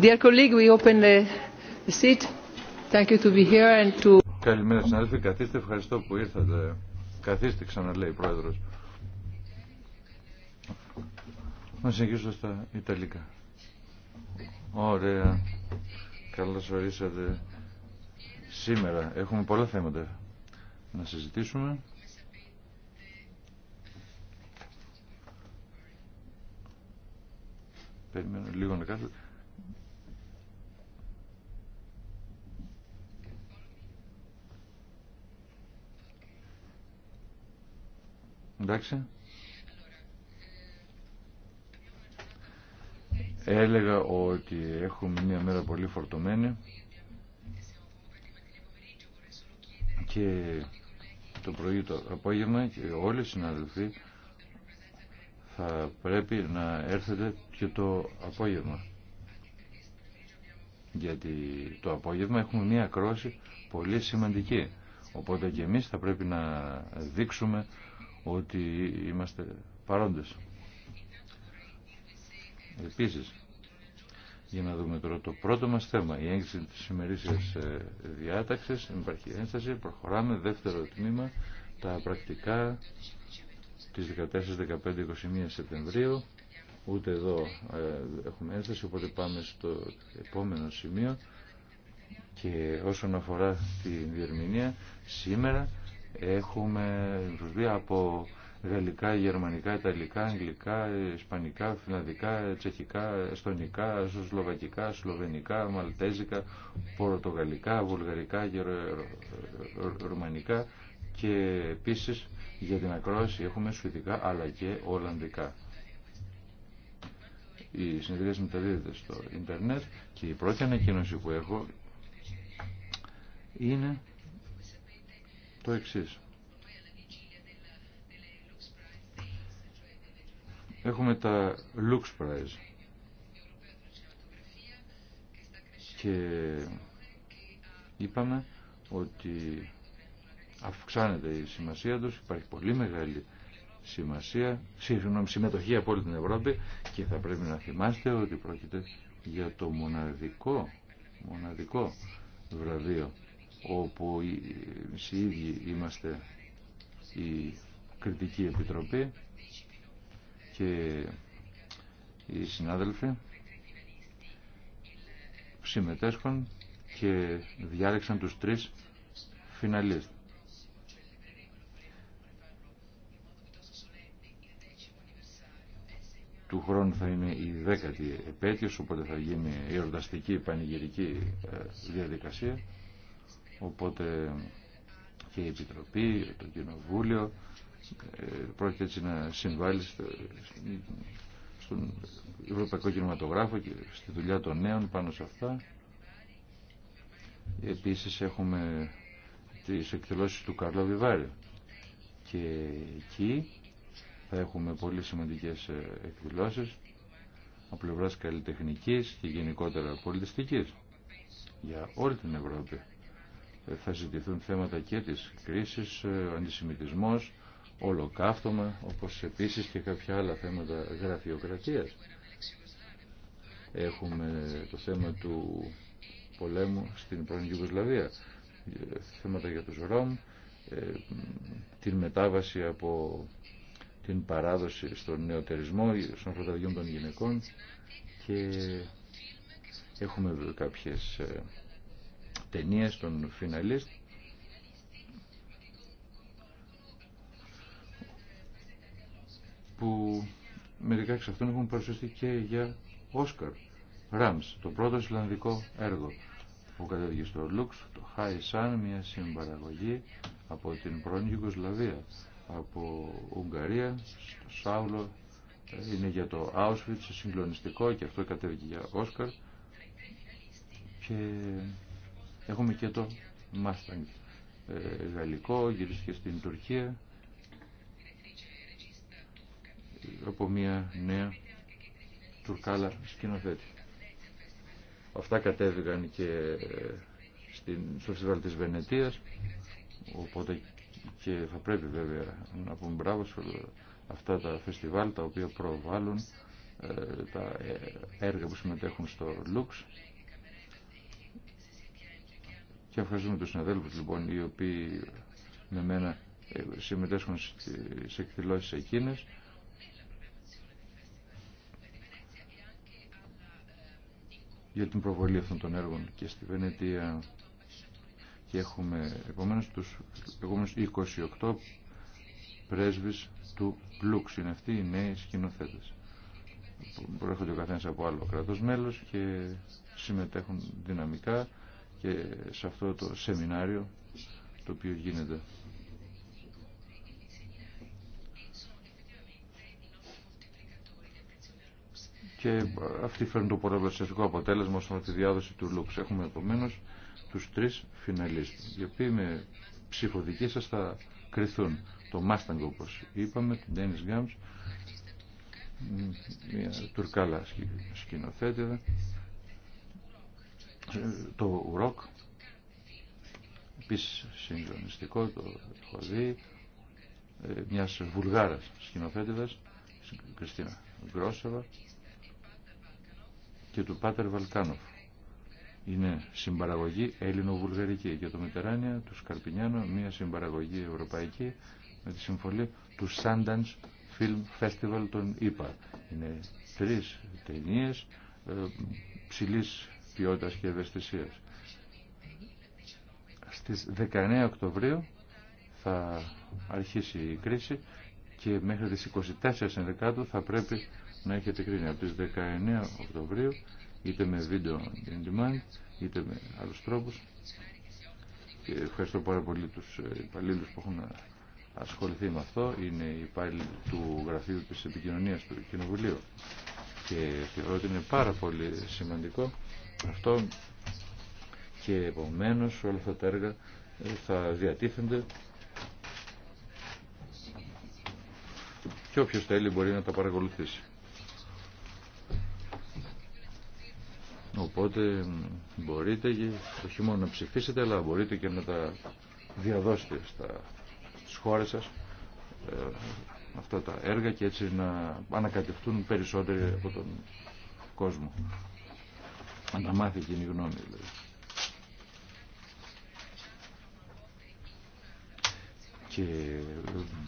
Dear colleague, we open the seat. Thank you to be here and to... Καλημέρα συνάδελφοι, καθίστε, ευχαριστώ που ήρθατε. Καθίστε ξαναλέει η Πρόεδρος. Να συνεχίσω στα Ιταλικά. Ωραία. Καλώς ορίσατε. Σήμερα έχουμε πολλά θέματα να συζητήσουμε. Περιμένω λίγο να Εντάξει. Έλεγα ότι έχουμε μια μέρα πολύ φορτωμένη και το πρωί το απόγευμα και όλοι οι συναδελφοί θα πρέπει να έρθετε και το απόγευμα. Γιατί το απόγευμα έχουμε μια κρόση πολύ σημαντική. Οπότε και εμείς θα πρέπει να δείξουμε ότι είμαστε παρόντες. Επίσης, για να δούμε τώρα το πρώτο μας θέμα, η έγκριση της ημερήσιας ε, διάταξης, υπάρχει ένσταση, προχωράμε, δεύτερο τμήμα, τα πρακτικά της 14, 15, 21 Σεπτεμβρίου, ούτε εδώ ε, έχουμε ένσταση, οπότε πάμε στο επόμενο σημείο και όσον αφορά τη διερμηνία, σήμερα Έχουμε προσβία από γαλλικά, γερμανικά, ιταλικά, αγγλικά, ισπανικά, φιλανδικά, τσεχικά, εστονικά, σλοβακικά, σλοβενικά, μαλτέζικα, πορτογαλικά, βουλγαρικά, ρουμανικά και επίσης για την ακρόαση έχουμε σουηδικά αλλά και ολλανδικά. Οι συνεδρίες μεταδίδεται στο ίντερνετ και η πρώτη ανακοίνωση που έχω είναι το εξή. Έχουμε τα Lux Prize και είπαμε ότι αυξάνεται η σημασία τους, υπάρχει πολύ μεγάλη σημασία, συγγνώμη, συμμετοχή από όλη την Ευρώπη και θα πρέπει να θυμάστε ότι πρόκειται για το μοναδικό, μοναδικό βραβείο όπου οι ίδιοι είμαστε η κριτική επιτροπή και οι συνάδελφοι συμμετέσχουν και διάλεξαν τους τρεις φιναλίστ. Του χρόνου θα είναι η δέκατη επέτειος, οπότε θα γίνει η ορταστική πανηγυρική ε, διαδικασία. Οπότε και η Επιτροπή, το Κοινοβούλιο ε, πρόκειται έτσι να συμβάλλει στον Ευρωπαϊκό Κινηματογράφο και στη δουλειά των νέων πάνω σε αυτά. Επίσης έχουμε τις εκδηλώσεις του Καρλό Βιβάρη και εκεί θα έχουμε πολύ σημαντικές ε, εκδηλώσεις από πλευράς καλλιτεχνικής και γενικότερα πολιτιστικής για όλη την Ευρώπη θα ζητηθούν θέματα και της κρίσης, ο ε, αντισημιτισμός, ολοκαύτωμα, όπως επίσης και κάποια άλλα θέματα γραφειοκρατίας. Έχουμε το θέμα του πολέμου στην πρώην Ιουγκοσλαβία, ε, θέματα για τους Ρώμ, ε, την μετάβαση από την παράδοση στον νεοτερισμό, στον φροταδιόν των γυναικών και έχουμε κάποιες Ταινίε των φιναλίστ. που μερικά εξ αυτών έχουν παρουσιαστεί και για Όσκαρ. Ράμς, το πρώτο Ισλανδικό έργο που κατέβηκε στο Λουξ, το Χάι Σαν, μια συμπαραγωγή από την πρώην Ιουγκοσλαβία, από Ουγγαρία, στο Σάουλο, είναι για το Auschwitz, συγκλονιστικό και αυτό κατέβηκε για Όσκαρ. Και Έχουμε και το Mustang ε, γαλλικό, και στην Τουρκία από μια νέα τουρκάλα σκηνοθέτη. Αυτά κατέβηκαν και ε, στην, στο φεστιβάλ της Βενετίας, οπότε και θα πρέπει βέβαια να πούμε μπράβο σε αυτά τα φεστιβάλ τα οποία προβάλλουν ε, τα έργα που συμμετέχουν στο Λουξ. Και ευχαριστούμε τους συναδέλφους λοιπόν οι οποίοι με μένα ε, συμμετέσχουν στις εκδηλώσεις εκείνες. για την προβολή αυτών των έργων και στη Βενετία και έχουμε επομένως τους επομένως 28 πρέσβεις του Λουξ είναι αυτοί οι νέοι σκηνοθέτες προέρχονται ο καθένας από άλλο κράτος μέλος και συμμετέχουν δυναμικά και σε αυτό το σεμινάριο το οποίο γίνεται. Και αυτοί φέρνουν το πολλαπλασιαστικό αποτέλεσμα όσον αφορά τη διάδοση του Λουξ. Έχουμε επομένω του τρει φιναλίστ, οι οποίοι με ψηφοδική σα θα κρυθούν. Το Μάσταγκ, όπω είπαμε, την Τένι Γκάμ. μια τουρκάλα σκηνοθέτηδα, ε, το ροκ επίσης συγκλονιστικό το έχω δει ε, μιας βουλγάρας σκηνοθέτηδας Κριστίνα Γκρόσεβα και του Πάτερ Βαλκάνοφ είναι ελληνοβουλγαρική και το Μετεράνια του Σκαρπινιάνο μια συμπαραγωγή ευρωπαϊκή με τη συμφωλή του Sundance Film Festival των ΙΠΑ. Είναι τρεις ταινίες ε, ψηλής ποιότητας και ευαισθησίας. Στις 19 Οκτωβρίου θα αρχίσει η κρίση και μέχρι τις 24 Σεπτεμβρίου θα πρέπει να έχετε κρίνει. Από τις 19 Οκτωβρίου είτε με βίντεο in demand είτε με άλλους τρόπους. Και ευχαριστώ πάρα πολύ τους υπαλλήλου που έχουν ασχοληθεί με αυτό. Είναι οι υπάλληλοι του Γραφείου της Επικοινωνίας του Κοινοβουλίου και θεωρώ ότι είναι πάρα πολύ σημαντικό αυτό και επομένω όλα αυτά τα έργα ε, θα διατίθενται και όποιος θέλει μπορεί να τα παρακολουθήσει. Οπότε μπορείτε και όχι μόνο να ψηφίσετε αλλά μπορείτε και να τα διαδώσετε στα, στις χώρες σας ε, αυτά τα έργα και έτσι να ανακατευτούν περισσότεροι από τον κόσμο να μάθει εκείνη η γνώμη δηλαδή. Και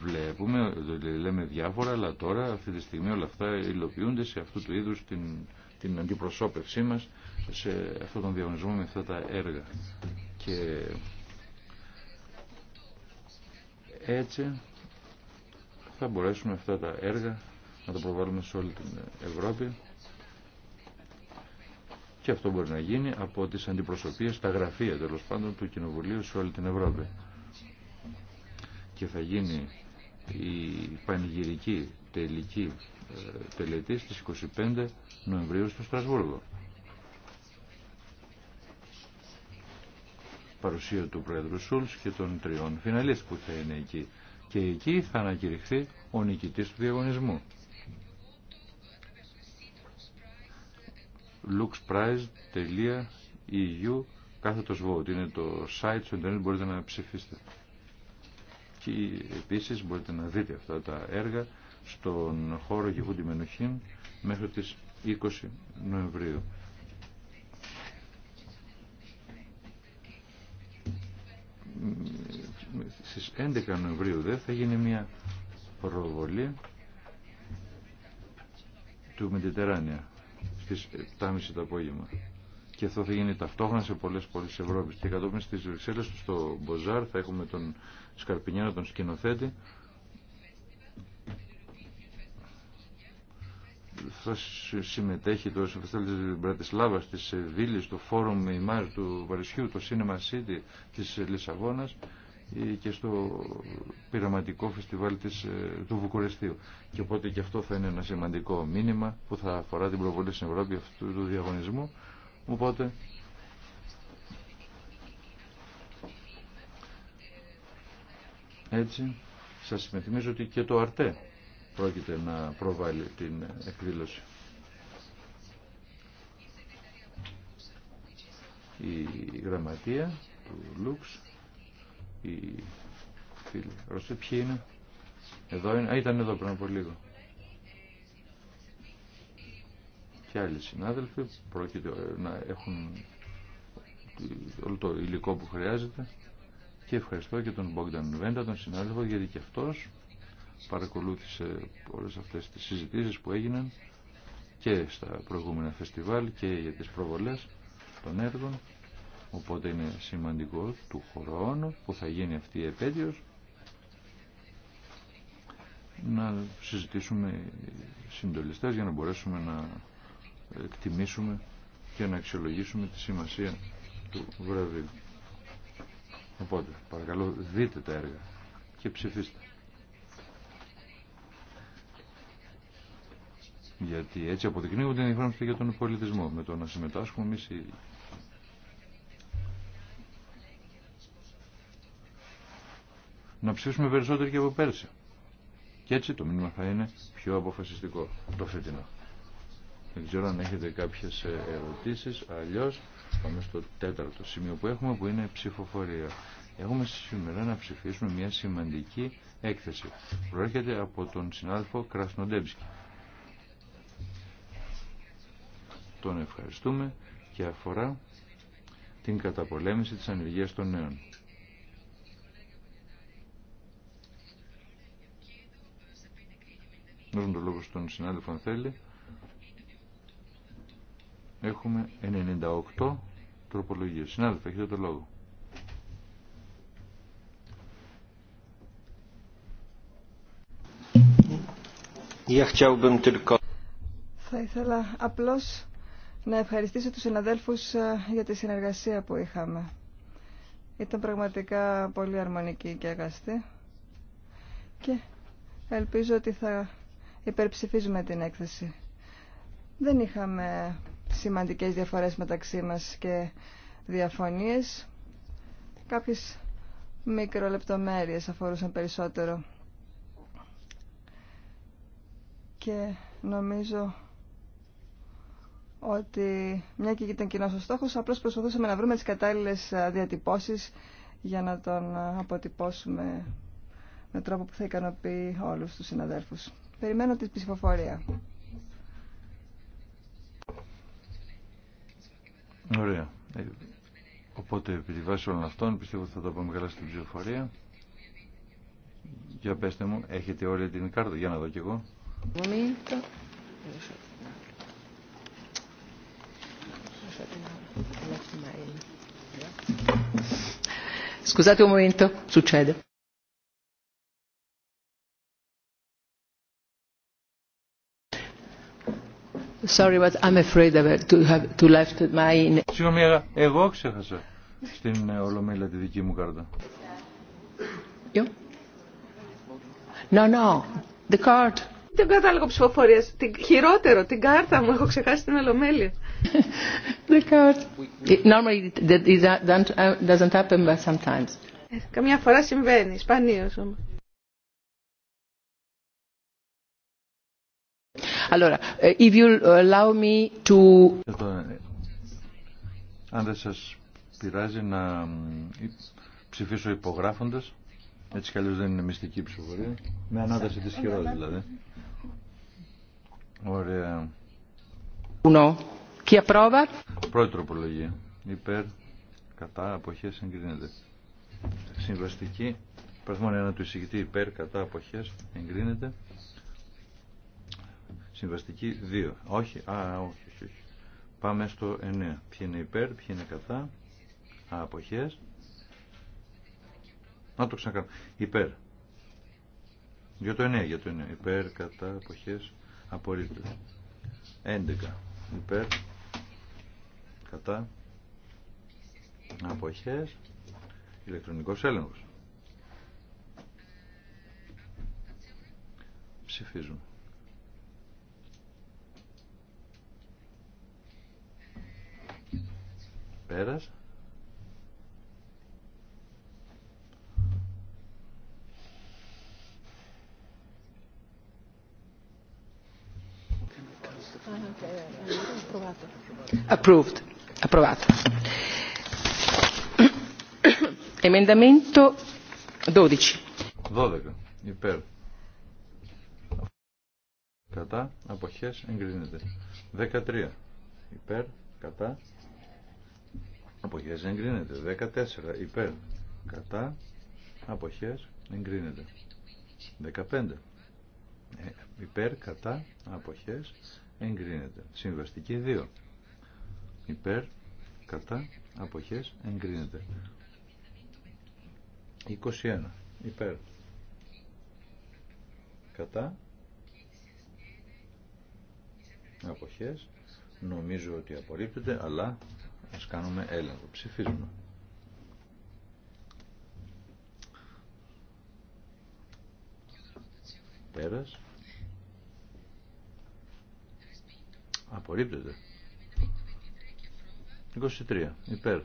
βλέπουμε, λέμε διάφορα, αλλά τώρα αυτή τη στιγμή όλα αυτά υλοποιούνται σε αυτού του είδους την, την αντιπροσώπευσή μας σε αυτόν τον διαγωνισμό με αυτά τα έργα. Και έτσι θα μπορέσουμε αυτά τα έργα να τα προβάλλουμε σε όλη την Ευρώπη και αυτό μπορεί να γίνει από τις αντιπροσωπείες, τα γραφεία τέλο πάντων του Κοινοβουλίου σε όλη την Ευρώπη. Και θα γίνει η πανηγυρική τελική ε, τελετή στις 25 Νοεμβρίου στο Στρασβούργο. Παρουσία του Πρόεδρου Σούλς και των τριών φιναλίστ που θα είναι εκεί. Και εκεί θα ανακηρυχθεί ο νικητής του διαγωνισμού. luxprize.eu κάθετος vote. Είναι το site στο internet μπορείτε να ψηφίσετε. Και επίσης μπορείτε να δείτε αυτά τα έργα στον χώρο Γιβούντι Μενοχήν μέχρι τις 20 Νοεμβρίου. Στις 11 Νοεμβρίου δε θα γίνει μια προβολή του Μεντιτεράνια στις 7.30 το απόγευμα. Και αυτό θα γίνει ταυτόχρονα σε πολλές πόλεις της Ευρώπης. Και κατόπιν στις Βρυξέλλες, στο Μποζάρ, θα έχουμε τον Σκαρπινιάνο, τον σκηνοθέτη. Θα συμμετέχει το Σεφεστέλ της Μπρατισλάβας, της Βίλης, το Φόρουμ Ημάρ του Βαρισιού, το Cinema City της Λισαβόνας και στο πειραματικό φεστιβάλ της, ε, του Βουκουρεστίου. Και οπότε και αυτό θα είναι ένα σημαντικό μήνυμα που θα αφορά την προβολή στην Ευρώπη αυτού του διαγωνισμού. Οπότε έτσι σας θυμίζω ότι και το ΑΡΤΕ πρόκειται να προβάλλει την εκδήλωση. Η γραμματεία του Λουξ οι φίλοι Ρωσοί. Ποιοι είναι. Εδώ είναι. Α, ήταν εδώ πριν από λίγο. Και άλλοι συνάδελφοι πρόκειται ε, να έχουν όλο το υλικό που χρειάζεται. Και ευχαριστώ και τον Μπόγκταν Βέντα, τον συνάδελφο, γιατί και αυτός παρακολούθησε όλες αυτές τις συζητήσεις που έγιναν και στα προηγούμενα φεστιβάλ και για τις προβολές των έργων Οπότε είναι σημαντικό του χρόνου που θα γίνει αυτή η επέτειος να συζητήσουμε συντολιστές για να μπορέσουμε να εκτιμήσουμε και να αξιολογήσουμε τη σημασία του βραβείου. Οπότε, παρακαλώ, δείτε τα έργα και ψηφίστε. Γιατί έτσι αποδεικνύονται οι για τον πολιτισμό με το να συμμετάσχουμε εμείς οι να ψηφίσουμε περισσότερο και από πέρσι. Και έτσι το μήνυμα θα είναι πιο αποφασιστικό το φετινό. Δεν ξέρω αν έχετε κάποιες ε, ερωτήσεις, αλλιώς πάμε στο τέταρτο σημείο που έχουμε που είναι ψηφοφορία. Έχουμε σήμερα να ψηφίσουμε μια σημαντική έκθεση. Προέρχεται από τον συνάδελφο Κρασνοντέμψικη. Τον ευχαριστούμε και αφορά την καταπολέμηση της ανεργίας των νέων. δώσουμε το λόγο στον συνάδελφο αν θέλει. Έχουμε 98 τροπολογίες. Συνάδελφε, έχετε το λόγο. Θα ήθελα απλώς να ευχαριστήσω τους συναδέλφους ε, για τη συνεργασία που είχαμε. Ήταν πραγματικά πολύ αρμονική και αγαστή και ελπίζω ότι θα υπερψηφίζουμε την έκθεση. Δεν είχαμε σημαντικές διαφορές μεταξύ μας και διαφωνίες. Κάποιες μικρολεπτομέρειες αφορούσαν περισσότερο. Και νομίζω ότι μια και ήταν κοινό ο στόχο, απλώς προσπαθούσαμε να βρούμε τις κατάλληλες διατυπώσεις για να τον αποτυπώσουμε με τρόπο που θα ικανοποιεί όλους του συναδέλφους. Περιμένω την ψηφοφορία. Ωραία. Ε, οπότε, επί τη βάση όλων αυτών, πιστεύω ότι θα τα πάμε καλά στην ψηφοφορία. Για πέστε μου, έχετε όλη την κάρτα, για να δω κι εγώ. Scusate un momento, succede. Sorry, but I'm afraid of to have to left my... Συγγνώμη, ε, εγώ ξέχασα στην ε, Ολομέλεια τη δική μου κάρτα. You? No, no, the card. Δεν κατάλογο ψηφοφορία. Την Χειρότερο, την κάρτα μου έχω ξεχάσει την Ολομέλεια. the card. It normally that uh, uh, doesn't happen, but sometimes. Ε, καμιά φορά συμβαίνει, σπανίως όμως. Αν δεν σας πειράζει να ψηφίσω υπογράφοντας, έτσι κι δεν είναι μυστική ψηφοφορία, με ανάταση της χειρός δηλαδή. Ωραία. Ουνο. Πρώτη τροπολογία. Υπέρ, κατά, αποχές, εγκρίνεται. Συμβαστική, παραθμόν ένα του εισηγητή υπέρ, κατά, αποχές, εγκρίνεται. Συμβαστική 2. Όχι, α, όχι, όχι, όχι. Πάμε στο 9. Ποιοι είναι υπέρ, ποιοι είναι κατά. Α, αποχές. Να το ξανακάνω. Υπέρ. Για το 9, για το 9. Υπέρ, κατά, αποχές, απορρίπτω. 11. Υπέρ, κατά, αποχές, ηλεκτρονικός έλεγχος. Ψηφίζουμε. πέρας. Approved. Approvato. Emendamento 12. 12. Υπέρ. Κατά. Αποχές. Εγκρίνεται. 13. Υπέρ. Κατά. Αποχές εγκρίνεται. 14 υπέρ. Κατά. Αποχές εγκρίνεται. 15 ε, υπέρ. Κατά. Αποχές εγκρίνεται. Συμβαστική 2. Υπέρ. Κατά. Αποχές εγκρίνεται. 21 υπέρ. Κατά. Αποχές. Νομίζω ότι απορρίπτεται, αλλά Ας κάνουμε έλεγχο. Ψηφίζουμε. Πέρας. Απορρίπτεται. 23. Υπέρ.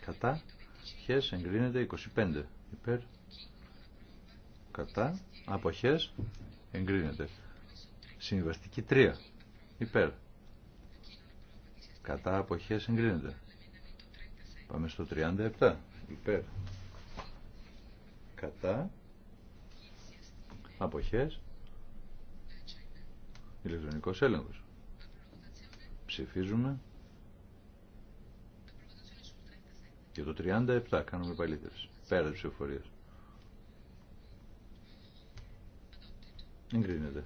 Κατά. Χες εγκρίνεται 25. Υπέρ. Κατά. Αποχές εγκρίνεται. Συμβαστική 3. Υπέρ κατά αποχές εγκρίνεται. Πάμε στο 37. Υπέρ. Κατά. Αποχές. Ηλεκτρονικός έλεγχος. Ψηφίζουμε. Και το 37 κάνουμε παλίτες. Πέρα της ψηφοφορίας. Εγκρίνεται.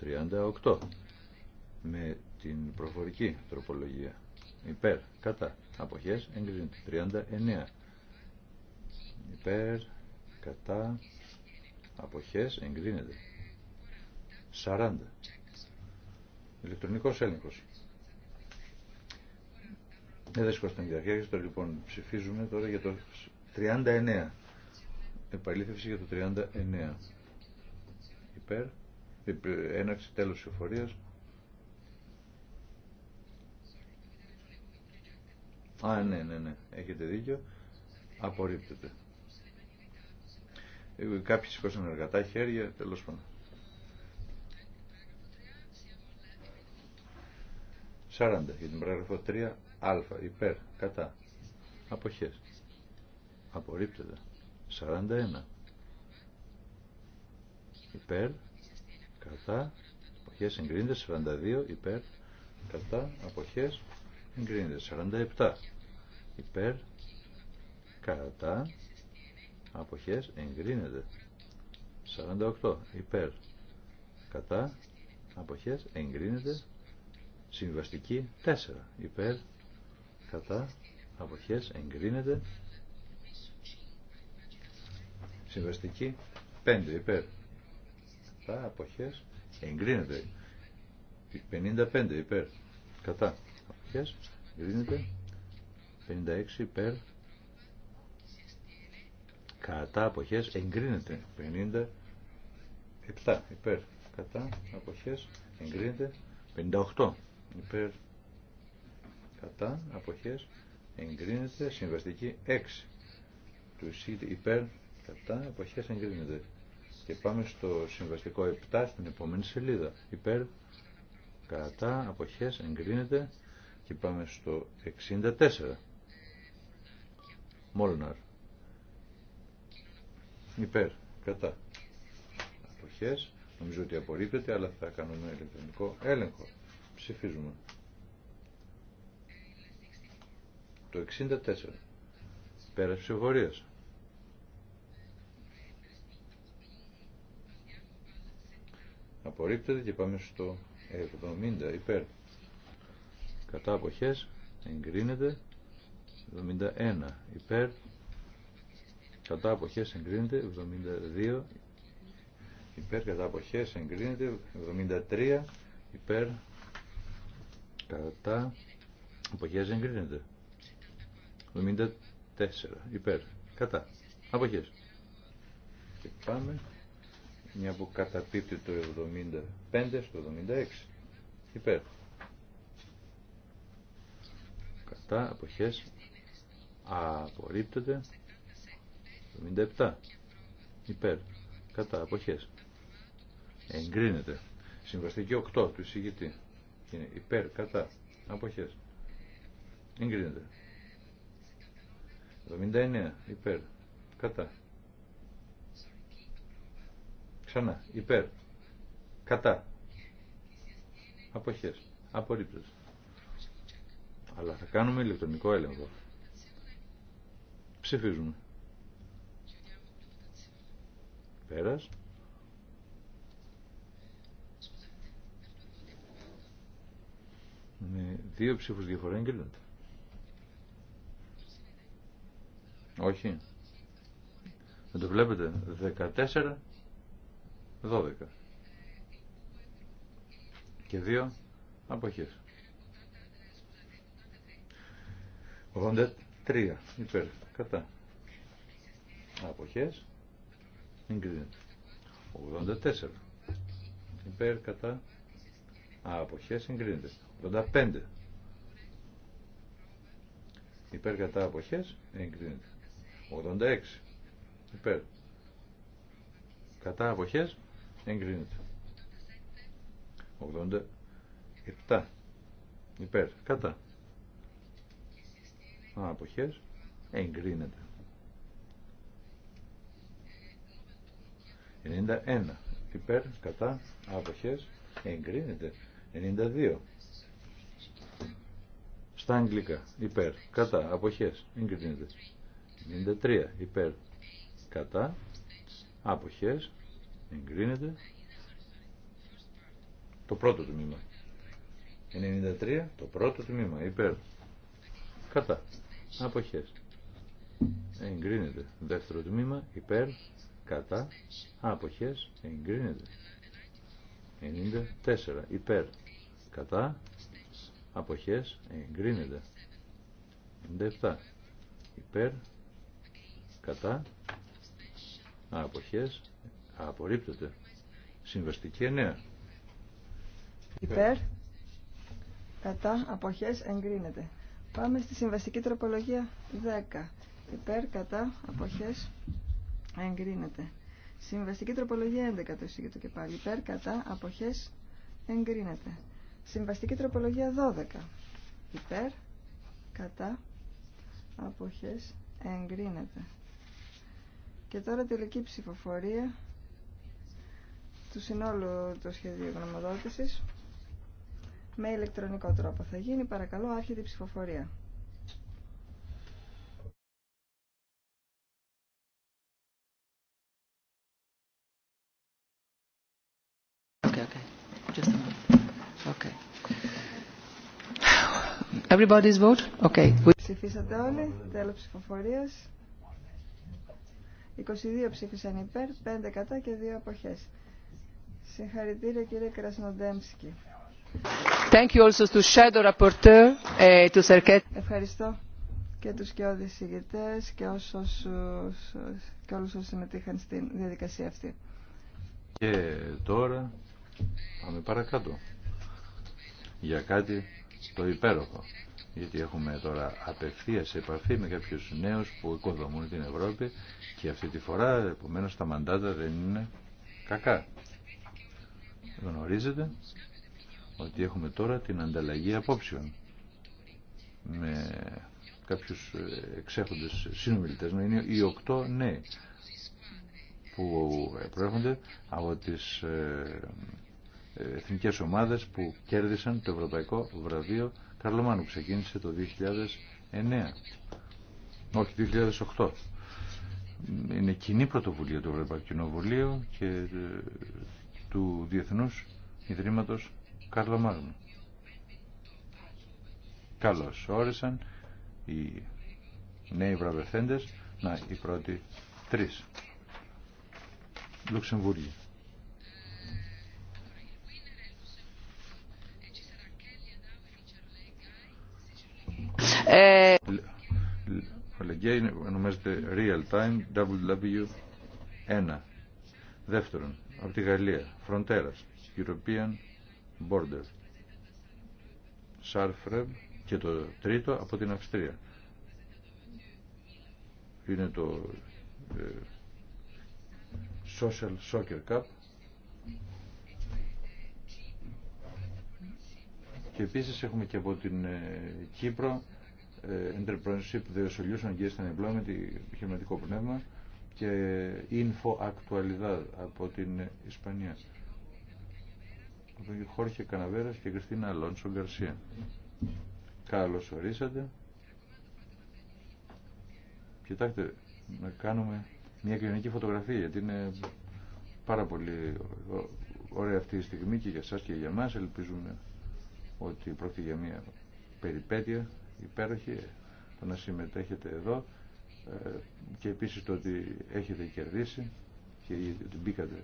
38 με την προφορική τροπολογία. Υπέρ, κατά, αποχές, εγκρίνεται. 39. Υπέρ, κατά, αποχές, εγκρίνεται. 40. Ηλεκτρονικός έλεγχος. Δεν δεν σηκώσταν και το λοιπόν ψηφίζουμε τώρα για το 39. Επαλήθευση για το 39. Υπέρ, ε, έναρξη τέλος της εφορίας. Α, ναι, ναι, ναι. Έχετε δίκιο. Απορρίπτεται. Ε, κάποιοι σηκώσαν εργατά χέρια, τέλο πάντων. 40 για την παράγραφο 3 α υπέρ κατά αποχές απορρίπτεται 41 υπέρ κατά αποχές εγκρίνεται 42 υπέρ κατά αποχές εγκρίνεται 47 υπέρ κατά αποχές εγκρίνεται 48 υπέρ κατά αποχές εγκρίνεται συμβαστική 4 υπέρ κατά αποχές εγκρίνεται συμβαστική 5 υπέρ κατά αποχές εγκρίνεται 55 υπέρ κατά αποχές εγκρίνεται 56 υπέρ κατά αποχές εγκρίνεται 57 υπέρ κατά αποχές εγκρίνεται 58 υπέρ κατά αποχές εγκρίνεται συμβαστική 6 του εισήγητη υπέρ κατά αποχές εγκρίνεται και πάμε στο συμβαστικό 7 στην επόμενη σελίδα υπέρ κατά αποχές εγκρίνεται και πάμε στο 64 Μόλναρ. Υπέρ. Κατά. Αποχές. Νομίζω ότι απορρίπτεται, αλλά θα κάνουμε ηλεκτρονικό έλεγχο. Ψηφίζουμε. Το 64. Πέρα ψηφορίας. Απορρίπτεται και πάμε στο 70 υπέρ. Κατά αποχές εγκρίνεται 71 υπέρ κατά αποχές εγκρίνεται 72 υπέρ κατά αποχές εγκρίνεται 73 υπέρ κατά αποχές εγκρίνεται 74 υπέρ κατά αποχές και πάμε μια που καταπίπτει το 75 στο 76 υπέρ κατά αποχές απορρίπτεται 77 υπέρ κατά αποχές εγκρίνεται συμβαστική 8 του εισηγητή είναι υπέρ κατά αποχές εγκρίνεται 79 υπέρ κατά ξανά υπέρ κατά αποχές απορρίπτεται αλλά θα κάνουμε ηλεκτρονικό έλεγχο Ψηφίζουμε. Πέρας. Με δύο ψήφους διαφορά εγκρίνεται. Όχι. Δεν το βλέπετε. 14, 12. Και δύο αποχές. 83 υπέρ κατά αποχές εγκρίνεται 84 υπέρ κατά αποχές εγκρίνεται 85 υπέρ κατά αποχές εγκρίνεται 86 υπέρ κατά αποχές εγκρίνεται 87 υπέρ κατά αποχές εγκρίνεται. 91 υπέρ, κατά, άποχες, εγκρίνεται. 92 στα αγγλικά, υπέρ, κατά, αποχές, εγκρίνεται. 93 υπέρ, κατά, άποχες, εγκρίνεται. Το πρώτο τμήμα. 93, το πρώτο τμήμα, υπέρ, κατά, αποχές, εγκρίνεται. Δεύτερο τμήμα υπέρ, κατά, άποχες, εγκρίνεται. 94 υπέρ, κατά, αποχές, εγκρίνεται. 97 υπέρ, κατά, αποχές, απορρίπτεται. Συμβαστική 9. Υπέρ, κατά, αποχές, εγκρίνεται. Πάμε στη συμβαστική τροπολογία 10. Υπέρ, κατά, αποχές, εγκρίνεται. Συμβαστική τροπολογία 11 το εισηγητό και πάλι. Υπέρ, κατά, αποχές, εγκρίνεται. Συμβαστική τροπολογία 12. Υπέρ, κατά, αποχές, εγκρίνεται. Και τώρα τελική ψηφοφορία του συνόλου του σχεδίου γνωμοδότησης με ηλεκτρονικό τρόπο θα γίνει. Παρακαλώ, άρχεται ψηφοφορία. Everybody's vote? Okay. Ψηφίσατε όλοι. Τέλος ψηφοφορίας. 22 ψήφισαν υπέρ, 5 κατά και 2 αποχές. Συγχαρητήρια κύριε Κρασνοντέμσκι. Thank you also to Shadow Rapporteur, to ε, Ευχαριστώ και τους και ηγητές και, όσους, και όλους όσους συμμετείχαν στην διαδικασία αυτή. Και τώρα πάμε παρακάτω για κάτι το υπέροχο. Γιατί έχουμε τώρα σε επαφή με κάποιους νέους που οικοδομούν την Ευρώπη και αυτή τη φορά επομένω τα μαντάτα δεν είναι κακά. Γνωρίζετε ότι έχουμε τώρα την ανταλλαγή απόψεων με κάποιους ε, εξέχοντες συνομιλητές είναι οι οκτώ νέοι που προέρχονται από τις ε, εθνικές ομάδες που κέρδισαν το Ευρωπαϊκό Βραβείο Καρλομάνου που ξεκίνησε το 2009. Όχι, 2008. Είναι κοινή πρωτοβουλία του Ευρωπαϊκού Κοινοβουλίου και ε, του Διεθνούς Ιδρύματος Καρλομάνου Καλώς όρισαν οι νέοι βραβευθέντες, να οι πρώτοι τρεις. Λουξεμβούργοι. ονομάζεται Real Time W, 1 Δεύτερον, από τη Γαλλία, Fronteras, European Border, σαρφρέμ και το τρίτο από την Αυστρία. Είναι το ε, Social Soccer Cup και επίσης έχουμε και από την ε, Κύπρο ε, entrepreneurship, the solution και στην employment, επιχειρηματικό πνεύμα και info actualidad από την Ισπανία. Από Χόρχε Καναβέρας και Κριστίνα Αλόνσο Γκαρσία. Καλώς ορίσατε. Κοιτάξτε, να κάνουμε μια κοινωνική φωτογραφία γιατί είναι πάρα πολύ ωραία αυτή η στιγμή και για εσάς και για εμάς. ελπίζουμε ότι πρόκειται για μια περιπέτεια υπέροχη το να συμμετέχετε εδώ ε, και επίσης το ότι έχετε κερδίσει και ότι μπήκατε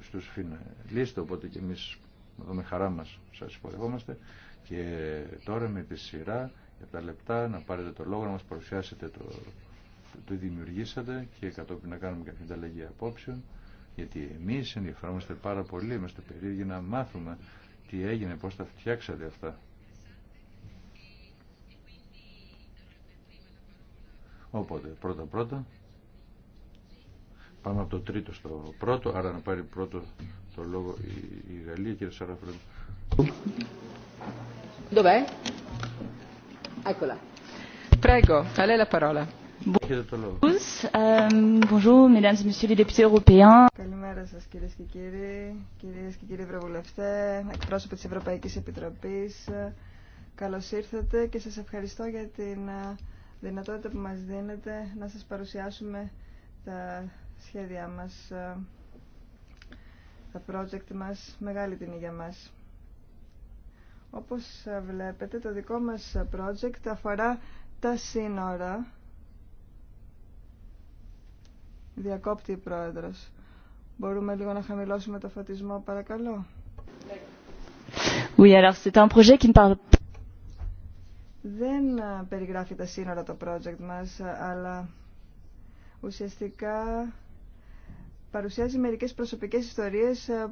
στους φιναλίστε οπότε και εμείς εδώ με χαρά μας σας υποδεχόμαστε και τώρα με τη σειρά για τα λεπτά να πάρετε το λόγο να μας παρουσιάσετε το, το δημιουργήσατε και κατόπιν να κάνουμε κάποια ανταλλαγή απόψεων γιατί εμείς ενδιαφερόμαστε πάρα πολύ είμαστε περίεργοι να μάθουμε τι έγινε, πώς τα φτιάξατε αυτά Οπότε, πρώτα-πρώτα, πάμε από το τρίτο στο πρώτο, άρα να πάρει πρώτο το λόγο η, η Γαλλία, κύριε Σαραφρέν. Dov'è? Eccola. Prego, a lei la parola. Ehm, bonjour, mesdames et messieurs les députés européens. Καλημέρα σας κυρίες και κύριοι, κυρίες και κύριοι ευρωβουλευτέ, εκπρόσωποι της Ευρωπαϊκής Επιτροπής. Καλώς ήρθατε και σας ευχαριστώ για την δυνατότητα που μας δίνετε να σας παρουσιάσουμε τα σχέδιά μας, ε, τα project μας, μεγάλη τιμή για μας. Όπως ε, βλέπετε, το δικό μας project αφορά τα σύνορα. Διακόπτει η Πρόεδρος. Μπορούμε λίγο να χαμηλώσουμε το φωτισμό, παρακαλώ. Oui, alors c'est δεν ε, περιγράφει τα σύνορα το project μας, ε, αλλά ουσιαστικά παρουσιάζει μερικές προσωπικές ιστορίες ε,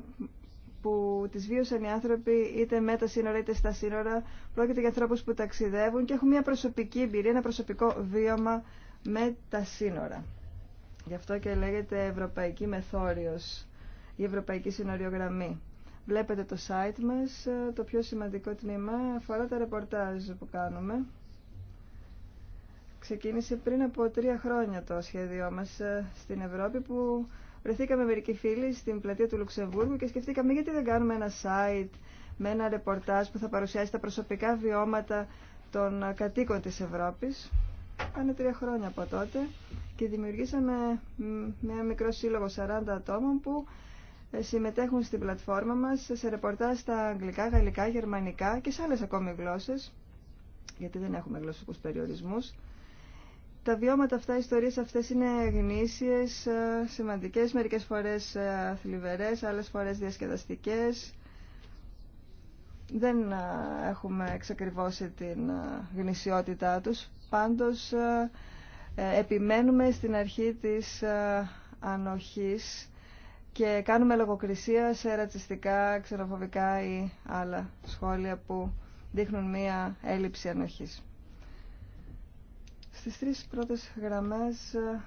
που τις βίωσαν οι άνθρωποι είτε με τα σύνορα είτε στα σύνορα. Πρόκειται για ανθρώπους που ταξιδεύουν και έχουν μια προσωπική εμπειρία, ένα προσωπικό βίωμα με τα σύνορα. Γι' αυτό και λέγεται Ευρωπαϊκή Μεθόριος, η Ευρωπαϊκή Συνοριογραμμή. Βλέπετε το site μας, το πιο σημαντικό τμήμα αφορά τα ρεπορτάζ που κάνουμε. Ξεκίνησε πριν από τρία χρόνια το σχέδιό μας ε, στην Ευρώπη που βρεθήκαμε μερικοί φίλοι στην πλατεία του Λουξεμβούργου και σκεφτήκαμε γιατί δεν κάνουμε ένα site με ένα ρεπορτάζ που θα παρουσιάσει τα προσωπικά βιώματα των κατοίκων της Ευρώπης. Πάνε τρία χρόνια από τότε και δημιουργήσαμε ένα μικρό σύλλογο 40 ατόμων που συμμετέχουν στην πλατφόρμα μας σε ρεπορτάζ στα αγγλικά, γαλλικά, γερμανικά και σε άλλες ακόμη γλώσσες, γιατί δεν έχουμε γλωσσικούς περιορισμούς. Τα βιώματα αυτά, οι ιστορίες αυτές είναι γνήσιες, ε, σημαντικές, μερικές φορές ε, θλιβερές, άλλες φορές διασκεδαστικές. Δεν ε, έχουμε εξακριβώσει την γνησιότητά τους, πάντως επιμένουμε στην αρχή της ανοχής και κάνουμε λογοκρισία σε ρατσιστικά, ξενοφοβικά ή άλλα σχόλια που δείχνουν μία έλλειψη ανοχής. Στις τρεις πρώτες γραμμές ε,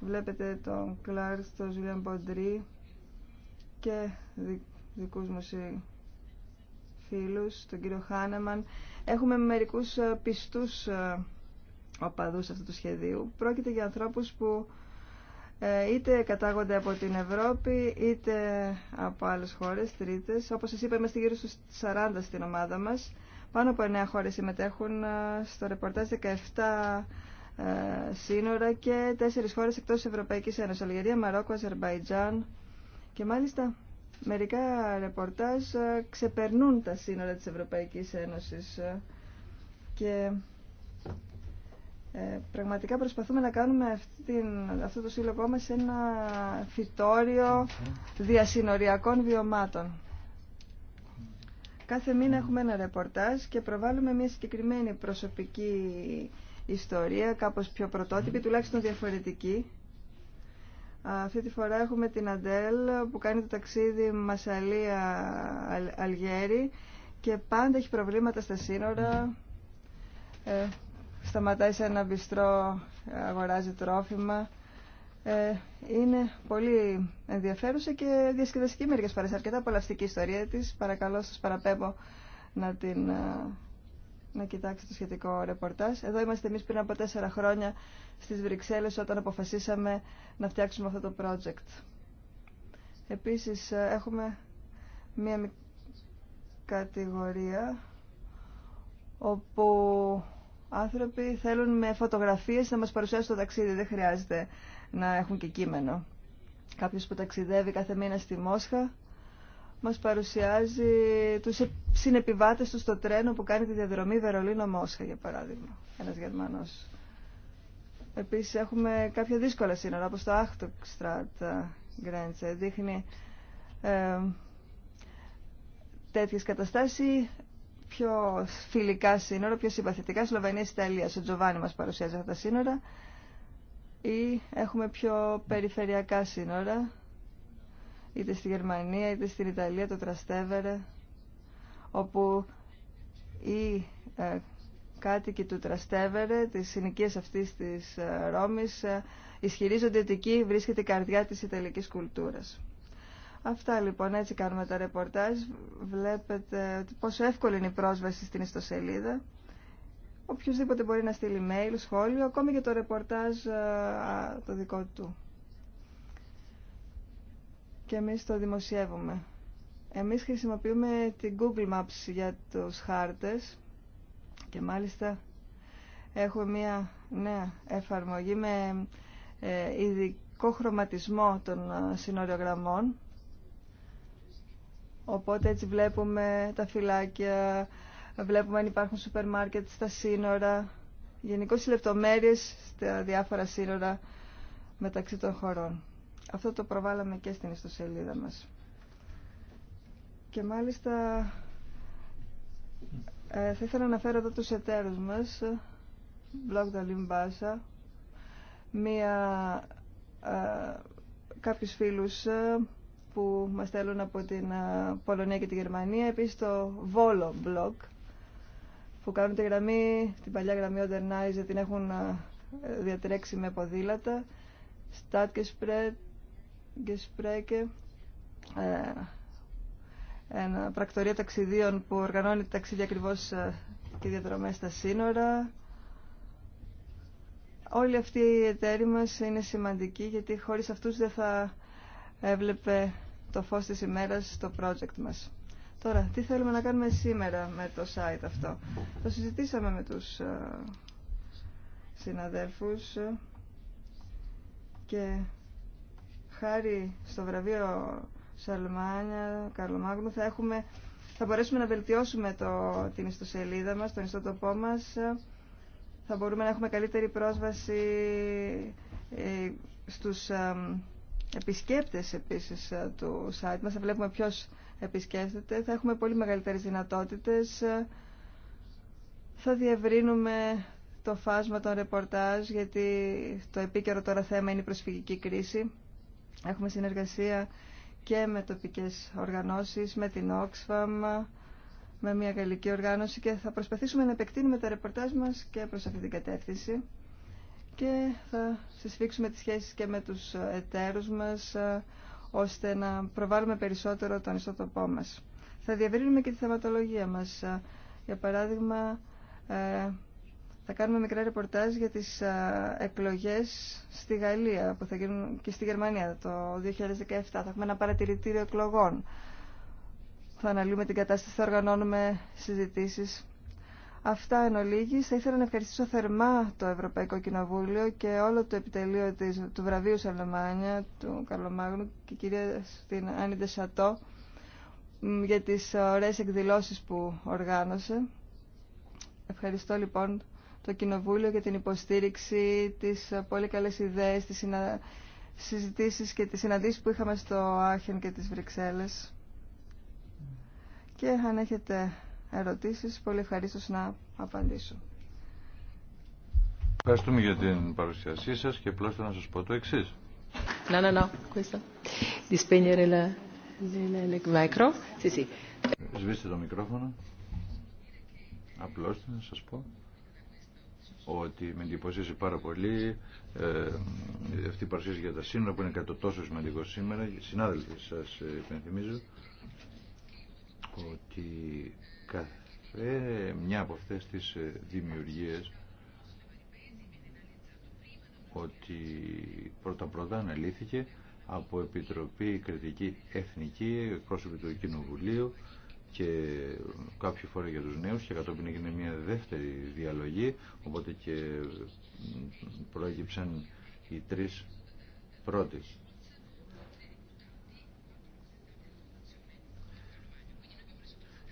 βλέπετε τον Κλάρτ, τον Ζουλιαν Ποντρί και δικούς μου φίλους, τον κύριο Χάνεμαν. Έχουμε μερικούς ε, πιστούς ε, οπαδούς αυτού του σχεδίου. Πρόκειται για ανθρώπους που ε, είτε κατάγονται από την Ευρώπη είτε από άλλες χώρες, τρίτες. Όπως σας είπα είμαστε γύρω στους 40 στην ομάδα μας. Πάνω από 9 χώρες συμμετέχουν ε, στο ρεπορτάζ 17 ε, σύνορα και 4 χώρες εκτός της Ευρωπαϊκής Ένωσης. Αλγερία, Μαρόκο, Αζερβαϊτζάν και μάλιστα μερικά ρεπορτάζ ξεπερνούν τα σύνορα της Ευρωπαϊκής Ένωσης και ε, πραγματικά προσπαθούμε να κάνουμε αυτήν, αυτό το σύλλογό μας ένα φυτόριο διασυνοριακών βιωμάτων. Κάθε μήνα έχουμε ένα ρεπορτάζ και προβάλλουμε μια συγκεκριμένη προσωπική ιστορία, κάπως πιο πρωτότυπη, τουλάχιστον διαφορετική. Αυτή τη φορά έχουμε την Αντέλ που κάνει το ταξίδι Μασαλία-Αλγέρι και πάντα έχει προβλήματα στα σύνορα σταματάει σε ένα μπιστρό, αγοράζει τρόφιμα. Ε, είναι πολύ ενδιαφέρουσα και διασκεδαστική μερικές φορές. Αρκετά απολαυστική ιστορία της. Παρακαλώ σας παραπέμπω να την ε, να κοιτάξετε το σχετικό ρεπορτάζ. Εδώ είμαστε εμείς πριν από τέσσερα χρόνια στις Βρυξέλλες όταν αποφασίσαμε να φτιάξουμε αυτό το project. Επίσης ε, έχουμε μία κατηγορία όπου άνθρωποι θέλουν με φωτογραφίες να μας παρουσιάσουν το ταξίδι. Δεν χρειάζεται να έχουν και κείμενο. Κάποιος που ταξιδεύει κάθε μήνα στη Μόσχα μας παρουσιάζει τους συνεπιβάτες του στο τρένο που κάνει τη διαδρομή Βερολίνο-Μόσχα, για παράδειγμα. Ένας Γερμανός. Επίσης έχουμε κάποια δύσκολα σύνορα, όπως το Αχτοκστράτ Γκρέντσε. Δείχνει ε, τέτοιες καταστάσεις πιο φιλικά σύνορα, πιο συμπαθητικά, Σλοβενία-Ιταλία. Ο Τζοβάνι μας παρουσιάζει αυτά τα σύνορα. Ή έχουμε πιο περιφερειακά σύνορα, είτε στη Γερμανία, είτε στην Ιταλία, το Τραστέβερε, όπου οι ε, κάτοικοι του Τραστέβερε, της τη αυτής της ε, Ρώμης, ε, ισχυρίζονται ότι εκεί βρίσκεται η καρδιά της Ιταλικής κουλτουρα Αυτά λοιπόν, έτσι κάνουμε τα ρεπορτάζ. Βλέπετε πόσο εύκολη είναι η πρόσβαση στην ιστοσελίδα. Οποιουσδήποτε μπορεί να στείλει mail, σχόλιο, ακόμη και το ρεπορτάζ το δικό του. Και εμείς το δημοσιεύουμε. Εμείς χρησιμοποιούμε την Google Maps για τους χάρτες και μάλιστα έχω μια νέα εφαρμογή με ε, ειδικό χρωματισμό των συνοριογραμμών Οπότε έτσι βλέπουμε τα φυλάκια, βλέπουμε αν υπάρχουν σούπερ μάρκετ στα σύνορα, γενικώ οι λεπτομέρειε στα διάφορα σύνορα μεταξύ των χωρών. Αυτό το προβάλαμε και στην ιστοσελίδα μας. Και μάλιστα ε, θα ήθελα να αναφέρω εδώ τους εταίρους μας, Blog μία, ε, κάποιους φίλους ε, που μας στέλνουν από την Πολωνία και τη Γερμανία. Επίσης το Volo Blog που κάνουν τη γραμμή, την παλιά γραμμή Odernize, την έχουν διατρέξει με ποδήλατα. στάτ και ε, ένα πρακτορείο ταξιδίων που οργανώνει ταξίδια ακριβώ ε, και διαδρομές στα σύνορα. Όλοι αυτοί οι εταίροι μας είναι σημαντικοί γιατί χωρίς αυτούς δεν θα έβλεπε το φως της ημέρας στο project μας. Τώρα, τι θέλουμε να κάνουμε σήμερα με το site αυτό. Το συζητήσαμε με τους ε, συναδέλφους ε, και χάρη στο βραβείο Σαλμάνια, Καρλομάγνου, θα, έχουμε, θα μπορέσουμε να βελτιώσουμε το, την ιστοσελίδα μας, τον ιστοτοπό μας. Ε, θα μπορούμε να έχουμε καλύτερη πρόσβαση στους επισκέπτες επίσης ε, του site μας, θα βλέπουμε ποιος επισκέπτεται. θα έχουμε πολύ μεγαλύτερες δυνατότητες, θα διευρύνουμε το φάσμα των ρεπορτάζ, γιατί το επίκαιρο τώρα θέμα είναι η προσφυγική κρίση. Έχουμε συνεργασία και με τοπικές οργανώσεις, με την Oxfam, με μια γαλλική οργάνωση και θα προσπαθήσουμε να επεκτείνουμε τα ρεπορτάζ μας και προς αυτή την κατεύθυνση και θα συσφίξουμε τις σχέσεις και με τους εταίρους μας ε, ώστε να προβάλλουμε περισσότερο τον ιστοτοπό μας. Θα διαβρύνουμε και τη θεματολογία μας. Ε, για παράδειγμα, ε, θα κάνουμε μικρά ρεπορτάζ για τις εκλογές στη Γαλλία που θα γίνουν και στη Γερμανία το 2017. Θα έχουμε ένα παρατηρητήριο εκλογών. Θα αναλύουμε την κατάσταση, θα οργανώνουμε συζητήσεις Αυτά εν ολίγης. Θα ήθελα να ευχαριστήσω θερμά το Ευρωπαϊκό Κοινοβούλιο και όλο το επιτελείο της, του βραβείου Σαλαμάνια, του Καλομάγνου και κυρία την Άννη σατό για τις ωραίες εκδηλώσεις που οργάνωσε. Ευχαριστώ λοιπόν το Κοινοβούλιο για την υποστήριξη, τις πολύ καλές ιδέες, τις συζητήσεις και τις συναντήσεις που είχαμε στο Άχεν και τις Βρυξέλλες. Και αν ερωτήσεις, πολύ ευχαρίστω να απαντήσω. Ευχαριστούμε για την παρουσίασή σας και απλώς να σας πω το εξής. ναι, ναι. Di spegnere Σβήστε το μικρόφωνο. Απλώς να σας πω ότι με εντυπωσίασε πάρα πολύ ε, αυτή η παρουσίαση για τα σύνορα που είναι κατά τόσο σημαντικό σήμερα. Συνάδελφοι, σας υπενθυμίζω ότι μια από αυτές τις ε, δημιουργίες ότι πρώτα-πρώτα αναλύθηκε από Επιτροπή Κριτική Εθνική, πρόσωποι του Κοινοβουλίου και κάποια φορά για τους νέους και κατόπιν έγινε μια δεύτερη διαλογή οπότε και προέκυψαν οι τρεις πρώτες.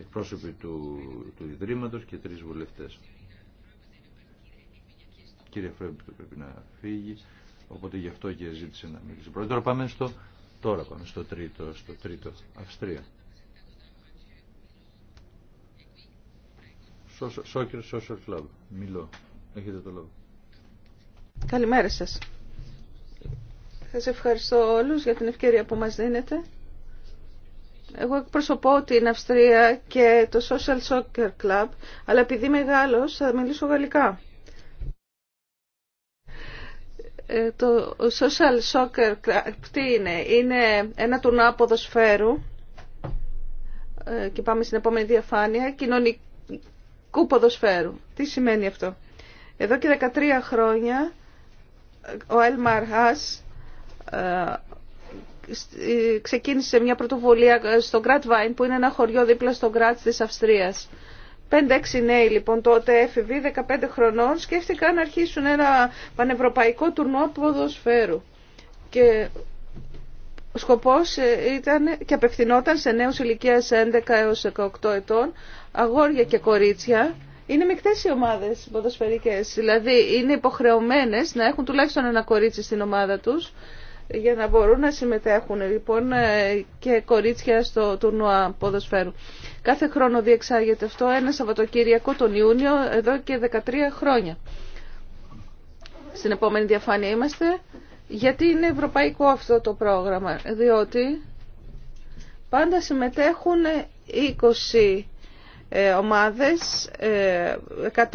εκπρόσωποι του, του Ιδρύματος και τρεις βουλευτές. Κύριε Φρέμπ το πρέπει να φύγει, οπότε γι' αυτό και ζήτησε να μιλήσει. Πρώτα τώρα πάμε στο, τώρα πάμε τρίτο, στο τρίτο, Αυστρία. Soccer Social Club, Μιλώ. Έχετε το λόγο. Καλημέρα σας. Σας ευχαριστώ όλους για την ευκαιρία που μας δίνετε. Εγώ εκπροσωπώ την Αυστρία και το Social Soccer Club, αλλά επειδή μεγάλος θα μιλήσω γαλλικά. Ε, το Social Soccer Club τι είναι, είναι ένα τουρνά ποδοσφαίρου ε, και πάμε στην επόμενη διαφάνεια, κοινωνικού ποδοσφαίρου. Τι σημαίνει αυτό. Εδώ και 13 χρόνια ο Ελμαρ Χάς, ε, ξεκίνησε μια πρωτοβουλία στο Gratwein που είναι ένα χωριό δίπλα στο Grat της Αυστρίας. 5-6 νέοι λοιπόν τότε έφηβοι 15 χρονών σκέφτηκαν να αρχίσουν ένα πανευρωπαϊκό τουρνό ποδοσφαίρου. Και ο σκοπός ε, ήταν και απευθυνόταν σε νέους ηλικία 11 έως 18 ετών, αγόρια και κορίτσια. Είναι μεικτές οι ομάδες ποδοσφαιρικές, δηλαδή είναι υποχρεωμένες να έχουν τουλάχιστον ένα κορίτσι στην ομάδα τους για να μπορούν να συμμετέχουν λοιπόν ε, και κορίτσια στο τουρνουά ποδοσφαίρου. Κάθε χρόνο διεξάγεται αυτό ένα Σαββατοκύριακο τον Ιούνιο εδώ και 13 χρόνια. Στην επόμενη διαφάνεια είμαστε. Γιατί είναι ευρωπαϊκό αυτό το πρόγραμμα, διότι πάντα συμμετέχουν 20 ε, ομάδες, 100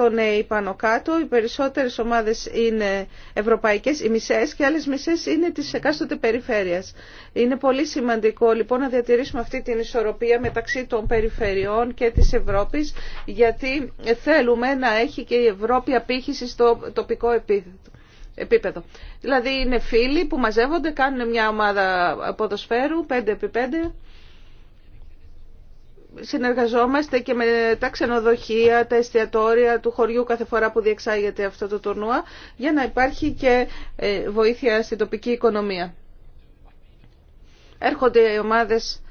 ε, νέοι πάνω κάτω, οι περισσότερες ομάδες είναι ευρωπαϊκές, οι μισές και άλλες μισές είναι της εκάστοτε περιφέρειας. Είναι πολύ σημαντικό λοιπόν να διατηρήσουμε αυτή την ισορροπία μεταξύ των περιφερειών και της Ευρώπης γιατί θέλουμε να έχει και η Ευρώπη απήχηση στο τοπικό επίπεδο. Επίπεδο. Δηλαδή είναι φίλοι που μαζεύονται, κάνουν μια ομάδα ποδοσφαίρου 5x5 συνεργαζόμαστε και με τα ξενοδοχεία, τα εστιατόρια του χωριού κάθε φορά που διεξάγεται αυτό το τουρνουά για να υπάρχει και ε, βοήθεια στην τοπική οικονομία. Έρχονται οι ομάδες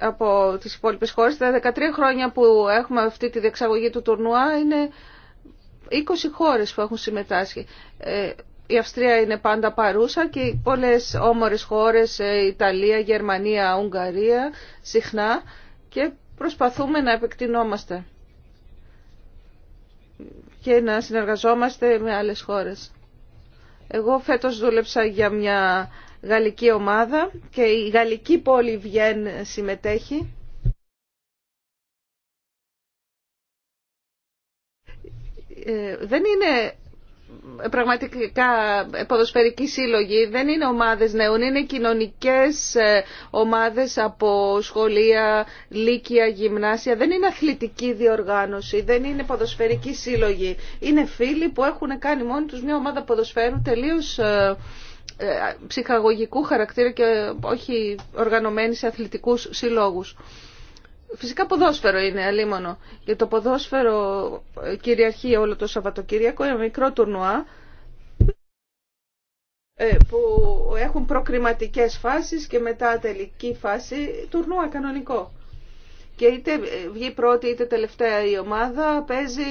από τις υπόλοιπες χώρες. Τα 13 χρόνια που έχουμε αυτή τη διεξαγωγή του τουρνουά είναι 20 χώρες που έχουν συμμετάσχει. Ε, η Αυστρία είναι πάντα παρούσα και πολλές όμορες χώρες, ε, Ιταλία, Γερμανία, Ουγγαρία, συχνά προσπαθούμε να επεκτηνόμαστε και να συνεργαζόμαστε με άλλες χώρες. Εγώ φέτος δούλεψα για μια γαλλική ομάδα και η γαλλική πόλη Βιέν συμμετέχει. Ε, δεν είναι ε, πραγματικά ποδοσφαιρικοί σύλλογοι, δεν είναι ομάδες νέων, είναι κοινωνικές ε, ομάδες από σχολεία, λύκεια, γυμνάσια. Δεν είναι αθλητική διοργάνωση, δεν είναι ποδοσφαιρικοί σύλλογοι. Είναι φίλοι που έχουν κάνει μόνοι τους μια ομάδα ποδοσφαίρου τελείως ε, ψυχαγωγικού χαρακτήρα και όχι οργανωμένη σε αθλητικούς συλλόγους. Φυσικά ποδόσφαιρο είναι αλίμονο. Για το ποδόσφαιρο ε, κυριαρχεί όλο το Σαββατοκύριακο, ένα μικρό τουρνουά ε, που έχουν προκριματικές φάσεις και μετά τελική φάση τουρνουά κανονικό. Και είτε βγει πρώτη είτε τελευταία η ομάδα παίζει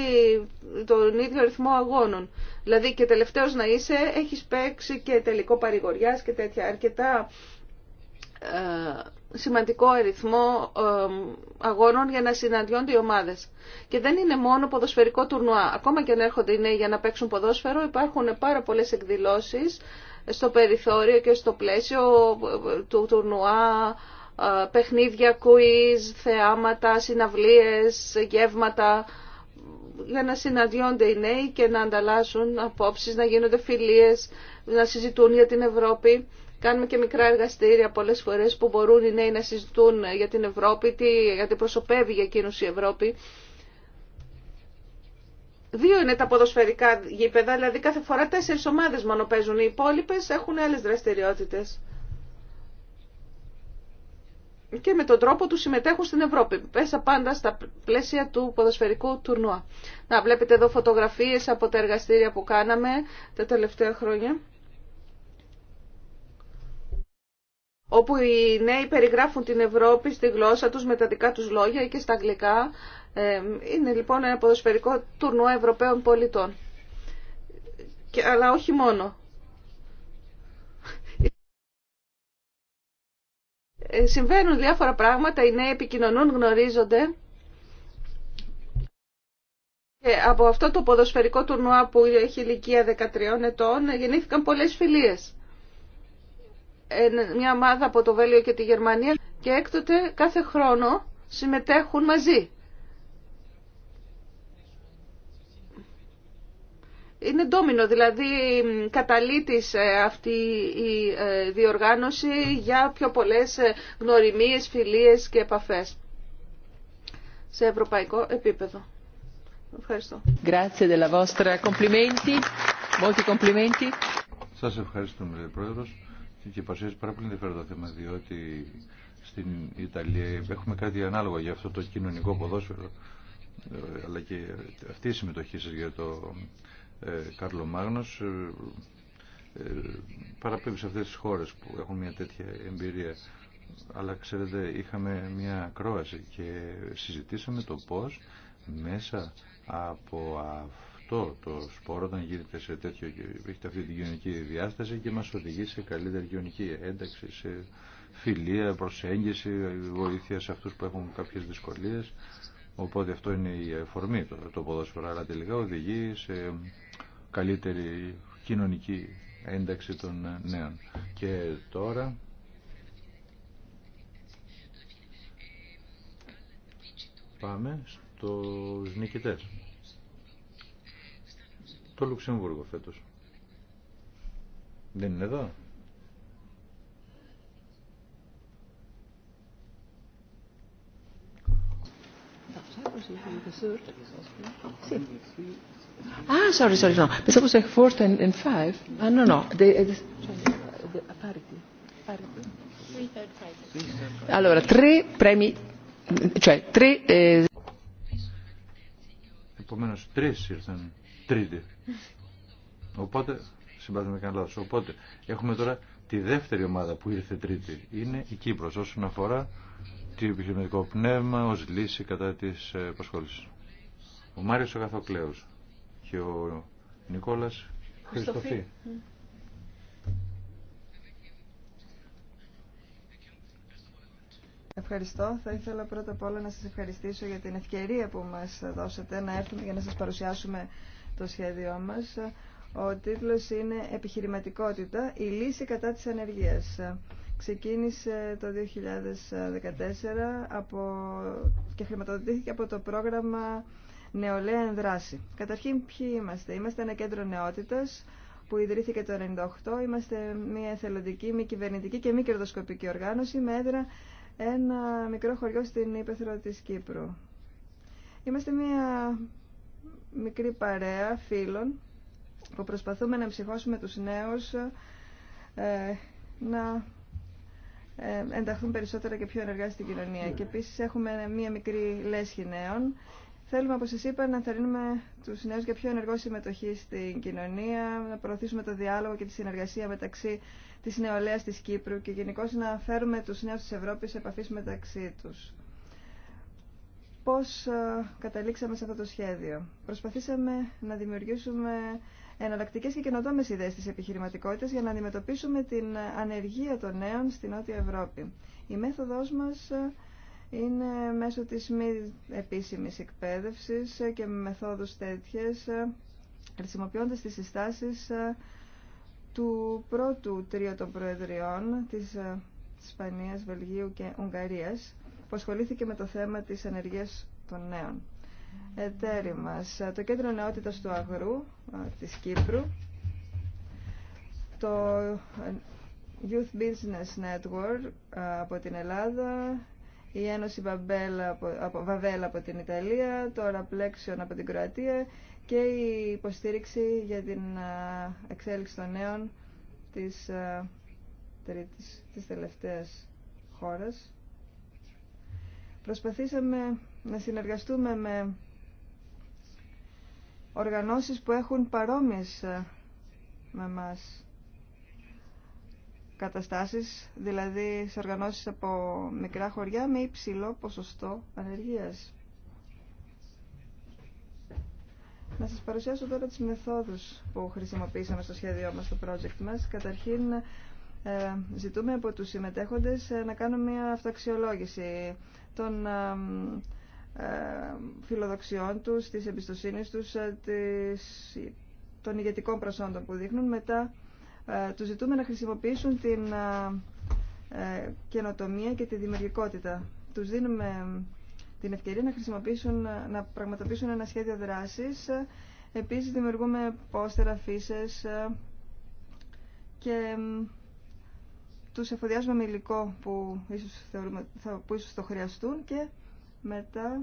τον ίδιο ρυθμό αγώνων. Δηλαδή και τελευταίος να είσαι έχεις παίξει και τελικό παρηγοριάς και τέτοια αρκετά ε, σημαντικό αριθμό ε, αγώνων για να συναντιόνται οι ομάδες. Και δεν είναι μόνο ποδοσφαιρικό τουρνουά. Ακόμα και αν έρχονται οι νέοι για να παίξουν ποδόσφαιρο, υπάρχουν πάρα πολλές εκδηλώσεις στο περιθώριο και στο πλαίσιο ε, του τουρνουά, παιχνίδια, κουίζ, θεάματα, συναυλίες, γεύματα, για να συναντιόνται οι νέοι και να ανταλλάσσουν απόψεις, να γίνονται φιλίες, να συζητούν για την Ευρώπη. Κάνουμε και μικρά εργαστήρια πολλές φορές που μπορούν οι νέοι να συζητούν για την Ευρώπη, τι, γιατί προσωπεύει για εκείνους η Ευρώπη. Δύο είναι τα ποδοσφαιρικά γήπεδα, δηλαδή κάθε φορά τέσσερι ομάδε μόνο παίζουν. Οι υπόλοιπε έχουν άλλε δραστηριότητε. Και με τον τρόπο του συμμετέχουν στην Ευρώπη. Πέσα πάντα στα πλαίσια του ποδοσφαιρικού τουρνουά. Να βλέπετε εδώ φωτογραφίε από τα εργαστήρια που κάναμε τα τελευταία χρόνια. όπου οι νέοι περιγράφουν την Ευρώπη στη γλώσσα τους με τα δικά τους λόγια και στα αγγλικά. Είναι λοιπόν ένα ποδοσφαιρικό τουρνουά Ευρωπαίων πολιτών. Και, αλλά όχι μόνο. Ε, συμβαίνουν διάφορα πράγματα, οι νέοι επικοινωνούν, γνωρίζονται. Και από αυτό το ποδοσφαιρικό τουρνουά που έχει ηλικία 13 ετών γεννήθηκαν πολλές φιλίες μια ομάδα από το Βέλιο και τη Γερμανία και έκτοτε κάθε χρόνο συμμετέχουν μαζί. Είναι ντόμινο, δηλαδή καταλήτης ε, αυτή η ε, διοργάνωση για πιο πολλές ε, γνωριμίες, φιλίες και επαφές σε ευρωπαϊκό επίπεδο. Ευχαριστώ. Grazie della vostra complimenti. Molti complimenti. Σας ευχαριστούμε, Πρόεδρος και παρουσιάζει πάρα πολύ ενδιαφέρον το θέμα, διότι στην Ιταλία έχουμε κάτι ανάλογο για αυτό το κοινωνικό ποδόσφαιρο, ε, αλλά και αυτή η συμμετοχή σας για το ε, Κάρλο ε, παραπέμπει σε αυτές τις χώρες που έχουν μια τέτοια εμπειρία. Αλλά ξέρετε, είχαμε μια κρόαση και συζητήσαμε το πώς μέσα από αυτό αυτό το σπόρο όταν γίνεται σε τέτοιο, έχετε αυτή την κοινωνική διάσταση και μας οδηγεί σε καλύτερη κοινωνική ένταξη, σε φιλία, προσέγγιση, βοήθεια σε αυτούς που έχουν κάποιες δυσκολίες. Οπότε αυτό είναι η εφορμή το, το ποδόσφαιρο, αλλά τελικά οδηγεί σε καλύτερη κοινωνική ένταξη των νέων. Και τώρα... Πάμε στους νικητές το Λουξεμβούργο φέτος. Δεν είναι εδώ. Ah, sorry, sorry, no. Pensavo fosse fourth and, and five. Ah, no, no. The, the, the, the parity. Parity. Allora, tre premi, cioè tre... Ε... Επομένως, τρεις ήρθαν τρίτη. Οπότε, συμπάθημε κανένα Οπότε, έχουμε τώρα τη δεύτερη ομάδα που ήρθε τρίτη. Είναι η Κύπρος όσον αφορά το επιχειρηματικό πνεύμα ως λύση κατά της επασχόλησης. Ο Μάριος Αγαθοκλέος και ο Νικόλας Χριστοφή. Ευχαριστώ. Θα ήθελα πρώτα απ' όλα να σας ευχαριστήσω για την ευκαιρία που μας δώσατε να έρθουμε για να σας παρουσιάσουμε το σχέδιό μας. Ο τίτλος είναι «Επιχειρηματικότητα, η λύση κατά της ανεργίας». Ξεκίνησε το 2014 από... και χρηματοδοτήθηκε από το πρόγραμμα Νεολαία Ενδράση. Καταρχήν ποιοι είμαστε. Είμαστε ένα κέντρο νεότητας που ιδρύθηκε το 1998. Είμαστε μια εθελοντική, μη κυβερνητική και μη κερδοσκοπική οργάνωση με έδρα ένα μικρό χωριό στην Ήπεθρο της Κύπρου. Είμαστε μια μικρή παρέα φίλων που προσπαθούμε να ψυχώσουμε τους νέους ε, να ε, ενταχθούν περισσότερα και πιο ενεργά στην κοινωνία. Και επίσης έχουμε μία μικρή λέσχη νέων. Θέλουμε, όπως σας είπα, να θερύνουμε τους νέους για πιο ενεργό συμμετοχή στην κοινωνία, να προωθήσουμε το διάλογο και τη συνεργασία μεταξύ της νεολαίας της Κύπρου και γενικώ να φέρουμε τους νέους της Ευρώπης σε επαφή μεταξύ τους πώς ε, καταλήξαμε σε αυτό το σχέδιο. Προσπαθήσαμε να δημιουργήσουμε εναλλακτικές και καινοτόμες ιδέες τη επιχειρηματικότητα για να αντιμετωπίσουμε την ανεργία των νέων στην Νότια Ευρώπη. Η μέθοδος μας ε, είναι μέσω της μη επίσημης εκπαίδευσης και μεθόδους μεθόδου ε, χρησιμοποιώντας χρησιμοποιώντα συστάσεις του πρώτου τρίου των Προεδριών της Ισπανίας, Βελγίου και Ουγγαρίας που ασχολήθηκε με το θέμα της ενεργείας των νέων. Εταίροι μας, το Κέντρο Νεότητας του Αγρού της Κύπρου, το ε, Youth Business Network από την Ελλάδα, η Ένωση Βαβέλα από, Βαβέλα από την Ιταλία, το Ραπλέξιον από την Κροατία και η υποστήριξη για την εξέλιξη των νέων της, της τελευταίας χώρας Προσπαθήσαμε να συνεργαστούμε με οργανώσεις που έχουν παρόμοιες ε, με μας καταστάσεις, δηλαδή σε οργανώσεις από μικρά χωριά με υψηλό ποσοστό ανεργίας. Να σας παρουσιάσω τώρα τις μεθόδους που χρησιμοποίησαμε στο σχέδιό μας, στο project μας. Καταρχήν, ε, ζητούμε από τους συμμετέχοντες ε, να κάνουν μια αυταξιολόγηση των φιλοδοξιών τους, της εμπιστοσύνης τους, ε, της, των ηγετικών προσόντων που δείχνουν. Μετά ε, τους ζητούμε να χρησιμοποιήσουν την ε, καινοτομία και τη δημιουργικότητα. Τους δίνουμε την ευκαιρία να χρησιμοποιήσουν, να πραγματοποιήσουν ένα σχέδιο δράσης. Επίσης δημιουργούμε πόστερα, φύσες και τους εφοδιάζουμε με υλικό που ίσως, θα, που ίσως το χρειαστούν και μετά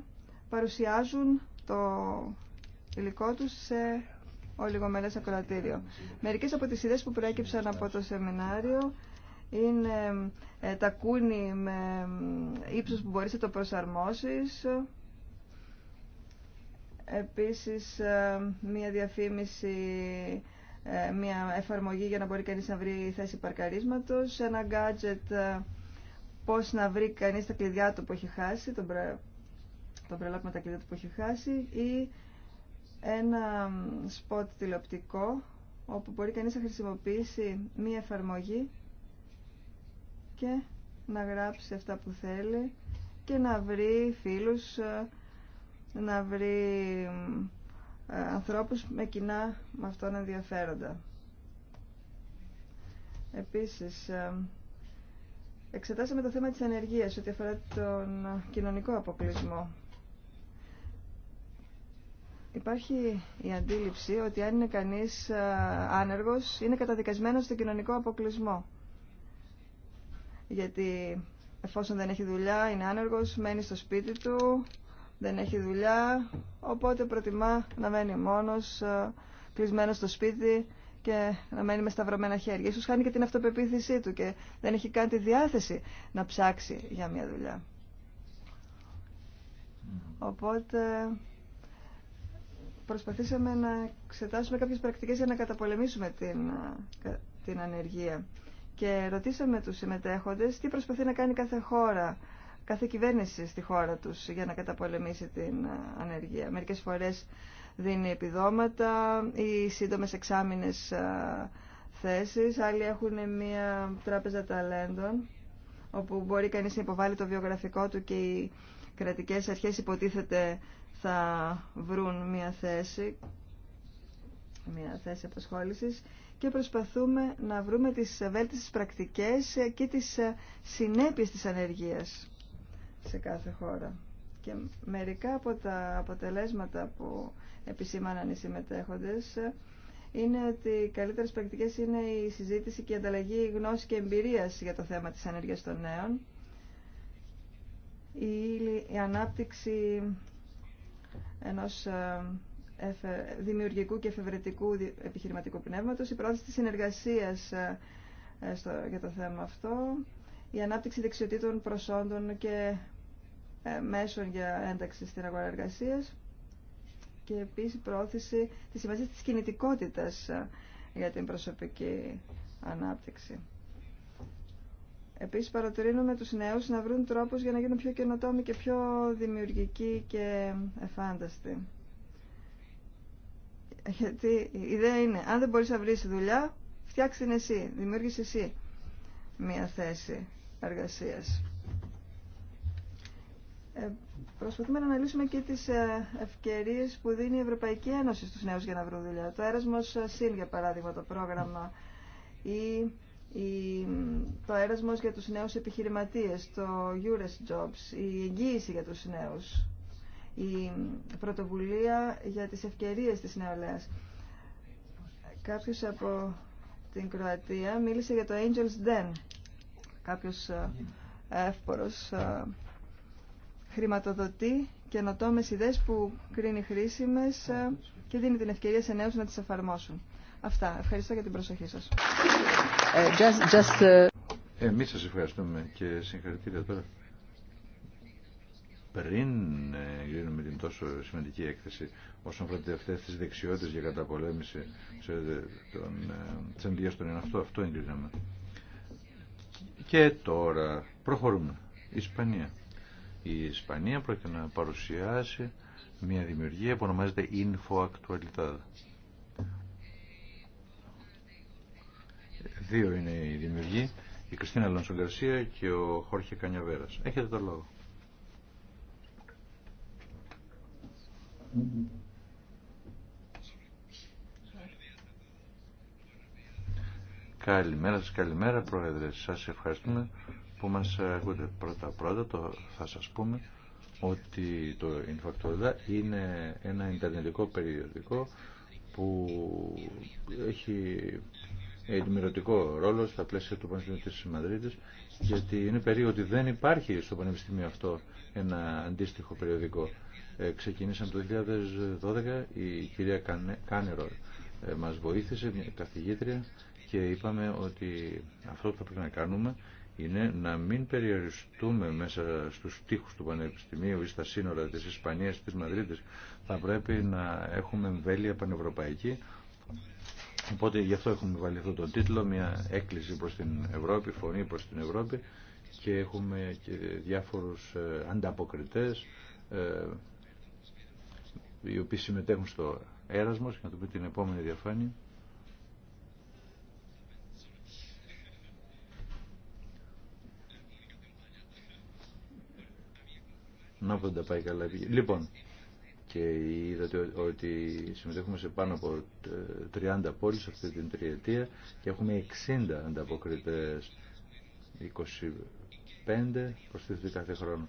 παρουσιάζουν το υλικό τους σε ολιγομελές ακροατήριο. Μερικές από τις ιδέες που προέκυψαν από το σεμινάριο είναι ε, τα κούνη με ε, ύψος που μπορείς να το προσαρμόσεις. Επίσης, ε, μία διαφήμιση ε, μια εφαρμογή για να μπορεί κανείς να βρει θέση παρκαρίσματος, ένα gadget ε, πώς να βρει κανείς τα κλειδιά του που έχει χάσει, τον, το τον με τα κλειδιά του που έχει χάσει ή ένα spot τηλεοπτικό όπου μπορεί κανείς να χρησιμοποιήσει μία εφαρμογή και να γράψει αυτά που θέλει και να βρει φίλους, ε, να βρει ε, ανθρώπους με κοινά με αυτόν ενδιαφέροντα. Επίσης, ε, εξετάσαμε το θέμα της ανεργίας ό,τι αφορά τον κοινωνικό αποκλεισμό. Υπάρχει η αντίληψη ότι αν είναι κανείς ε, άνεργος, είναι καταδικασμένος στο κοινωνικό αποκλεισμό. Γιατί εφόσον δεν έχει δουλειά, είναι άνεργος, μένει στο σπίτι του, δεν έχει δουλειά, οπότε προτιμά να μένει μόνος, ε, κλεισμένος στο σπίτι και να μένει με σταυρωμένα χέρια. Ίσως χάνει και την αυτοπεποίθησή του και δεν έχει καν τη διάθεση να ψάξει για μια δουλειά. Οπότε προσπαθήσαμε να εξετάσουμε κάποιες πρακτικές για να καταπολεμήσουμε την, ε, την ανεργία. Και ρωτήσαμε τους συμμετέχοντες τι προσπαθεί να κάνει κάθε χώρα κάθε κυβέρνηση στη χώρα τους για να καταπολεμήσει την ε, ανεργία. Μερικές φορές δίνει επιδόματα ή σύντομες εξάμηνες ε, θέσεις. Άλλοι έχουν μια τράπεζα ταλέντων όπου μπορεί κανείς να υποβάλει το βιογραφικό του και οι κρατικές αρχές υποτίθεται θα βρουν μια θέση, μια θέση απασχόλησης και προσπαθούμε να βρούμε τις βέλτιστες πρακτικές και τις ε, συνέπειες της ανεργίας σε κάθε χώρα. Και μερικά από τα αποτελέσματα που επισήμαναν οι συμμετέχοντες είναι ότι οι καλύτερε πρακτικέ είναι η συζήτηση και η ανταλλαγή γνώση και εμπειρίας για το θέμα της ανεργία των νέων, η, ανάπτυξη ενό ε, δημιουργικού και εφευρετικού επιχειρηματικού πνεύματος, η πρόθεση της συνεργασίας ε, ε, για το θέμα αυτό, η ανάπτυξη δεξιοτήτων προσόντων και ε, μέσων για ένταξη στην αγορά εργασία και επίσης πρόθεση τη σημασία της κινητικότητας ε, για την προσωπική ανάπτυξη. Επίσης παρατηρούμε του νέους να βρουν τρόπους για να γίνουν πιο καινοτόμοι και πιο δημιουργικοί και εφάνταστοι. Γιατί η ιδέα είναι, αν δεν μπορείς να βρεις δουλειά, την εσύ, δημιούργησε εσύ μία θέση εργασίας. Ε, προσπαθούμε να αναλύσουμε και τις ε, ευκαιρίες που δίνει η Ευρωπαϊκή Ένωση στους νέους για να βρουν δουλειά. Το Erasmus ΣΥΝ, για παράδειγμα, το πρόγραμμα ή το Erasmus για τους νέους επιχειρηματίες, το Eures Jobs, η εγγύηση για τους νέους, η πρωτοβουλία για τις ευκαιρίες της νεολαίας. Κάποιος από την Κροατία μίλησε για το Angels Den. Κάποιος ε, εύπορος χρηματοδοτεί καινοτόμες ιδέες που κρίνει χρήσιμες ε, και δίνει την ευκαιρία σε νέους να τις εφαρμόσουν. Αυτά. Ευχαριστώ για την προσοχή σας. Ε, just, just... Ε, ευχαριστούμε και συγχαρητήρια τώρα. Πριν γίνουμε την τόσο σημαντική έκθεση όσον αφορά αυτές τις δεξιότητες για καταπολέμηση της ενδίας των εναυτών, αυτό εγκρίναμε. Και τώρα προχωρούμε. Ισπανία. Η Ισπανία πρόκειται να παρουσιάσει μια δημιουργία που ονομάζεται Info Actualidad. Δύο είναι οι δημιουργοί, η Κριστίνα Λονσογκαρσία και ο Χόρχε Κανιαβέρας. Έχετε το λόγο. Καλημέρα σας, καλημέρα Πρόεδρε. Σας ευχαριστούμε που μας ακούτε πρώτα πρώτα το θα σας πούμε ότι το Infactorda είναι ένα ιντερνετικό περιοδικό που έχει ενημερωτικό ρόλο στα πλαίσια του Πανεπιστημίου της Μαδρίτης γιατί είναι περίοδο ότι δεν υπάρχει στο Πανεπιστημίο αυτό ένα αντίστοιχο περιοδικό. Ε, ξεκινήσαμε το 2012 η κυρία Κάνερο ε, μας βοήθησε, μια καθηγήτρια και είπαμε ότι αυτό που πρέπει να κάνουμε είναι να μην περιοριστούμε μέσα στους τοίχους του Πανεπιστημίου ή στα σύνορα της Ισπανίας, της Μαδρίτης. Θα πρέπει να έχουμε εμβέλεια πανευρωπαϊκή. Οπότε γι' αυτό έχουμε βάλει αυτό τον τίτλο, μια έκκληση προς την Ευρώπη, φωνή προς την Ευρώπη και έχουμε και διάφορους ε, ανταποκριτές ε, οι οποίοι συμμετέχουν στο έρασμος, να το πει την επόμενη διαφάνεια. Να που δεν τα πάει καλά. Λοιπόν, και είδατε ότι συμμετέχουμε σε πάνω από 30 πόλεις αυτή την τριετία και έχουμε 60 ανταποκριτές 25 προσθέτει κάθε χρόνο.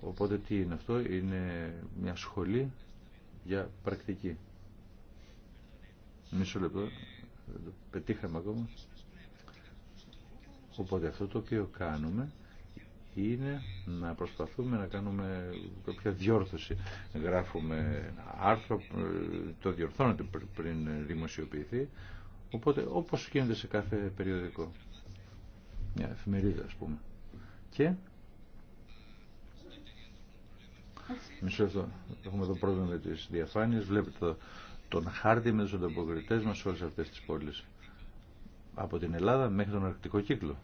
Οπότε τι είναι αυτό, είναι μια σχολή για πρακτική. Μισό λεπτό, πετύχαμε ακόμα. Οπότε αυτό το οποίο κάνουμε είναι να προσπαθούμε να κάνουμε κάποια διόρθωση. Γράφουμε ένα άρθρο, το διορθώνεται πριν δημοσιοποιηθεί, οπότε όπως γίνεται σε κάθε περιοδικό. Μια εφημερίδα ας πούμε. Και... Μισό λεπτό. Έχουμε το πρόβλημα με τις Βλέπετε το, τον χάρτη με τους ανταποκριτές μας σε όλες αυτές τις πόλεις. Από την Ελλάδα μέχρι τον Αρκτικό κύκλο.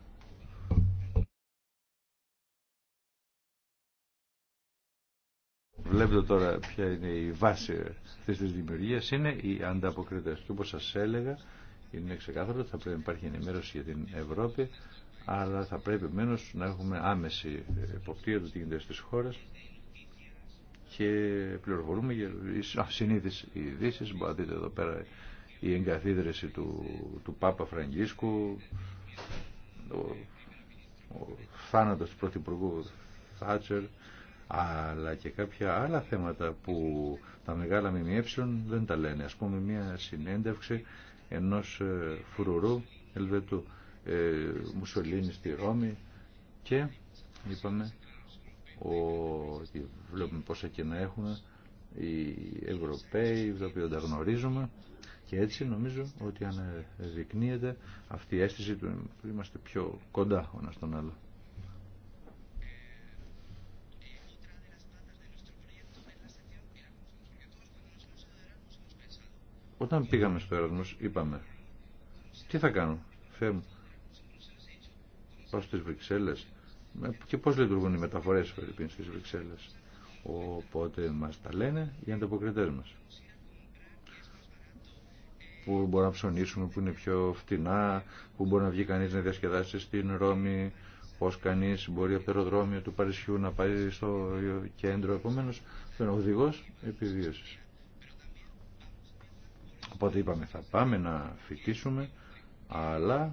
Βλέπετε τώρα ποια είναι η βάση αυτή τη δημιουργία, είναι οι ανταποκριτέ. Και όπω σας έλεγα, είναι ξεκάθαρο ότι θα πρέπει να υπάρχει ενημέρωση για την Ευρώπη, αλλά θα πρέπει επομένω να έχουμε άμεση εποπτεία του τι γίνεται στι χώρε και πληροφορούμε για οι ειδήσει. Μπορείτε δείτε εδώ πέρα η εγκαθίδρυση του, του Πάπα Φραγκίσκου, ο, ο του Πρωθυπουργού Θάτσερ, αλλά και κάποια άλλα θέματα που τα μεγάλα ΜΜΕ δεν τα λένε. Ας πούμε μια συνέντευξη ενός ε, φρουρού Ελβετού ε, Μουσολίνη στη Ρώμη και είπαμε ότι βλέπουμε πόσα να έχουμε οι Ευρωπαίοι, τα οποία τα γνωρίζουμε και έτσι νομίζω ότι αναδεικνύεται αυτή η αίσθηση του είμαστε πιο κοντά ο ένας τον άλλο. Όταν πήγαμε στο Εράσμος είπαμε τι θα κάνω, φεύγω, πάω στις Βρυξέλλες και πώς λειτουργούν οι μεταφορές Φερρυπίν στις Βρυξέλλες. Οπότε μας τα λένε οι ανταποκριτές μας που μπορούμε να ψωνίσουμε, που είναι πιο φτηνά, που μπορεί να βγει κανείς να διασκεδάσει στην Ρώμη, πώς κανείς μπορεί από το αεροδρόμιο του Παρισιού να πάει στο κέντρο, επομένως, ο οδηγός επιβίωσης. Οπότε είπαμε θα πάμε να φοιτήσουμε, αλλά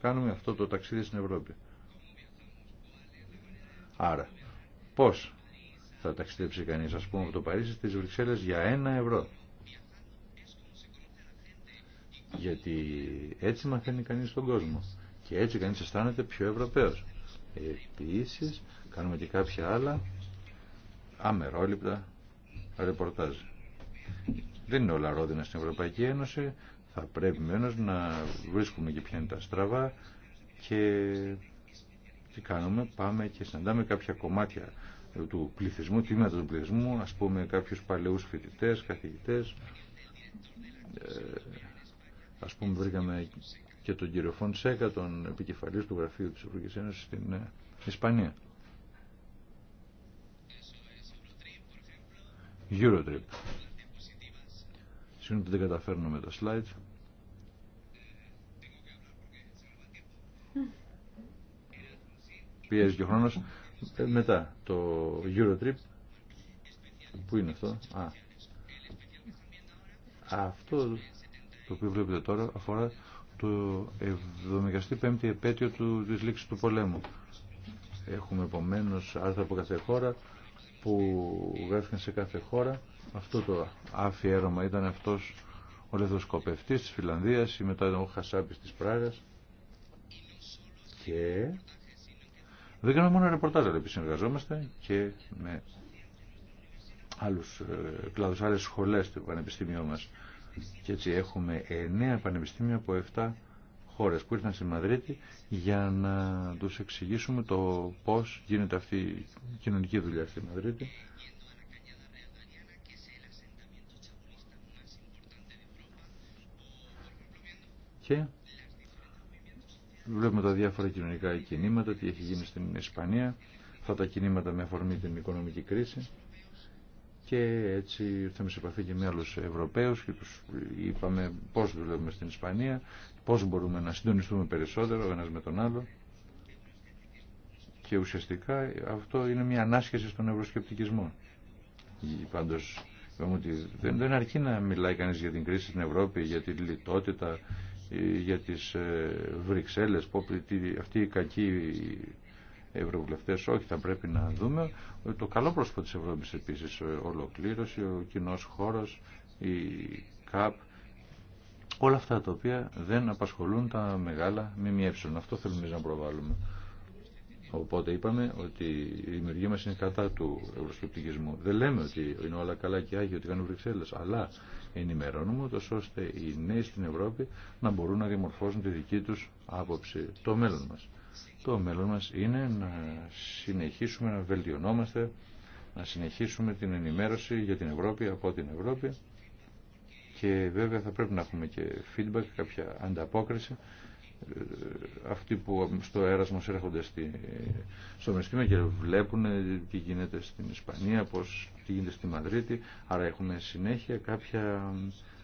κάνουμε αυτό το ταξίδι στην Ευρώπη. Άρα, πώς θα ταξιδέψει κανείς, ας πούμε, από το Παρίσι στις Βρυξέλλες για ένα ευρώ. Γιατί έτσι μαθαίνει κανείς τον κόσμο και έτσι κανείς αισθάνεται πιο Ευρωπαίος. Επίσης, κάνουμε και κάποια άλλα αμερόληπτα ρεπορτάζ. Δεν είναι όλα ρόδινα στην Ευρωπαϊκή Ένωση. Θα πρέπει μένως να βρίσκουμε και ποια είναι τα στραβά και τι κάνουμε, πάμε και συναντάμε κάποια κομμάτια του πληθυσμού, τμήματα του πληθυσμού, ας πούμε κάποιους παλαιούς φοιτητές, καθηγητές. Ε, ας πούμε βρήκαμε και τον κύριο Σέκα τον επικεφαλής του γραφείου της Ευρωπαϊκής Ένωσης στην ε, Ισπανία. Eurotrip. Συγγνώμη που δεν καταφέρνω με τα slides. Πιέζει και ο χρόνο. Ε, μετά το Eurotrip. Πού είναι αυτό. Α. Αυτό το οποίο βλέπετε τώρα αφορά το 75η επέτειο του, της λήξης του πολέμου. Έχουμε επομένω άρθρα από κάθε χώρα που γράφηκαν σε κάθε χώρα αυτό το αφιέρωμα ήταν αυτός ο λεθοσκοπευτής της Φιλανδίας ή μετά ήταν ο Χασάπης της Πράγας και δεν κάνουμε μόνο ρεπορτάζ αλλά επισυνεργαζόμαστε και με άλλους ε, κλάδους, άλλες σχολές του πανεπιστήμιου μας και έτσι έχουμε 9 πανεπιστήμια από 7 χώρες που ήρθαν στη Μαδρίτη για να τους εξηγήσουμε το πώς γίνεται αυτή η κοινωνική δουλειά στη Μαδρίτη Και βλέπουμε τα διάφορα κοινωνικά κινήματα, τι έχει γίνει στην Ισπανία, αυτά τα κινήματα με αφορμή την οικονομική κρίση και έτσι ήρθαμε σε επαφή και με άλλους Ευρωπαίους και τους είπαμε πώς δουλεύουμε στην Ισπανία, πώς μπορούμε να συντονιστούμε περισσότερο ο ένας με τον άλλο και ουσιαστικά αυτό είναι μια ανάσχεση στον ευρωσκεπτικισμό. Πάντως ότι δεν, αρκεί να μιλάει κανείς για την κρίση στην Ευρώπη, για την λιτότητα, για τις ε, Βρυξέλλες, αυτή η κακή ευρωβουλευτέ, όχι, θα πρέπει να δούμε το καλό πρόσωπο τη Ευρώπη επίση, ε, ολοκλήρωση, ο κοινό χώρο, η ΚΑΠ, όλα αυτά τα οποία δεν απασχολούν τα μεγάλα ΜΜΕ. Αυτό θέλουμε να προβάλλουμε. Οπότε είπαμε ότι η δημιουργία μας είναι κατά του ευρωσκεπτικισμού. Δεν λέμε ότι είναι όλα καλά και άγιοι ότι κάνουν Βρυξέλλε, αλλά ενημερώνουμε, ούτως ώστε οι νέοι στην Ευρώπη να μπορούν να διαμορφώσουν τη δική τους άποψη, το μέλλον μας. Το μέλλον μας είναι να συνεχίσουμε να βελτιωνόμαστε, να συνεχίσουμε την ενημέρωση για την Ευρώπη από την Ευρώπη και βέβαια θα πρέπει να έχουμε και feedback, κάποια ανταπόκριση αυτοί που στο έρασμος έρχονται στη, στο Μεσκήνα και βλέπουν τι γίνεται στην Ισπανία, πώς, τι γίνεται στη Μαδρίτη, άρα έχουμε συνέχεια κάποια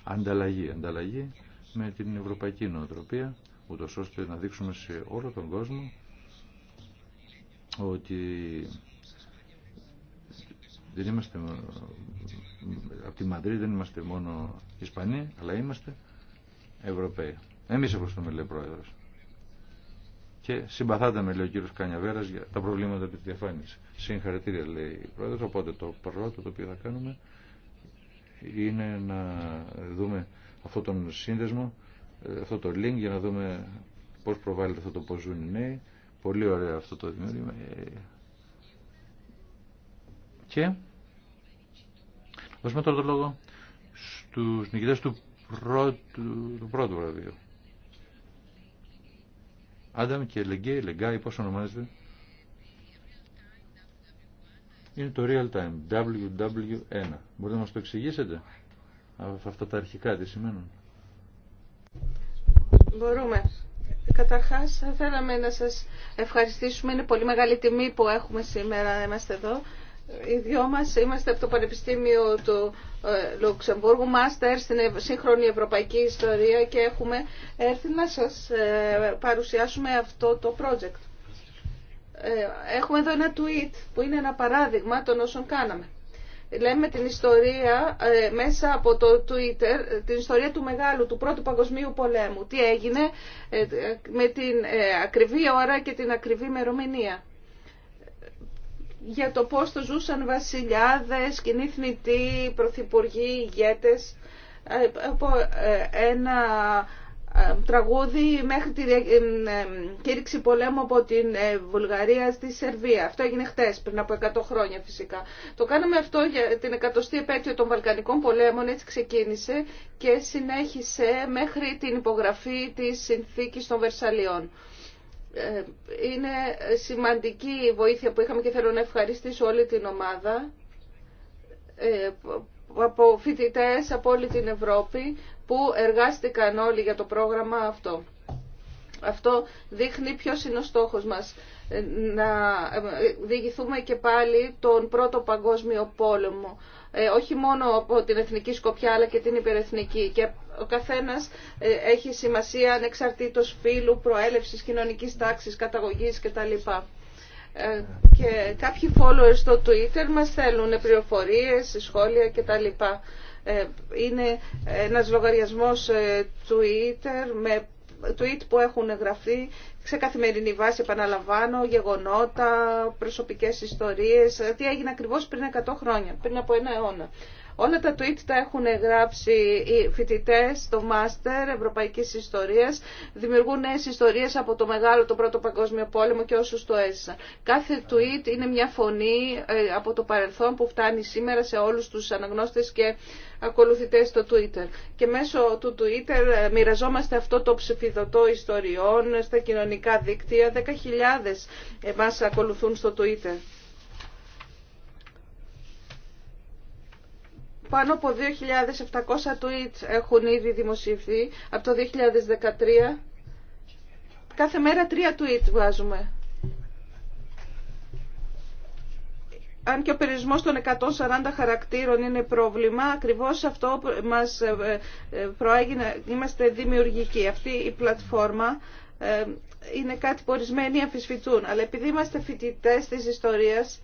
ανταλλαγή, ανταλλαγή με την ευρωπαϊκή νοοτροπία, ούτω ώστε να δείξουμε σε όλο τον κόσμο ότι δεν είμαστε από τη Μαδρίτη δεν είμαστε μόνο Ισπανοί, αλλά είμαστε Ευρωπαίοι. Εμείς ευχαριστούμε, λέει ο Πρόεδρος. Και συμπαθάτε με, λέει ο κύριο Κανιαβέρας, για τα προβλήματα τη διαφάνεια. Συγχαρητήρια, λέει ο Πρόεδρος. Οπότε το πρώτο το οποίο θα κάνουμε είναι να δούμε αυτόν τον σύνδεσμο, ε, αυτό το link για να δούμε πώς προβάλλεται αυτό το πω ζουν οι νέοι. Πολύ ωραίο αυτό το δημιούργημα. Ε, και δώσουμε τώρα το λόγο στους νικητές του πρώτου, του Άνταμ και Λεγκέι, Λεγκάι, πώς ονομάζεται. Είναι το real time, WW1. Μπορείτε να μας το εξηγήσετε, αυτά τα αρχικά τι σημαίνουν. Μπορούμε. Καταρχάς, θέλαμε να σας ευχαριστήσουμε. Είναι πολύ μεγάλη τιμή που έχουμε σήμερα, είμαστε εδώ. Οι δυο μας είμαστε από το Πανεπιστήμιο του ε, Λουξεμβούργου, μάστερ στην σύγχρονη ευρωπαϊκή ιστορία και έχουμε έρθει να σας ε, παρουσιάσουμε αυτό το project. Ε, έχουμε εδώ ένα tweet που είναι ένα παράδειγμα των όσων κάναμε. Λέμε την ιστορία μέσα από το Twitter, την ιστορία του μεγάλου, του πρώτου παγκοσμίου πολέμου. Τι έγινε με την ακριβή ώρα και την ακριβή ημερομηνία για το πώς το ζούσαν βασιλιάδες, κινηθνητοί, πρωθυπουργοί, ηγέτες ε, από ε, ένα ε, τραγούδι μέχρι την κήρυξη πολέμου από την Βουλγαρία στη Σερβία. Αυτό έγινε χτες, πριν από 100 χρόνια φυσικά. Το κάναμε αυτό για την εκατοστή επέτειο των Βαλκανικών πολέμων, έτσι ξεκίνησε και συνέχισε μέχρι την υπογραφή της συνθήκης των Βερσαλιών. Ε, είναι σημαντική η βοήθεια που είχαμε και θέλω να ευχαριστήσω όλη την ομάδα ε, από φοιτητέ από όλη την Ευρώπη που εργάστηκαν όλοι για το πρόγραμμα αυτό. Αυτό δείχνει ποιος είναι ο στόχος μας. Ε, να διηγηθούμε και πάλι τον Πρώτο Παγκόσμιο Πόλεμο ε, όχι μόνο από την εθνική σκοπιά αλλά και την υπερεθνική. Και ο καθένας ε, έχει σημασία ανεξαρτήτως φύλου, προέλευση, κοινωνικής τάξης, καταγωγής κτλ ε, και κάποιοι followers στο Twitter μας θέλουν πληροφορίε, σχόλια κτλ. Είναι ένας λογαριασμός Twitter με tweet που έχουν γραφτεί σε καθημερινή βάση επαναλαμβάνω γεγονότα, προσωπικές ιστορίες, τι έγινε ακριβώς πριν 100 χρόνια, πριν από ένα αιώνα. Όλα τα tweet τα έχουν γράψει οι φοιτητέ στο Μάστερ Ευρωπαϊκής Ιστορίας. Δημιουργούν νέε ιστορίες από το μεγάλο, το πρώτο παγκόσμιο πόλεμο και όσου το έζησαν. Κάθε tweet είναι μια φωνή ε, από το παρελθόν που φτάνει σήμερα σε όλους τους αναγνώστες και ακολουθητές στο Twitter. Και μέσω του Twitter ε, μοιραζόμαστε αυτό το ψηφιδωτό ιστοριών στα κοινωνικά δίκτυα. 10.000 μα ακολουθούν στο Twitter. Πάνω από 2.700 tweets έχουν ήδη δημοσιευθεί από το 2013. Κάθε μέρα τρία tweets βάζουμε. Αν και ο περιορισμός των 140 χαρακτήρων είναι πρόβλημα, ακριβώς αυτό μας ε, ε, προάγει να είμαστε δημιουργικοί. Αυτή η πλατφόρμα ε, είναι κάτι που ορισμένοι αμφισφητούν. Αλλά επειδή είμαστε φοιτητέ της ιστορίας,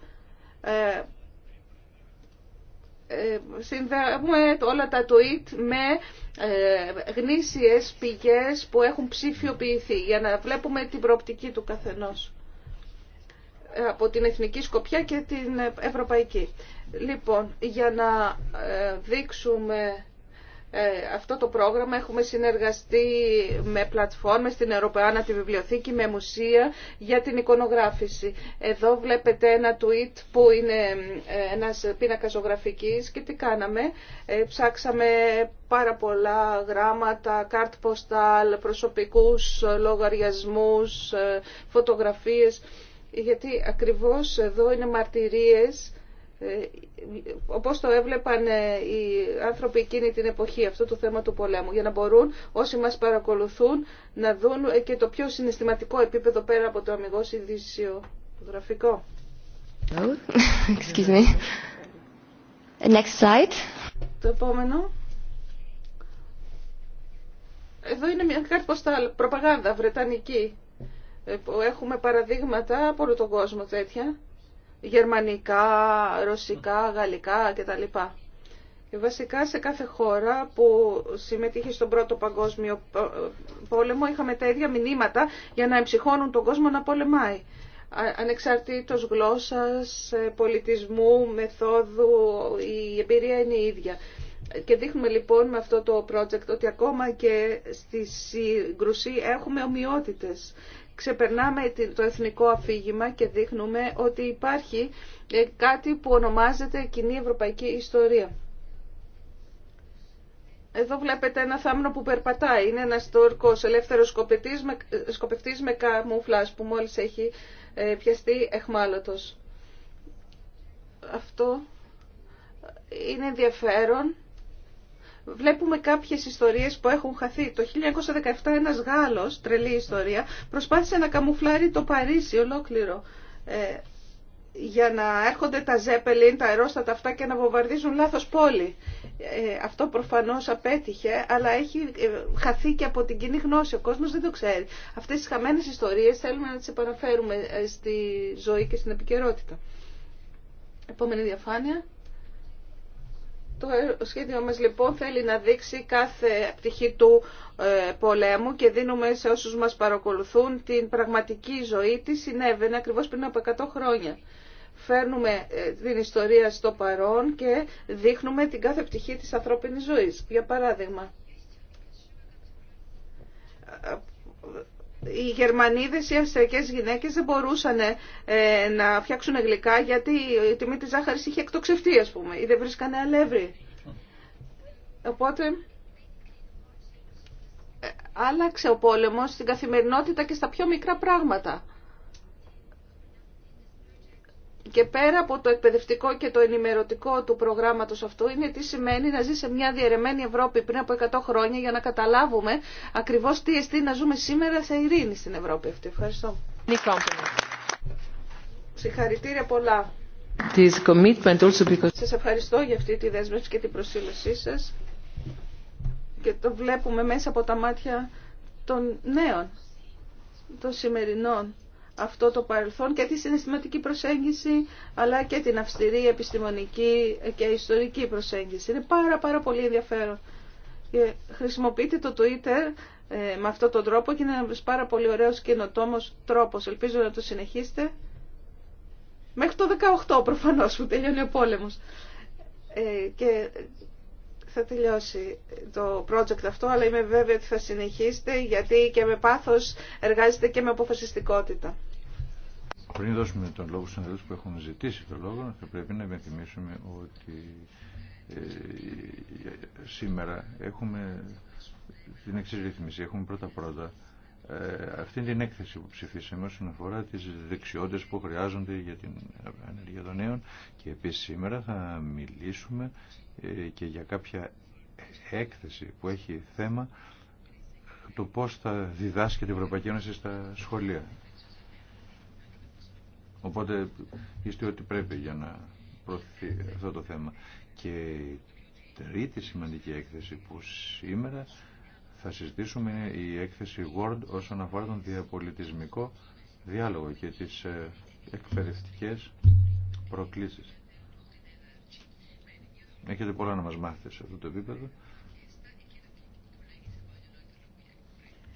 ε, συνδέουμε όλα τα tweet με ε, γνήσιες πηγές που έχουν ψηφιοποιηθεί για να βλέπουμε την προοπτική του καθενός ε, από την εθνική σκοπιά και την ευρωπαϊκή. Λοιπόν, για να δείξουμε ε, αυτό το πρόγραμμα έχουμε συνεργαστεί με πλατφόρμες στην Ευρωπαϊκή τη Βιβλιοθήκη, με μουσεία για την εικονογράφηση. Εδώ βλέπετε ένα tweet που είναι ε, ένας πίνακα ζωγραφικής και τι κάναμε. Ε, ψάξαμε πάρα πολλά γράμματα, κάρτ ποστάλ, προσωπικούς λογαριασμούς, φωτογραφίες, γιατί ακριβώς εδώ είναι μαρτυρίες ε, όπως το έβλεπαν ε, οι άνθρωποι εκείνη την εποχή, αυτό το θέμα του πολέμου, για να μπορούν όσοι μας παρακολουθούν να δουν ε, και το πιο συναισθηματικό επίπεδο πέρα από το αμυγό ειδησιογραφικό. excuse me. Next Το επόμενο. Εδώ είναι μια κάρτα ποστάλ, προπαγάνδα βρετανική. Έχουμε παραδείγματα από όλο τον κόσμο τέτοια γερμανικά, ρωσικά, γαλλικά κτλ. Βασικά σε κάθε χώρα που συμμετείχε στον Πρώτο Παγκόσμιο Πόλεμο είχαμε τα ίδια μηνύματα για να εμψυχώνουν τον κόσμο να πολεμάει. Ανεξαρτήτως γλώσσας, ε, πολιτισμού, μεθόδου, η εμπειρία είναι η ίδια. Και δείχνουμε λοιπόν με αυτό το project ότι ακόμα και στη σύγκρουση έχουμε ομοιότητες ξεπερνάμε το εθνικό αφήγημα και δείχνουμε ότι υπάρχει ε, κάτι που ονομάζεται κοινή ευρωπαϊκή ιστορία. Εδώ βλέπετε ένα θάμνο που περπατάει. Είναι ένας Τούρκος ελεύθερος σκοπευτής με, σκοπευτής που μόλις έχει ε, πιαστεί εχμάλωτος. Αυτό είναι ενδιαφέρον βλέπουμε κάποιες ιστορίες που έχουν χαθεί. Το 1917 ένας Γάλλος, τρελή ιστορία, προσπάθησε να καμουφλάρει το Παρίσι ολόκληρο ε, για να έρχονται τα Ζέπελιν, τα αερόστατα αυτά και να βομβαρδίζουν λάθος πόλη. Ε, αυτό προφανώς απέτυχε, αλλά έχει ε, χαθεί και από την κοινή γνώση. Ο κόσμος δεν το ξέρει. Αυτές τις χαμένες ιστορίες θέλουμε να τις επαναφέρουμε ε, στη ζωή και στην επικαιρότητα. Επόμενη διαφάνεια. Το σχέδιο μας λοιπόν θέλει να δείξει κάθε πτυχή του ε, πολέμου και δίνουμε σε όσους μας παρακολουθούν την πραγματική ζωή τι συνέβαινε ακριβώς πριν από 100 χρόνια. Φέρνουμε ε, την ιστορία στο παρόν και δείχνουμε την κάθε πτυχή της ανθρώπινης ζωής. Για παράδειγμα, οι Γερμανίδες, οι αυστριακές γυναίκες δεν μπορούσαν ε, να φτιάξουν γλυκά γιατί η τιμή της ζάχαρη είχε εκτοξευτεί ας πούμε ή δεν βρίσκανε αλεύρι. Οπότε ε, άλλαξε ο πόλεμος στην καθημερινότητα και στα πιο μικρά πράγματα και πέρα από το εκπαιδευτικό και το ενημερωτικό του προγράμματος αυτού είναι τι σημαίνει να ζει σε μια διαιρεμένη Ευρώπη πριν από 100 χρόνια για να καταλάβουμε ακριβώς τι εστί να ζούμε σήμερα σε ειρήνη στην Ευρώπη αυτή. Ευχαριστώ. Συγχαρητήρια πολλά. Σας ευχαριστώ για αυτή τη δέσμευση και την προσήλωσή σας και το βλέπουμε μέσα από τα μάτια των νέων, των σημερινών αυτό το παρελθόν και τη συναισθηματική προσέγγιση αλλά και την αυστηρή επιστημονική και ιστορική προσέγγιση. Είναι πάρα πάρα πολύ ενδιαφέρον. χρησιμοποιείτε το Twitter ε, με αυτόν τον τρόπο και είναι ένας πάρα πολύ ωραίος καινοτόμο τρόπος. Ελπίζω να το συνεχίσετε. Μέχρι το 18 προφανώς που τελειώνει ο πόλεμος. Ε, και θα τελειώσει το project αυτό, αλλά είμαι βέβαια ότι θα συνεχίσετε, γιατί και με πάθος εργάζεται και με αποφασιστικότητα. Πριν δώσουμε τον λόγο στους ανθρώπους που έχουν ζητήσει τον λόγο, θα πρέπει να υπενθυμίσουμε ότι ε, σήμερα έχουμε την εξή ρύθμιση. Έχουμε πρώτα-πρώτα ε, αυτή την έκθεση που ψηφίσαμε όσον αφορά τις δεξιότητε που χρειάζονται για την ανεργία των νέων και επίσης σήμερα θα μιλήσουμε ε, και για κάποια έκθεση που έχει θέμα το πώς θα διδάσκεται η Ευρωπαϊκή Ένωση στα σχολεία. Οπότε είστε ότι πρέπει για να προωθηθεί αυτό το θέμα. Και η τρίτη σημαντική έκθεση που σήμερα θα συζητήσουμε είναι η έκθεση Word όσον αφορά τον διαπολιτισμικό διάλογο και τις ε, εκπαιδευτικές προκλήσεις. Έχετε πολλά να μας μάθετε σε αυτό το επίπεδο.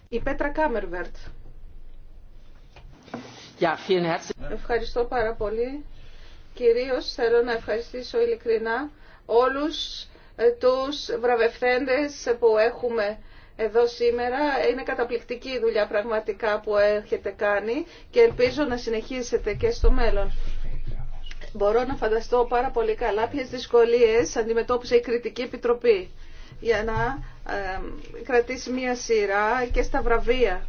Η Πέτρα Κάμερβερτ. Ευχαριστώ πάρα πολύ. Κυρίως θέλω να ευχαριστήσω ειλικρινά όλους ε, τους βραβευθέντες που έχουμε εδώ σήμερα. Είναι καταπληκτική η δουλειά πραγματικά που έχετε κάνει και ελπίζω να συνεχίσετε και στο μέλλον. Μπορώ να φανταστώ πάρα πολύ καλά ποιες δυσκολίε αντιμετώπισε η Κριτική Επιτροπή για να κρατήσει μία σειρά και στα βραβεία.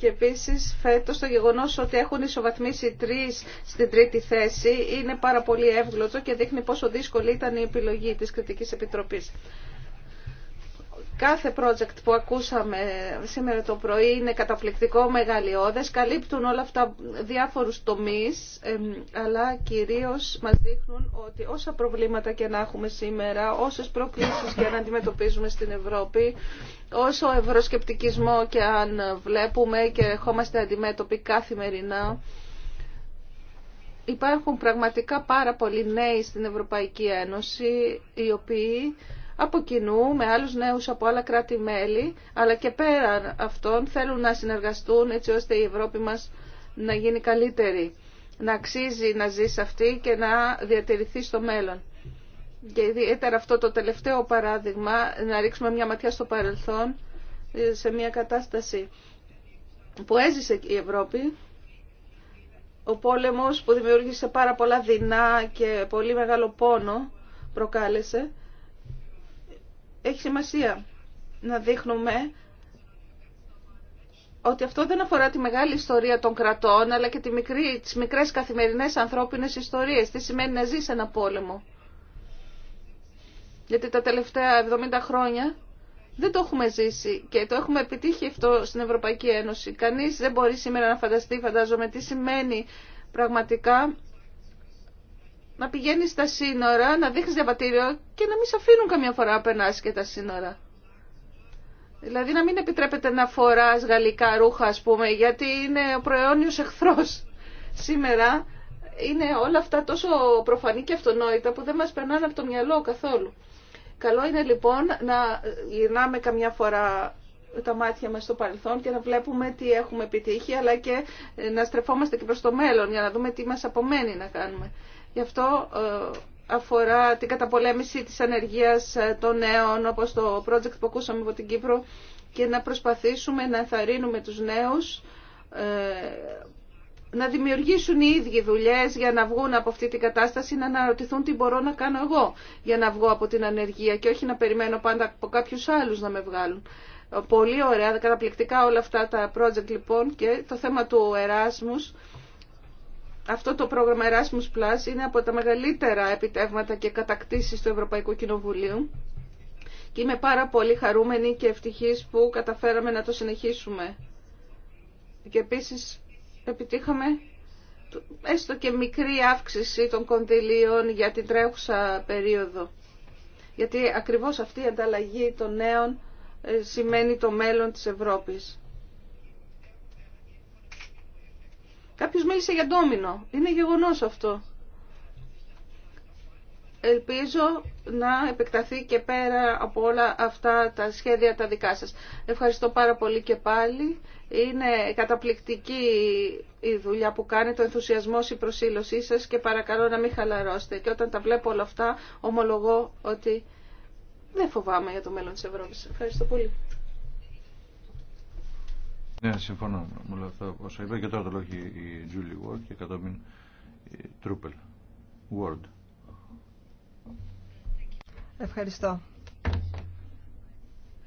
Και επίσης φέτο το γεγονό ότι έχουν ισοβαθμίσει τρεις στην τρίτη θέση είναι πάρα πολύ εύγλωτο και δείχνει πόσο δύσκολη ήταν η επιλογή της Κριτικής Επιτροπής. Κάθε project που ακούσαμε σήμερα το πρωί είναι καταπληκτικό, μεγαλειώδες, καλύπτουν όλα αυτά διάφορους τομείς, αλλά κυρίως μας δείχνουν ότι όσα προβλήματα και να έχουμε σήμερα, όσες προκλήσεις και να αντιμετωπίζουμε στην Ευρώπη, όσο ευρωσκεπτικισμό και αν βλέπουμε και ερχόμαστε αντιμέτωποι καθημερινά, υπάρχουν πραγματικά πάρα πολλοί νέοι στην Ευρωπαϊκή Ένωση, οι οποίοι από κοινού με άλλους νέους από άλλα κράτη-μέλη, αλλά και πέραν αυτών θέλουν να συνεργαστούν έτσι ώστε η Ευρώπη μας να γίνει καλύτερη, να αξίζει να ζει σε αυτή και να διατηρηθεί στο μέλλον. Και ιδιαίτερα αυτό το τελευταίο παράδειγμα, να ρίξουμε μια ματιά στο παρελθόν, ε, σε μια κατάσταση που έζησε η Ευρώπη, ο πόλεμος που δημιούργησε πάρα πολλά δεινά και πολύ μεγάλο πόνο προκάλεσε έχει σημασία να δείχνουμε ότι αυτό δεν αφορά τη μεγάλη ιστορία των κρατών, αλλά και τη μικρή, τις μικρές καθημερινές ανθρώπινες ιστορίες. Τι σημαίνει να ζεις ένα πόλεμο. Γιατί τα τελευταία 70 χρόνια δεν το έχουμε ζήσει και το έχουμε επιτύχει αυτό στην Ευρωπαϊκή Ένωση. Κανείς δεν μπορεί σήμερα να φανταστεί, φαντάζομαι, τι σημαίνει πραγματικά να πηγαίνει στα σύνορα, να δείχνει διαβατήριο και να μην σε αφήνουν καμιά φορά να περνά και τα σύνορα. Δηλαδή να μην επιτρέπεται να φορά γαλλικά ρούχα, ας πούμε, γιατί είναι ο προαιώνιο εχθρό. Σήμερα είναι όλα αυτά τόσο προφανή και αυτονόητα που δεν μα περνάνε από το μυαλό καθόλου. Καλό είναι λοιπόν να γυρνάμε καμιά φορά τα μάτια μας στο παρελθόν και να βλέπουμε τι έχουμε επιτύχει αλλά και να στρεφόμαστε και προς το μέλλον για να δούμε τι μας απομένει να κάνουμε. Γι' αυτό ε, αφορά την καταπολέμηση της ανεργίας ε, των νέων, όπως το project που ακούσαμε από την Κύπρο, και να προσπαθήσουμε να ενθαρρύνουμε τους νέους ε, να δημιουργήσουν οι ίδιοι δουλειέ για να βγουν από αυτή την κατάσταση, να αναρωτηθούν τι μπορώ να κάνω εγώ για να βγω από την ανεργία και όχι να περιμένω πάντα από κάποιου άλλου να με βγάλουν. Πολύ ωραία, καταπληκτικά όλα αυτά τα project λοιπόν και το θέμα του Εράσμους αυτό το πρόγραμμα Erasmus Plus είναι από τα μεγαλύτερα επιτεύγματα και κατακτήσεις του Ευρωπαϊκού Κοινοβουλίου και είμαι πάρα πολύ χαρούμενη και ευτυχής που καταφέραμε να το συνεχίσουμε. Και επίσης επιτύχαμε έστω και μικρή αύξηση των κονδυλίων για την τρέχουσα περίοδο. Γιατί ακριβώς αυτή η ανταλλαγή των νέων ε, σημαίνει το μέλλον της Ευρώπης. Κάποιος μίλησε για ντόμινο. Είναι γεγονός αυτό. Ελπίζω να επεκταθεί και πέρα από όλα αυτά τα σχέδια τα δικά σας. Ευχαριστώ πάρα πολύ και πάλι. Είναι καταπληκτική η δουλειά που κάνετε, ο ενθουσιασμός, η προσήλωσή σας και παρακαλώ να μην χαλαρώσετε. Και όταν τα βλέπω όλα αυτά, ομολογώ ότι δεν φοβάμαι για το μέλλον της Ευρώπης. Ευχαριστώ πολύ. Ναι, συμφωνώ με όλα αυτά όσα είπα και τώρα το λόγο η Τζούλι Ward και κατόπιν η Τρούπελ Ward. Ευχαριστώ.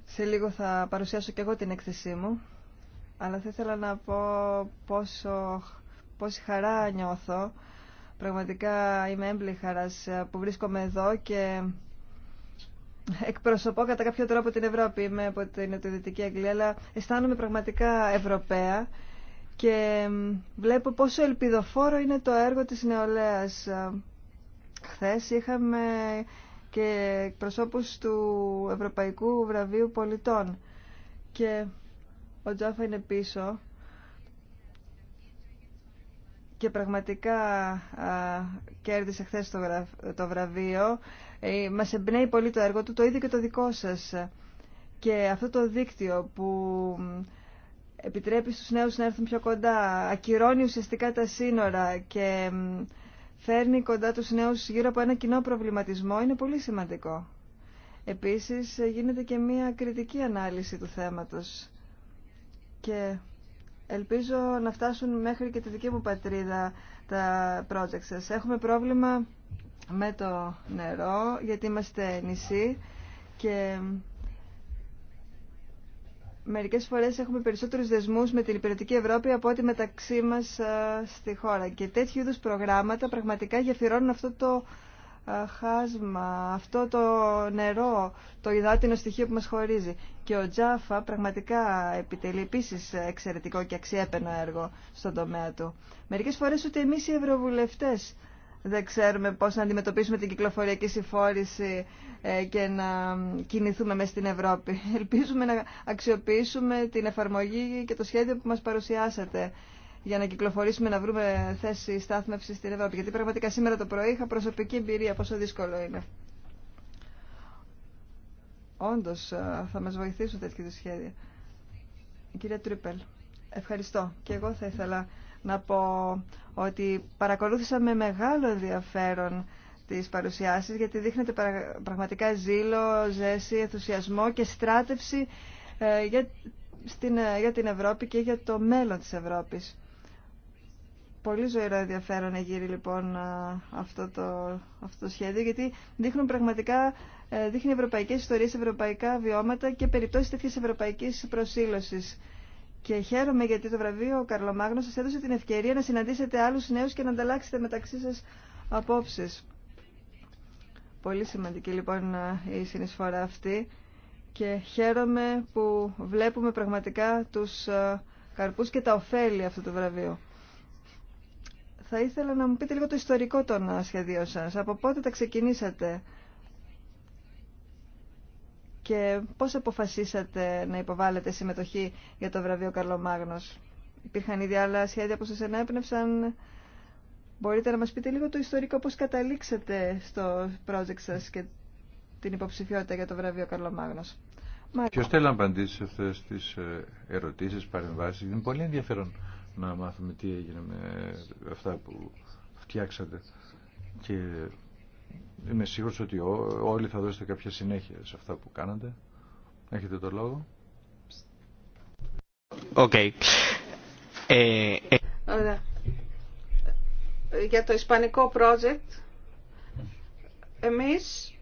Σε λίγο θα παρουσιάσω και εγώ την έκθεσή μου, αλλά θα ήθελα να πω πόσο, πόση χαρά νιώθω. Πραγματικά είμαι έμπλη χαρά που βρίσκομαι εδώ και εκπροσωπώ κατά κάποιο τρόπο την Ευρώπη, είμαι από την Νοτιοδυτική Αγγλία, αλλά αισθάνομαι πραγματικά Ευρωπαία και βλέπω πόσο ελπιδοφόρο είναι το έργο της νεολαίας. Χθες είχαμε και εκπροσώπους του Ευρωπαϊκού Βραβείου Πολιτών και ο Τζάφα είναι πίσω και πραγματικά κέρδισε χθες το βραβείο ε, μας εμπνέει πολύ το έργο του, το ίδιο και το δικό σας. Και αυτό το δίκτυο που επιτρέπει στους νέους να έρθουν πιο κοντά, ακυρώνει ουσιαστικά τα σύνορα και φέρνει κοντά τους νέους γύρω από ένα κοινό προβληματισμό, είναι πολύ σημαντικό. Επίσης γίνεται και μία κριτική ανάλυση του θέματος και ελπίζω να φτάσουν μέχρι και τη δική μου πατρίδα τα project σας. Έχουμε πρόβλημα με το νερό, γιατί είμαστε νησί και μερικές φορές έχουμε περισσότερους δεσμούς με την υπηρετική Ευρώπη από ό,τι μεταξύ μας ε, στη χώρα. Και τέτοιου είδους προγράμματα πραγματικά γεφυρώνουν αυτό το ε, χάσμα, αυτό το νερό, το υδάτινο στοιχείο που μας χωρίζει. Και ο Τζάφα πραγματικά επιτελεί επίση εξαιρετικό και αξιέπαινο έργο στον τομέα του. Μερικές φορές ούτε εμείς οι ευρωβουλευτές δεν ξέρουμε πώς να αντιμετωπίσουμε την κυκλοφοριακή συμφόρηση ε, και να κινηθούμε μέσα στην Ευρώπη. Ελπίζουμε να αξιοποιήσουμε την εφαρμογή και το σχέδιο που μας παρουσιάσατε για να κυκλοφορήσουμε να βρούμε θέση στάθμευσης στην Ευρώπη. Γιατί πραγματικά σήμερα το πρωί είχα προσωπική εμπειρία πόσο δύσκολο είναι. Όντω ε, θα μα βοηθήσουν τέτοιες σχέδια. Κυρία Τρίπελ, ευχαριστώ. Και εγώ θα ήθελα να πω ότι παρακολούθησα με μεγάλο ενδιαφέρον τις παρουσιάσεις γιατί δείχνεται πραγματικά ζήλο, ζέση, ενθουσιασμό και στράτευση ε, για, στην, ε, για την Ευρώπη και για το μέλλον της Ευρώπης. Πολύ ζωηρό ενδιαφέρον εγείρει λοιπόν ε, αυτό το, αυτό το σχέδιο γιατί δείχνουν πραγματικά δείχνει ευρωπαϊκές ιστορίες, ευρωπαϊκά βιώματα και περιπτώσεις τέτοιες ευρωπαϊκής προσήλωσης και χαίρομαι γιατί το βραβείο Καρλομάγνο σας έδωσε την ευκαιρία να συναντήσετε άλλους νέους και να ανταλλάξετε μεταξύ σας απόψεις. Πολύ σημαντική λοιπόν η συνεισφορά αυτή και χαίρομαι που βλέπουμε πραγματικά τους ε, καρπούς και τα ωφέλη αυτού του βραβείου. Θα ήθελα να μου πείτε λίγο το ιστορικό των ε, σχεδίων σας. Από πότε τα ξεκινήσατε και πώς αποφασίσατε να υποβάλλετε συμμετοχή για το βραβείο Καρλομάγνος. Υπήρχαν ήδη άλλα σχέδια που σας ενέπνευσαν. Μπορείτε να μας πείτε λίγο το ιστορικό πώς καταλήξατε στο project σας και την υποψηφιότητα για το βραβείο Καρλομάγνος. Ποιος θέλει να απαντήσει σε αυτές τις ε, ερωτήσεις, παρεμβάσεις. Είναι πολύ ενδιαφέρον να μάθουμε τι έγινε με αυτά που φτιάξατε. Και είμαι σίγουρος ότι όλοι θα δώσετε κάποια συνέχεια σε αυτά που κάνατε. Έχετε το λόγο. Okay. Ε, ε. Για το ισπανικό project, εμείς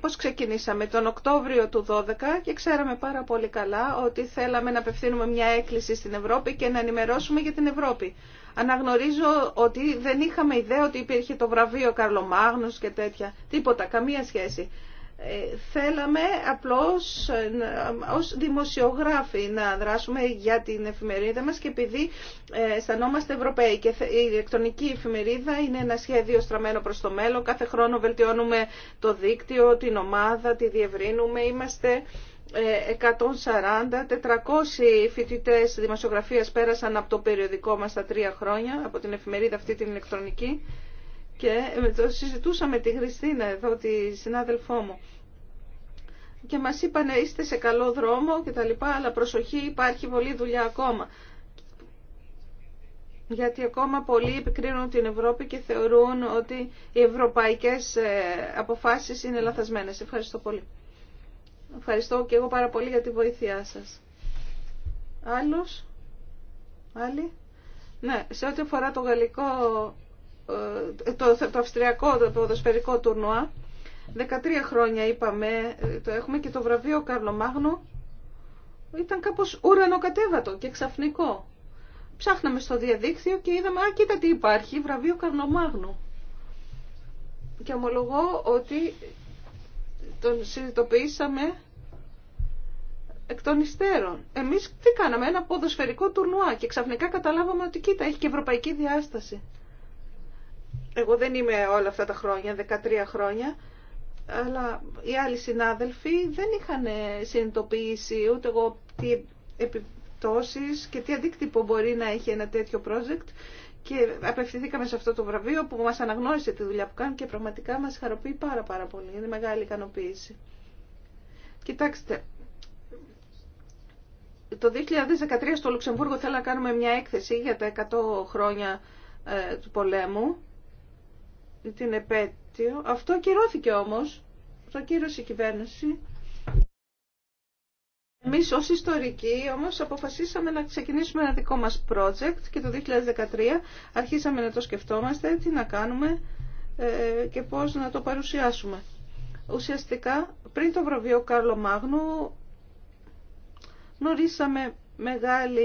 πώς ξεκινήσαμε τον Οκτώβριο του 12 και ξέραμε πάρα πολύ καλά ότι θέλαμε να απευθύνουμε μια έκκληση στην Ευρώπη και να ενημερώσουμε για την Ευρώπη. Αναγνωρίζω ότι δεν είχαμε ιδέα ότι υπήρχε το βραβείο Καρλομάγνους και τέτοια. Τίποτα, καμία σχέση. Ε, θέλαμε απλώς ε, ως δημοσιογράφοι να δράσουμε για την εφημερίδα μας και επειδή ε, αισθανόμαστε Ευρωπαίοι και η ηλεκτρονική εφημερίδα είναι ένα σχέδιο στραμμένο προς το μέλλον. Κάθε χρόνο βελτιώνουμε το δίκτυο, την ομάδα, τη διευρύνουμε. Είμαστε 140-400 φοιτητές δημοσιογραφίας πέρασαν από το περιοδικό μας τα τρία χρόνια, από την εφημερίδα αυτή την ηλεκτρονική και ε, το συζητούσα με τη Χριστίνα εδώ, τη συνάδελφό μου. Και μας είπαν «Ε, είστε σε καλό δρόμο και τα λοιπά, αλλά προσοχή υπάρχει πολλή δουλειά ακόμα. Γιατί ακόμα πολλοί επικρίνουν την Ευρώπη και θεωρούν ότι οι ευρωπαϊκές ε, αποφάσεις είναι λαθασμένες. Ευχαριστώ πολύ. Ευχαριστώ και εγώ πάρα πολύ για τη βοήθειά σας. Άλλος, άλλη. Ναι, σε ό,τι αφορά το γαλλικό, ε, το, το αυστριακό, το ποδοσφαιρικό τουρνουά, 13 χρόνια είπαμε, ε, το έχουμε και το βραβείο Καρλομάγνου ήταν κάπως ουρανοκατέβατο και ξαφνικό. Ψάχναμε στο διαδίκτυο και είδαμε, α, κοίτα τι υπάρχει, βραβείο Καρλομάγνου. Και ομολογώ ότι τον συνειδητοποιήσαμε εκ των υστέρων. Εμείς τι κάναμε, ένα ποδοσφαιρικό τουρνουά και ξαφνικά καταλάβαμε ότι κοίτα, έχει και ευρωπαϊκή διάσταση. Εγώ δεν είμαι όλα αυτά τα χρόνια, 13 χρόνια, αλλά οι άλλοι συνάδελφοι δεν είχαν συνειδητοποιήσει ούτε εγώ τι επιπτώσεις και τι αντίκτυπο μπορεί να έχει ένα τέτοιο project και απευθυνθήκαμε σε αυτό το βραβείο που μας αναγνώρισε τη δουλειά που κάνουμε και πραγματικά μας χαροποιεί πάρα πάρα πολύ. Είναι μεγάλη ικανοποίηση. Κοιτάξτε, το 2013 στο Λουξεμβούργο θέλαμε να κάνουμε μια έκθεση για τα 100 χρόνια ε, του πολέμου, την επέτειο. Αυτό ακυρώθηκε όμως, το ακύρωσε η κυβέρνηση. Εμείς ως ιστορικοί όμως αποφασίσαμε να ξεκινήσουμε ένα δικό μας project και το 2013 αρχίσαμε να το σκεφτόμαστε τι να κάνουμε ε, και πώς να το παρουσιάσουμε. Ουσιαστικά πριν το βραβείο Κάρλο Μάγνου γνωρίσαμε μεγάλη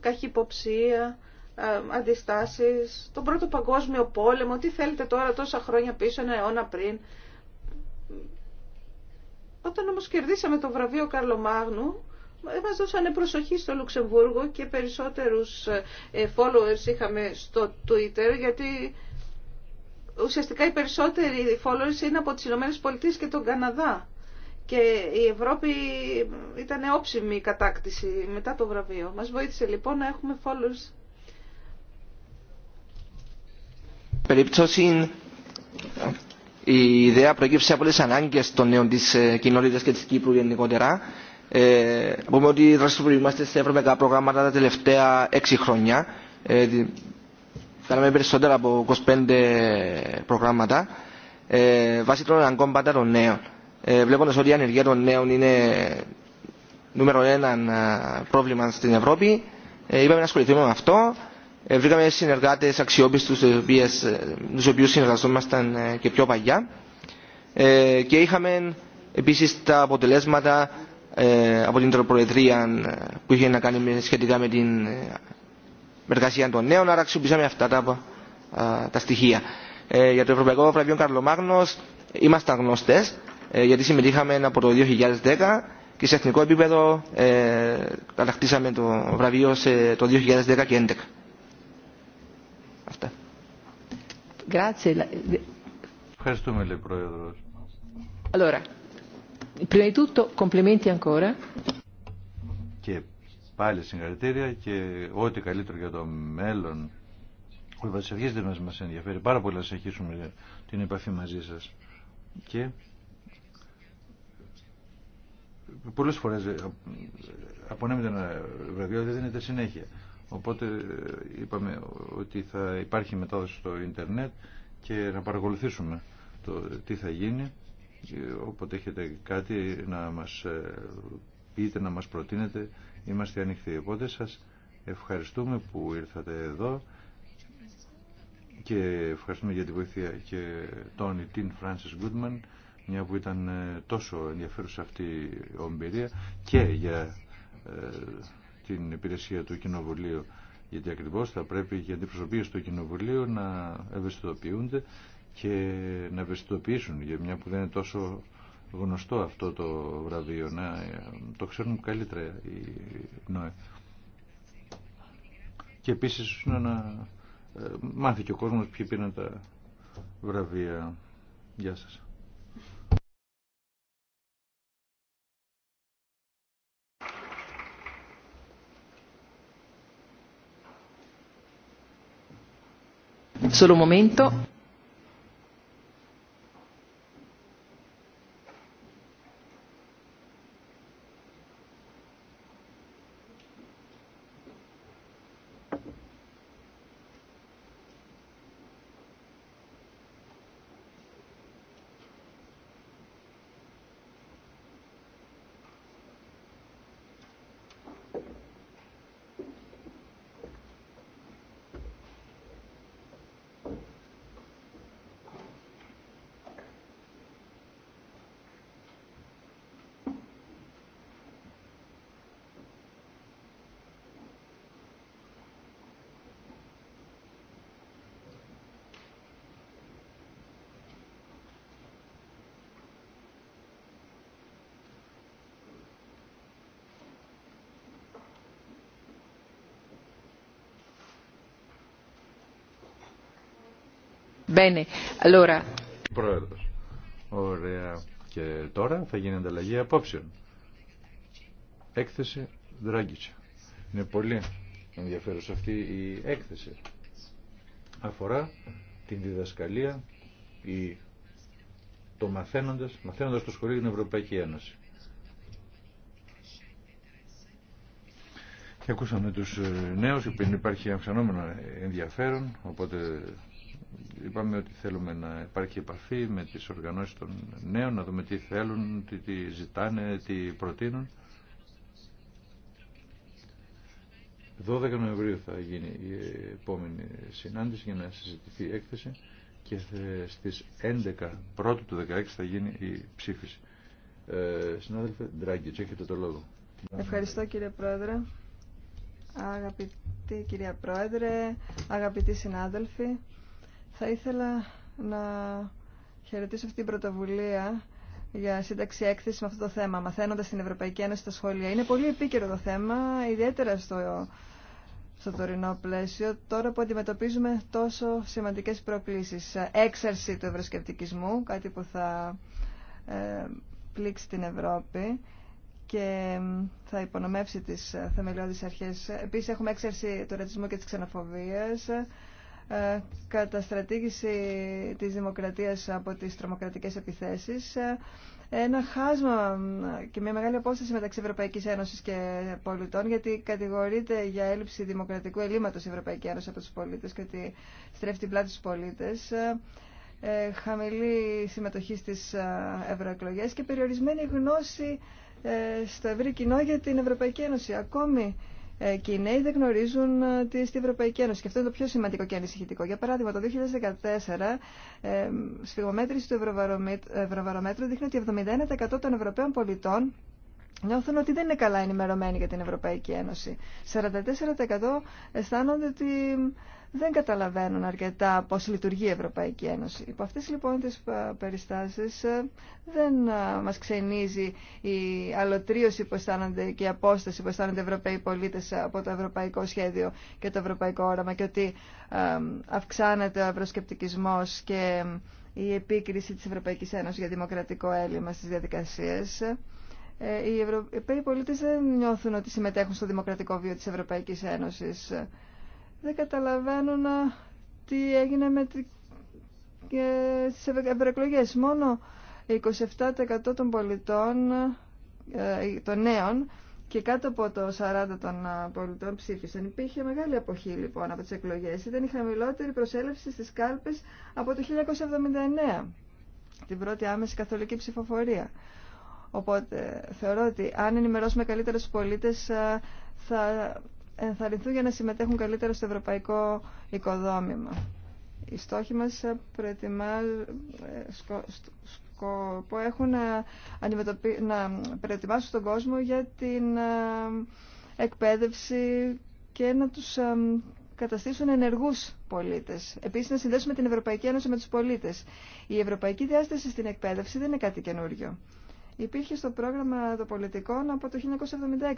καχυποψία, αντιστάσεις, τον πρώτο παγκόσμιο πόλεμο, τι θέλετε τώρα τόσα χρόνια πίσω, ένα αιώνα πριν. Όταν όμως κερδίσαμε το βραβείο Καρλομάγνου, ε, μας δώσανε προσοχή στο Λουξεμβούργο και περισσότερους ε, followers είχαμε στο Twitter, γιατί ουσιαστικά οι περισσότεροι followers είναι από τις Ηνωμένες Πολιτείες και τον Καναδά. Και η Ευρώπη ήταν όψιμη η κατάκτηση μετά το βραβείο. Μας βοήθησε λοιπόν να έχουμε followers. Η ιδέα προέκυψε από τι ανάγκε των νέων τη ε, κοινότητα και τη Κύπρου γενικότερα. Ε, πούμε ότι δραστηριοποιούμαστε σε ευρωπαϊκά προγράμματα τα τελευταία έξι χρόνια. Ε, κάναμε περισσότερα από 25 προγράμματα ε, βάσει των αναγκών πάντα των νέων. Ε, Βλέποντα ότι η ανεργία των νέων είναι νούμερο ένα ε, πρόβλημα στην Ευρώπη, ε, είπαμε να ασχοληθούμε με αυτό. Ε, βρήκαμε συνεργάτε αξιόπιστους ε, του οποίου συνεργαζόμασταν ε, και πιο παλιά και είχαμε επίση τα αποτελέσματα από την τροπολετρία που είχε να κάνει σχετικά με την εργασία των νέων, άρα αξιοποιήσαμε αυτά τα, τα στοιχεία. Για το Ευρωπαϊκό Βραβείο Καρλομάγνο είμαστε γνωστέ, γιατί συμμετείχαμε από το 2010 και σε εθνικό επίπεδο κατακτήσαμε το βραβείο το 2010 και 2011. Ευχαριστούμε, λέει Πρόεδρος. Allora, Πριν di tutto, Και πάλι συγχαρητήρια και ό,τι καλύτερο για το μέλλον. Ο Βασιλιακής δεν μας ενδιαφέρει πάρα πολύ να συνεχίσουμε την επαφή μαζί σα. Και πολλές φορές ε, απονέμεται ένα βραβείο, δεν δίνεται συνέχεια. Οπότε ε, είπαμε ότι θα υπάρχει μετάδοση στο ίντερνετ και να παρακολουθήσουμε το τι θα γίνει. Ε, όποτε έχετε κάτι να μας ε, πείτε, να μας προτείνετε, είμαστε ανοιχτοί. Οπότε σας ευχαριστούμε που ήρθατε εδώ και ευχαριστούμε για τη βοήθεια και τον Ιτίν Φράνσις Γκούτμαν μια που ήταν τόσο ενδιαφέρουσα αυτή η ομπειρία και για την υπηρεσία του Κοινοβουλίου. Γιατί ακριβώς θα πρέπει και οι αντιπροσωπείες του Κοινοβουλίου να ευαισθητοποιούνται και να ευαισθητοποιήσουν για μια που δεν είναι τόσο γνωστό αυτό το βραβείο. Να το ξέρουν καλύτερα οι ΝΟΕ. Και επίσης να ε, μάθει και ο κόσμος ποιοι πήραν τα βραβεία. Γεια σας. solo un momento Bene, allora. Πρόεδρος. Ωραία. Και τώρα θα γίνει ανταλλαγή απόψεων. Έκθεση Δράγκητσα. Είναι πολύ ενδιαφέρουσα αυτή η έκθεση. Αφορά την διδασκαλία ή το μαθαίνοντας, μαθαίνοντας το σχολείο την Ευρωπαϊκή Ένωση. Και ακούσαμε τους ε, νέους, υπάρχει αυξανόμενο ενδιαφέρον, οπότε είπαμε ότι θέλουμε να υπάρχει επαφή με τις οργανώσεις των νέων, να δούμε τι θέλουν, τι, ζητάνε, τι προτείνουν. 12 Νοεμβρίου θα γίνει η επόμενη συνάντηση για να συζητηθεί η έκθεση και στις 11 πρώτου του 16 θα γίνει η ψήφιση. Ε, συνάδελφε Ντράγκητς, έχετε το λόγο. Ευχαριστώ κύριε Πρόεδρε. Αγαπητή κυρία Πρόεδρε, αγαπητοί συνάδελφοι, θα ήθελα να χαιρετήσω αυτή την πρωτοβουλία για σύνταξη έκθεση με αυτό το θέμα, μαθαίνοντας την Ευρωπαϊκή Ένωση στα σχόλια. Είναι πολύ επίκαιρο το θέμα, ιδιαίτερα στο, στο τωρινό πλαίσιο, τώρα που αντιμετωπίζουμε τόσο σημαντικές προκλήσεις. Έξαρση του ευρωσκεπτικισμού, κάτι που θα ε, πλήξει την Ευρώπη και θα υπονομεύσει τις ε, θεμελιώδεις αρχές. Επίσης έχουμε έξαρση του ρατσισμού και της ξενοφοβίας, ε, καταστρατήγηση της δημοκρατίας από τις τρομοκρατικές επιθέσεις, ε, ένα χάσμα και μια μεγάλη απόσταση μεταξύ Ευρωπαϊκής Ένωσης και πολιτών, γιατί κατηγορείται για έλλειψη δημοκρατικού ελλείμματος η Ευρωπαϊκή Ένωση από τους πολίτες και ότι στρέφει την πλάτη στους πολίτες ε, χαμηλή συμμετοχή στις ευρωεκλογές και περιορισμένη γνώση στο ευρύ κοινό για την Ευρωπαϊκή Ένωση. Ακόμη ε, και οι νέοι δεν γνωρίζουν ε, τι στην Ευρωπαϊκή Ένωση. Και αυτό είναι το πιο σημαντικό και ανησυχητικό. Για παράδειγμα, το 2014, ε, σφιγμομέτρηση του Ευρωβαρομέτρου δείχνει ότι 71% των Ευρωπαίων πολιτών νιώθουν ότι δεν είναι καλά ενημερωμένοι για την Ευρωπαϊκή Ένωση. 44% αισθάνονται ότι δεν καταλαβαίνουν αρκετά πώς λειτουργεί η Ευρωπαϊκή Ένωση. Υπό αυτές λοιπόν τις ε, περιστάσεις ε, δεν ε, μας ξενίζει η αλωτρίωση που αισθάνονται και η απόσταση που αισθάνονται οι Ευρωπαίοι πολίτες από το ευρωπαϊκό σχέδιο και το ευρωπαϊκό όραμα και ότι αυξάνεται ο ευρωσκεπτικισμός και η επίκριση της Ευρωπαϊκής Ένωσης για δημοκρατικό έλλειμμα στις διαδικασίες. Ε, οι Ευρωπαίοι πολίτες δεν νιώθουν ότι συμμετέχουν στο δημοκρατικό βίο της Ευρωπαϊκής Ένωσης. Δεν καταλαβαίνουν τι έγινε με τις ευρωεκλογές. Μόνο 27% των πολιτών, ε, ε, των νέων, και κάτω από το 40 των πολιτών ψήφισαν. Υπήρχε μεγάλη αποχή λοιπόν από τις εκλογές. Ήταν η χαμηλότερη προσέλευση στις κάλπες από το 1979, την πρώτη άμεση καθολική ψηφοφορία. Οπότε θεωρώ ότι αν ενημερώσουμε καλύτερα του πολίτες ε, θα ενθαρρυνθούν για να συμμετέχουν καλύτερα στο ευρωπαϊκό οικοδόμημα. Οι στόχοι μας ε, που ε, έχουν να, να προετοιμάσουν τον κόσμο για την εκπαίδευση και να τους καταστήσουν ενεργούς πολίτες. Επίσης να συνδέσουμε την Ευρωπαϊκή Ένωση με τους πολίτες. Η ευρωπαϊκή διάσταση στην εκπαίδευση δεν είναι κάτι καινούριο υπήρχε στο πρόγραμμα των πολιτικών από το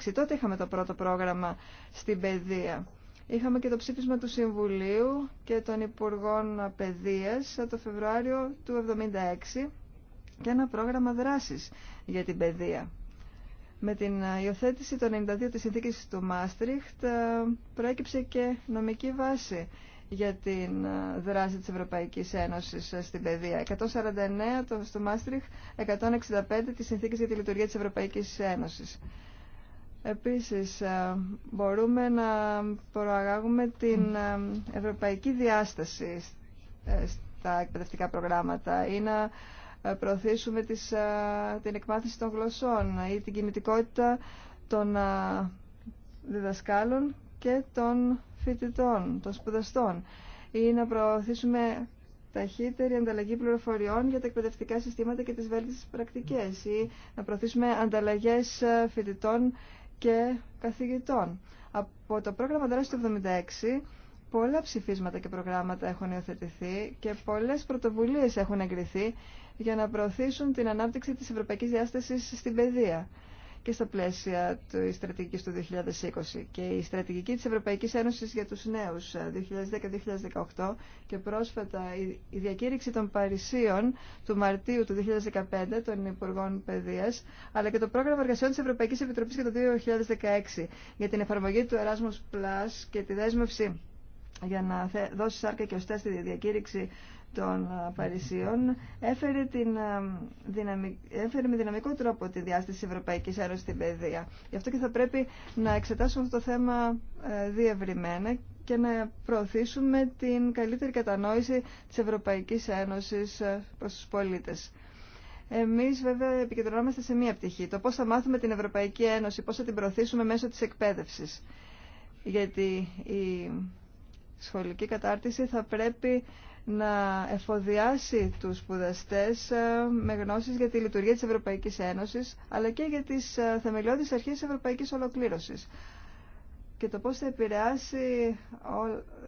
1976. Τότε είχαμε το πρώτο πρόγραμμα στην παιδεία. Είχαμε και το ψήφισμα του Συμβουλίου και των Υπουργών Παιδείας το Φεβρουάριο του 1976 και ένα πρόγραμμα δράσης για την παιδεία. Με την υιοθέτηση των 92 της συνθήκης του Μάστριχτ ε, προέκυψε και νομική βάση για την ε, δράση της Ευρωπαϊκής Ένωσης ε, στην παιδεία. 149 το, στο Μάστριχ, 165 τις συνθήκες για τη λειτουργία της Ευρωπαϊκής Ένωσης. Επίσης, ε, μπορούμε να προαγάγουμε την ευρωπαϊκή διάσταση στα εκπαιδευτικά προγράμματα ή να προωθήσουμε τις, την εκμάθηση των γλωσσών ή την κινητικότητα των διδασκάλων και των φοιτητών, των σπουδαστών ή να προωθήσουμε ταχύτερη ανταλλαγή πληροφοριών για τα εκπαιδευτικά συστήματα και τις βέλτιστες πρακτικές ή να προωθήσουμε ανταλλαγές ε, φοιτητών και καθηγητών. Από το πρόγραμμα δράση του 1976 πολλά ψηφίσματα και προγράμματα έχουν υιοθετηθεί και πολλές πρωτοβουλίες έχουν εγκριθεί για να προωθήσουν την ανάπτυξη της ευρωπαϊκής διάστασης στην παιδεία και στα πλαίσια τη στρατηγική του 2020. Και η στρατηγική της Ευρωπαϊκής Ένωση για τους νέους 2010-2018 ε, και πρόσφατα η διακήρυξη των Παρισίων του Μαρτίου του 2015 των Υπουργών Παιδεία, αλλά και το πρόγραμμα εργασιών τη Ευρωπαϊκής Επιτροπής για το 2016 για την εφαρμογή του Erasmus Plus και τη δέσμευση για να δώσει σάρκα και οστά στη διακήρυξη των ε, Παρισίων έφερε, την, ε, με δυναμικό τρόπο τη διάσταση Ευρωπαϊκής Ένωσης στην παιδεία. Γι' αυτό και θα πρέπει να εξετάσουμε αυτό το θέμα ε, διευρυμένα και να προωθήσουμε την καλύτερη κατανόηση της Ευρωπαϊκής Ένωσης προς τους πολίτες. Εμείς βέβαια επικεντρωνόμαστε σε μία πτυχή, το πώς θα μάθουμε την Ευρωπαϊκή Ένωση, πώς θα την προωθήσουμε μέσω της εκπαίδευσης. Γιατί η σχολική κατάρτιση θα πρέπει να εφοδιάσει τους σπουδαστέ ε, με γνώσεις για τη λειτουργία της Ευρωπαϊκής Ένωσης, αλλά και για τις ε, θεμελιώδεις αρχές της Ευρωπαϊκής Ολοκλήρωσης και το πώς θα επηρεάσει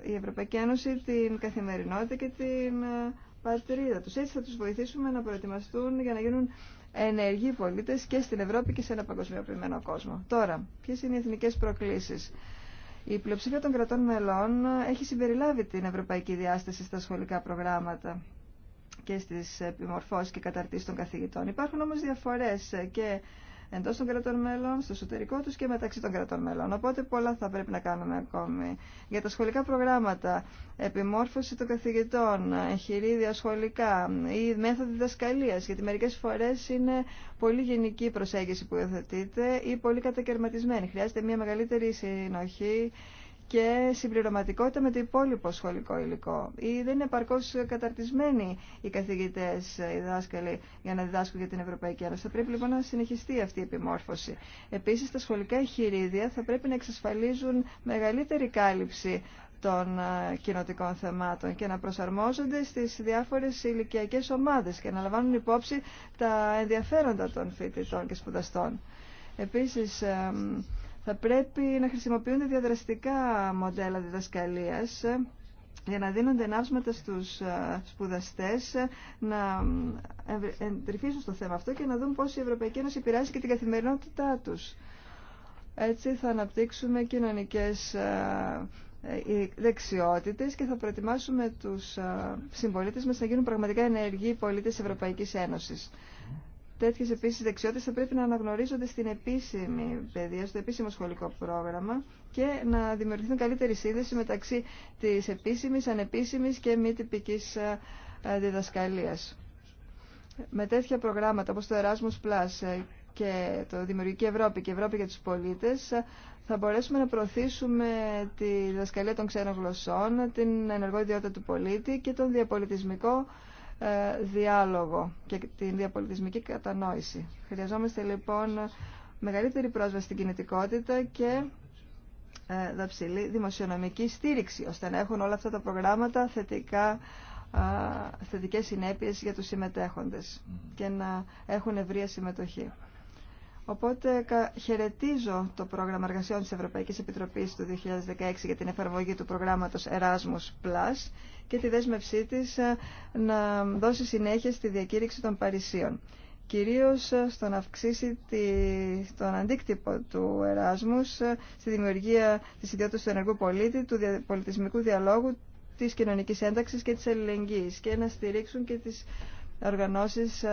η Ευρωπαϊκή Ένωση την καθημερινότητα και την ε, πατρίδα τους. Έτσι θα τους βοηθήσουμε να προετοιμαστούν για να γίνουν ενεργοί πολίτες και στην Ευρώπη και σε ένα παγκοσμιοποιημένο κόσμο. Τώρα, ποιες είναι οι εθνικές προκλήσεις. Η πλειοψηφία των κρατών μελών έχει συμπεριλάβει την ευρωπαϊκή διάσταση στα σχολικά προγράμματα και στις επιμορφώσεις και καταρτήσεις των καθηγητών. Υπάρχουν όμως διαφορές και εντός των κρατών μέλων, στο εσωτερικό τους και μεταξύ των κρατών μέλων. Οπότε πολλά θα πρέπει να κάνουμε ακόμη. Για τα σχολικά προγράμματα, επιμόρφωση των καθηγητών, εγχειρίδια σχολικά ή μέθοδοι διδασκαλίας, γιατί μερικε φορές είναι πολύ γενική προσέγγιση που υιοθετείται ή πολύ κατακαιρματισμένη. Χρειάζεται μια μεγαλύτερη συνοχή και συμπληρωματικότητα με το υπόλοιπο σχολικό υλικό. Ή δεν είναι επαρκώ καταρτισμένοι οι καθηγητέ, οι δάσκαλοι για να διδάσκουν για την Ευρωπαϊκή Ένωση. Θα πρέπει λοιπόν να συνεχιστεί αυτή η επιμόρφωση. Επίση, τα σχολικά εγχειρίδια θα πρέπει να εξασφαλίζουν μεγαλύτερη κάλυψη των ε, κοινοτικών θεμάτων και να προσαρμόζονται στις διάφορες ηλικιακέ ομάδες και να λαμβάνουν υπόψη τα ενδιαφέροντα των φοιτητών και σπουδαστών. Επίσης, θα πρέπει να χρησιμοποιούνται διαδραστικά μοντέλα διδασκαλίας ε, για να δίνονται ενάψματα στους ε, σπουδαστές ε, να εντρυφήσουν στο θέμα αυτό και να δουν πώς η Ευρωπαϊκή Ένωση επηρεάζει και την καθημερινότητά τους. Έτσι θα αναπτύξουμε κοινωνικές δεξιότητες και θα προετοιμάσουμε τους συμπολίτες μας να γίνουν πραγματικά ενεργοί πολίτες Ευρωπαϊκής Ένωσης. Τέτοιες επίσης δεξιότητες θα πρέπει να αναγνωρίζονται στην επίσημη παιδεία, στο επίσημο σχολικό πρόγραμμα και να δημιουργηθούν καλύτερη σύνδεση μεταξύ της επίσημης, ανεπίσημης και μη τυπικής ε, ε, διδασκαλίας. Με τέτοια προγράμματα όπως το Erasmus Plus ε, και το Δημιουργική Ευρώπη και Ευρώπη για τους πολίτες θα μπορέσουμε να προωθήσουμε τη διδασκαλία των ξένων γλωσσών, την ενεργό ιδιότητα του πολίτη και τον διαπολιτισμικό ε, διάλογο και την διαπολιτισμική κατανόηση. Χρειαζόμαστε λοιπόν μεγαλύτερη πρόσβαση στην κινητικότητα και ε, δαψιλή δημοσιονομική στήριξη, ώστε να έχουν όλα αυτά τα προγράμματα θετικά, θετικές συνέπειες για τους συμμετέχοντες και να έχουν ευρεία συμμετοχή. Οπότε χαιρετίζω το πρόγραμμα εργασιών της Ευρωπαϊκής Επιτροπής του 2016 για την εφαρμογή του προγράμματος Erasmus Plus και τη δέσμευσή της ε, να δώσει συνέχεια στη διακήρυξη των Παρισίων. Κυρίως ε, στο να αυξήσει τον αντίκτυπο του Erasmus ε, στη δημιουργία της ιδιότητας του ενεργού πολίτη, του πολιτισμικού διαλόγου, της κοινωνικής ένταξης και της ελληνικής και να στηρίξουν και τις οργανώσεις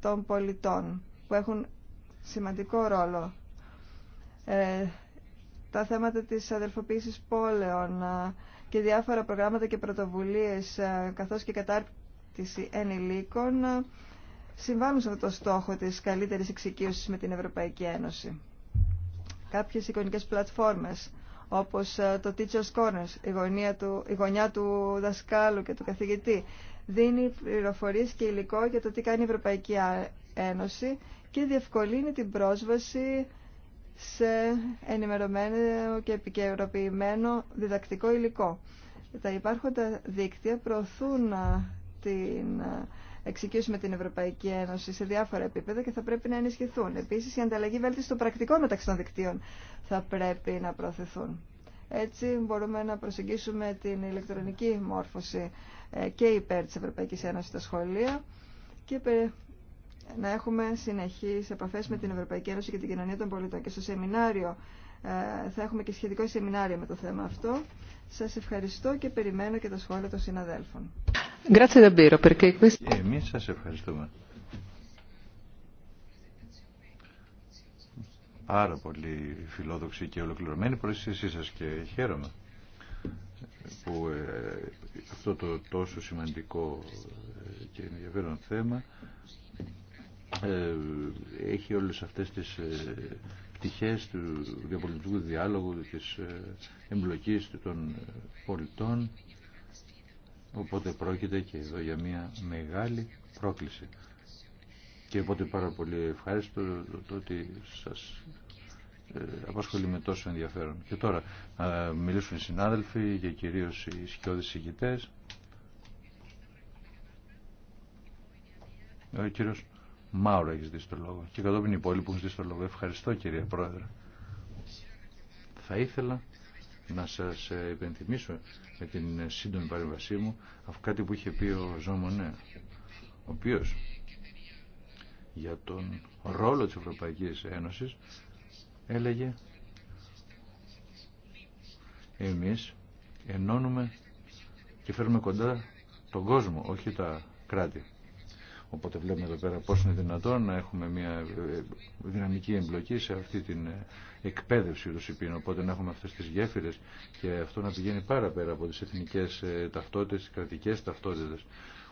των πολιτών που έχουν σημαντικό ρόλο. Ε, τα θέματα της αδελφοποίησης πόλεων ε, και διάφορα προγράμματα και πρωτοβουλίες ε, καθώς και κατάρτιση ενηλίκων συμβάλλουν σε αυτό το στόχο της καλύτερης εξοικείωσης με την Ευρωπαϊκή Ένωση. Κάποιες εικονικές πλατφόρμες όπως το Teacher's Corners, η, γωνία του, η γωνιά του δασκάλου και του καθηγητή, δίνει πληροφορίες και υλικό για το τι κάνει η Ευρωπαϊκή Ένωση και διευκολύνει την πρόσβαση σε ενημερωμένο και επικαιροποιημένο διδακτικό υλικό. Τα υπάρχοντα δίκτυα προωθούν την εξοικείωση με την Ευρωπαϊκή Ένωση σε διάφορα επίπεδα και θα πρέπει να ενισχυθούν. Επίση, η ανταλλαγή βέλτιση των πρακτικών μεταξύ των δικτύων θα πρέπει να προωθηθούν. Έτσι, μπορούμε να προσεγγίσουμε την ηλεκτρονική μόρφωση ε, και υπέρ τη Ευρωπαϊκή Ένωση στα σχολεία και να έχουμε συνεχείς επαφές με την Ευρωπαϊκή Ένωση και την κοινωνία των πολιτών. Και στο σεμινάριο ε, θα έχουμε και σχετικό σεμινάριο με το θέμα αυτό. Σας ευχαριστώ και περιμένω και τα σχόλια των συναδέλφων. Εμείς σας ευχαριστούμε. Πάρα πολύ φιλόδοξη και ολοκληρωμένη προσέγγιση σας και χαίρομαι που ε, αυτό το τόσο σημαντικό και ενδιαφέρον θέμα ε, έχει όλες αυτές τις ε, πτυχές του διαπολιτικού διάλογου, της ε, εμπλοκής των πολιτών. Οπότε πρόκειται και εδώ για μια μεγάλη πρόκληση. Και οπότε πάρα πολύ ευχαριστώ το ότι σας απασχολεί με τόσο ενδιαφέρον. Και τώρα να μιλήσουν οι συνάδελφοι και κυρίως οι σκιώδεις ηγητές. Μάουρο έχει δει στο λόγο και κατόπιν οι υπόλοιποι έχουν δει στο λόγο. Ευχαριστώ κύριε Πρόεδρε. Θα ήθελα να σας ε, υπενθυμίσω με την ε, σύντομη παρέμβασή μου από κάτι που είχε πει ο Ζωμονέ, ο οποίο, για τον ρόλο τη Ευρωπαϊκής Ένωσης έλεγε εμείς ενώνουμε και φέρουμε κοντά τον κόσμο, όχι τα κράτη. Οπότε βλέπουμε εδώ πέρα πώς είναι δυνατόν να έχουμε μια ε, δυναμική εμπλοκή σε αυτή την ε, εκπαίδευση του ΣΥΠΗΝ. Οπότε να έχουμε αυτές τις γέφυρες και αυτό να πηγαίνει πάρα πέρα από τις εθνικές ε, ταυτότητες, τις κρατικές ταυτότητες.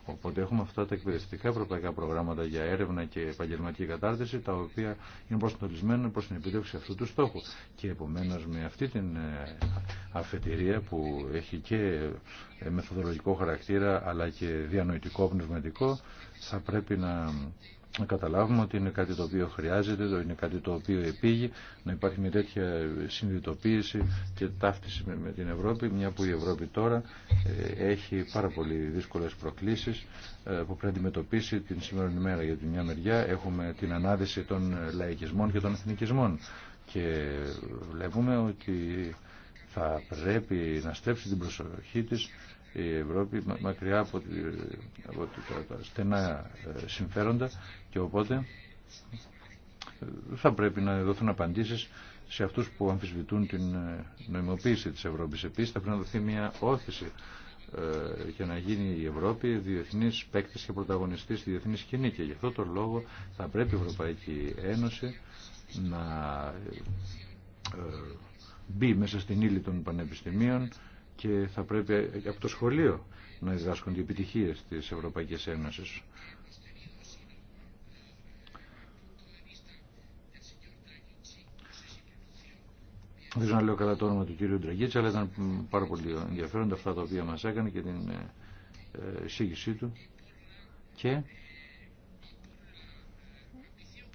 Οπότε έχουμε αυτά τα εκπαιδευτικά ευρωπαϊκά προγράμματα για έρευνα και επαγγελματική κατάρτιση, τα οποία είναι προσανατολισμένα προ την επίτευξη αυτού του στόχου. Και επομένω με αυτή την αφετηρία που έχει και ε, μεθοδολογικό χαρακτήρα αλλά και διανοητικό, πνευματικό θα πρέπει να καταλάβουμε ότι είναι κάτι το οποίο χρειάζεται, είναι κάτι το οποίο επήγει, να υπάρχει μια τέτοια συνειδητοποίηση και ταύτιση με την Ευρώπη, μια που η Ευρώπη τώρα ε, έχει πάρα πολύ δύσκολες προκλήσεις ε, που πρέπει να αντιμετωπίσει την σήμερα ημέρα. Για μια μεριά έχουμε την ανάδυση των λαϊκισμών και των εθνικισμών και βλέπουμε ότι θα πρέπει να στρέψει την προσοχή της η Ευρώπη μακριά από, τη, από τα, στενά ε, συμφέροντα και οπότε ε, θα πρέπει να δοθούν απαντήσεις σε αυτούς που αμφισβητούν την ε, νοημοποίηση της Ευρώπης. Επίσης θα πρέπει να δοθεί μια όθηση για να γίνει η Ευρώπη διεθνής παίκτη και πρωταγωνιστής στη διεθνή σκηνή και γι' αυτό τον λόγο θα πρέπει η Ευρωπαϊκή Ένωση να μπει μέσα στην ύλη των πανεπιστημίων και θα πρέπει από το σχολείο να διδάσκονται οι επιτυχίες της Ευρωπαϊκής Ένωσης. Δεν ξέρω να λέω καλά το όνομα του κύριου Ντραγίτσα, αλλά ήταν πάρα πολύ ενδιαφέροντα αυτά τα οποία μας έκανε και την ε, ε, εισήγησή του. Και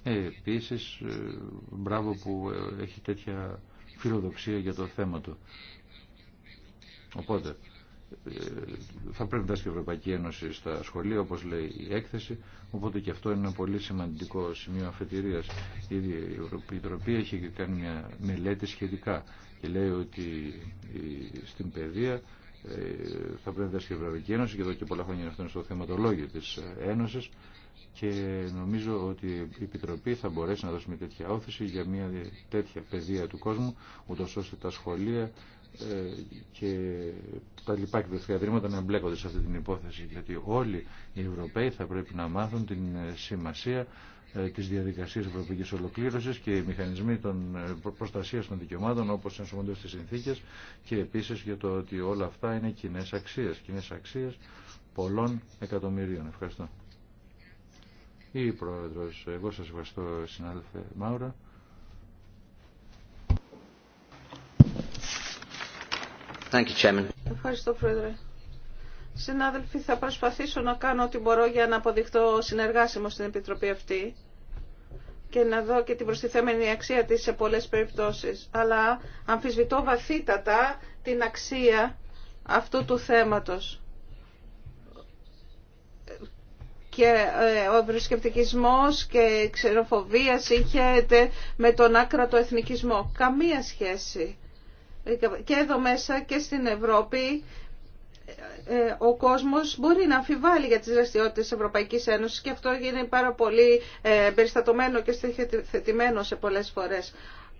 ε, επίσης, ε, μπράβο που έχει τέτοια φιλοδοξία για το θέμα του. Οπότε ε, θα πρέπει να δάσκει η Ευρωπαϊκή Ένωση στα σχολεία όπως λέει η έκθεση οπότε και αυτό είναι ένα πολύ σημαντικό σημείο αφετηρίας η Ευρωπαϊκή έχει κάνει μια μελέτη σχετικά και λέει ότι στην παιδεία ε, θα πρέπει να δάσκει η Ευρωπαϊκή Ένωση και εδώ και πολλά χρόνια αυτό είναι στο θεματολόγιο της Ένωσης και νομίζω ότι η Επιτροπή θα μπορέσει να δώσει μια τέτοια όθηση για μια τέτοια παιδεία του κόσμου, ούτως ώστε τα σχολεία ε, και τα λοιπά τα ιδρύματα να εμπλέκονται σε αυτή την υπόθεση γιατί όλοι οι Ευρωπαίοι θα πρέπει να μάθουν την ε, σημασία ε, της διαδικασίας ευρωπαϊκής ολοκλήρωσης και οι μηχανισμοί των προστασίας των δικαιωμάτων όπως ενσωματώνται στις συνθήκες και επίσης για το ότι όλα αυτά είναι κοινέ αξίες, κοινέ αξίες πολλών εκατομμυρίων. Ευχαριστώ. Ή Πρόεδρος, εγώ σας ευχαριστώ συνάδελφε Μάουρα. Ευχαριστώ, Πρόεδρε. Συνάδελφοι, θα προσπαθήσω να κάνω ό,τι μπορώ για να αποδειχτώ συνεργάσιμο στην Επιτροπή αυτή και να δω και την προστιθέμενη αξία της σε πολλές περιπτώσεις. Αλλά αμφισβητώ βαθύτατα την αξία αυτού του θέματος. Και ε, ο ευρωσκεπτικισμός και η ξεροφοβία συγχέεται με τον άκρατο εθνικισμό. Καμία σχέση και εδώ μέσα και στην Ευρώπη ε, ο κόσμος μπορεί να αμφιβάλλει για τις δραστηριότητε της Ευρωπαϊκής Ένωσης και αυτό είναι πάρα πολύ ε, περιστατωμένο και στοιχετημένο σε πολλές φορές.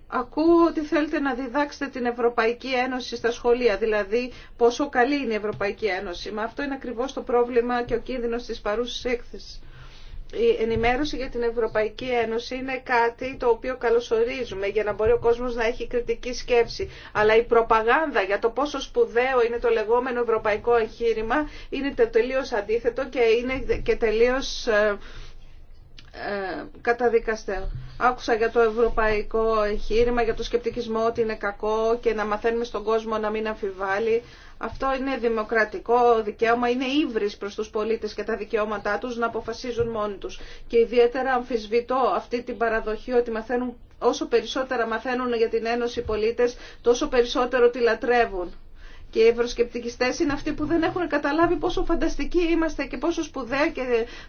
Ακούω ότι θέλετε να διδάξετε την Ευρωπαϊκή Ένωση στα σχολεία, δηλαδή πόσο καλή είναι η Ευρωπαϊκή Ένωση. Μα αυτό είναι ακριβώς το πρόβλημα και ο κίνδυνος της παρούσης έκθεσης η ενημέρωση για την Ευρωπαϊκή Ένωση είναι κάτι το οποίο καλωσορίζουμε για να μπορεί ο κόσμος να έχει κριτική σκέψη. Αλλά η προπαγάνδα για το πόσο σπουδαίο είναι το λεγόμενο ευρωπαϊκό εγχείρημα είναι το τελείως αντίθετο και είναι και τελείως ε, ε, καταδικαστέο. Άκουσα για το ευρωπαϊκό εγχείρημα, για το σκεπτικισμό ότι είναι κακό και να μαθαίνουμε στον κόσμο να μην αμφιβάλλει. Αυτό είναι δημοκρατικό δικαίωμα, είναι ύβρις προς τους πολίτες και τα δικαιώματά τους να αποφασίζουν μόνοι τους. Και ιδιαίτερα αμφισβητώ αυτή την παραδοχή ότι μαθαίνουν, όσο περισσότερα μαθαίνουν για την Ένωση οι πολίτες, τόσο περισσότερο τη λατρεύουν και οι ευρωσκεπτικιστές είναι αυτοί που δεν έχουν καταλάβει πόσο φανταστικοί είμαστε και πόσο σπουδαία και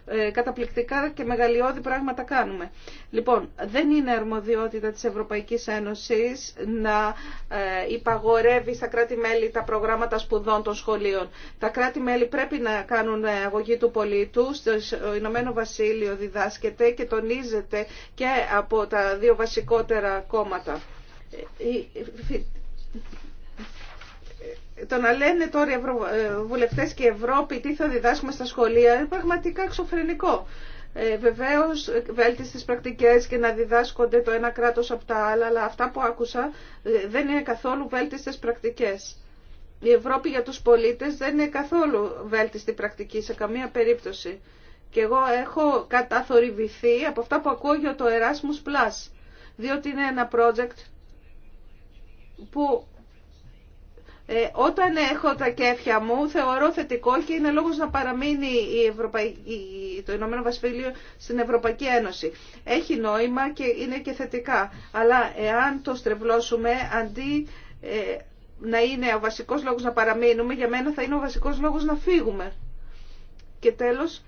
ε, καταπληκτικά και μεγαλειώδη πράγματα κάνουμε. Λοιπόν, δεν είναι αρμοδιότητα της Ευρωπαϊκής Ένωσης να ε, υπαγορεύει στα κράτη-μέλη τα προγράμματα σπουδών των σχολείων. Τα κράτη-μέλη πρέπει να κάνουν αγωγή του πολίτου. Στο Ηνωμένο Βασίλειο διδάσκεται και τονίζεται και από τα δύο βασικότερα κόμματα ε, το να λένε τώρα οι ε, βουλευτές και Ευρώπη τι θα διδάσκουμε στα σχολεία είναι πραγματικά εξωφρενικό. Ε, Βεβαίω, βέλτιστε πρακτικέ και να διδάσκονται το ένα κράτο από τα άλλα, αλλά αυτά που άκουσα ε, δεν είναι καθόλου βέλτιστε πρακτικέ. Η Ευρώπη για του πολίτε δεν είναι καθόλου βέλτιστη πρακτική σε καμία περίπτωση. Και εγώ έχω καταθορυβηθεί από αυτά που ακούω για το Erasmus Plus, διότι είναι ένα project που ε, όταν έχω τα κέφια μου θεωρώ θετικό και είναι λόγος να παραμείνει η το Ηνωμένο Βασίλειο στην Ευρωπαϊκή Ένωση. Έχει νόημα και είναι και θετικά. Αλλά εάν το στρεβλώσουμε αντί ε, να είναι ο βασικός λόγος να παραμείνουμε, για μένα θα είναι ο βασικός λόγος να φύγουμε. Και τέλος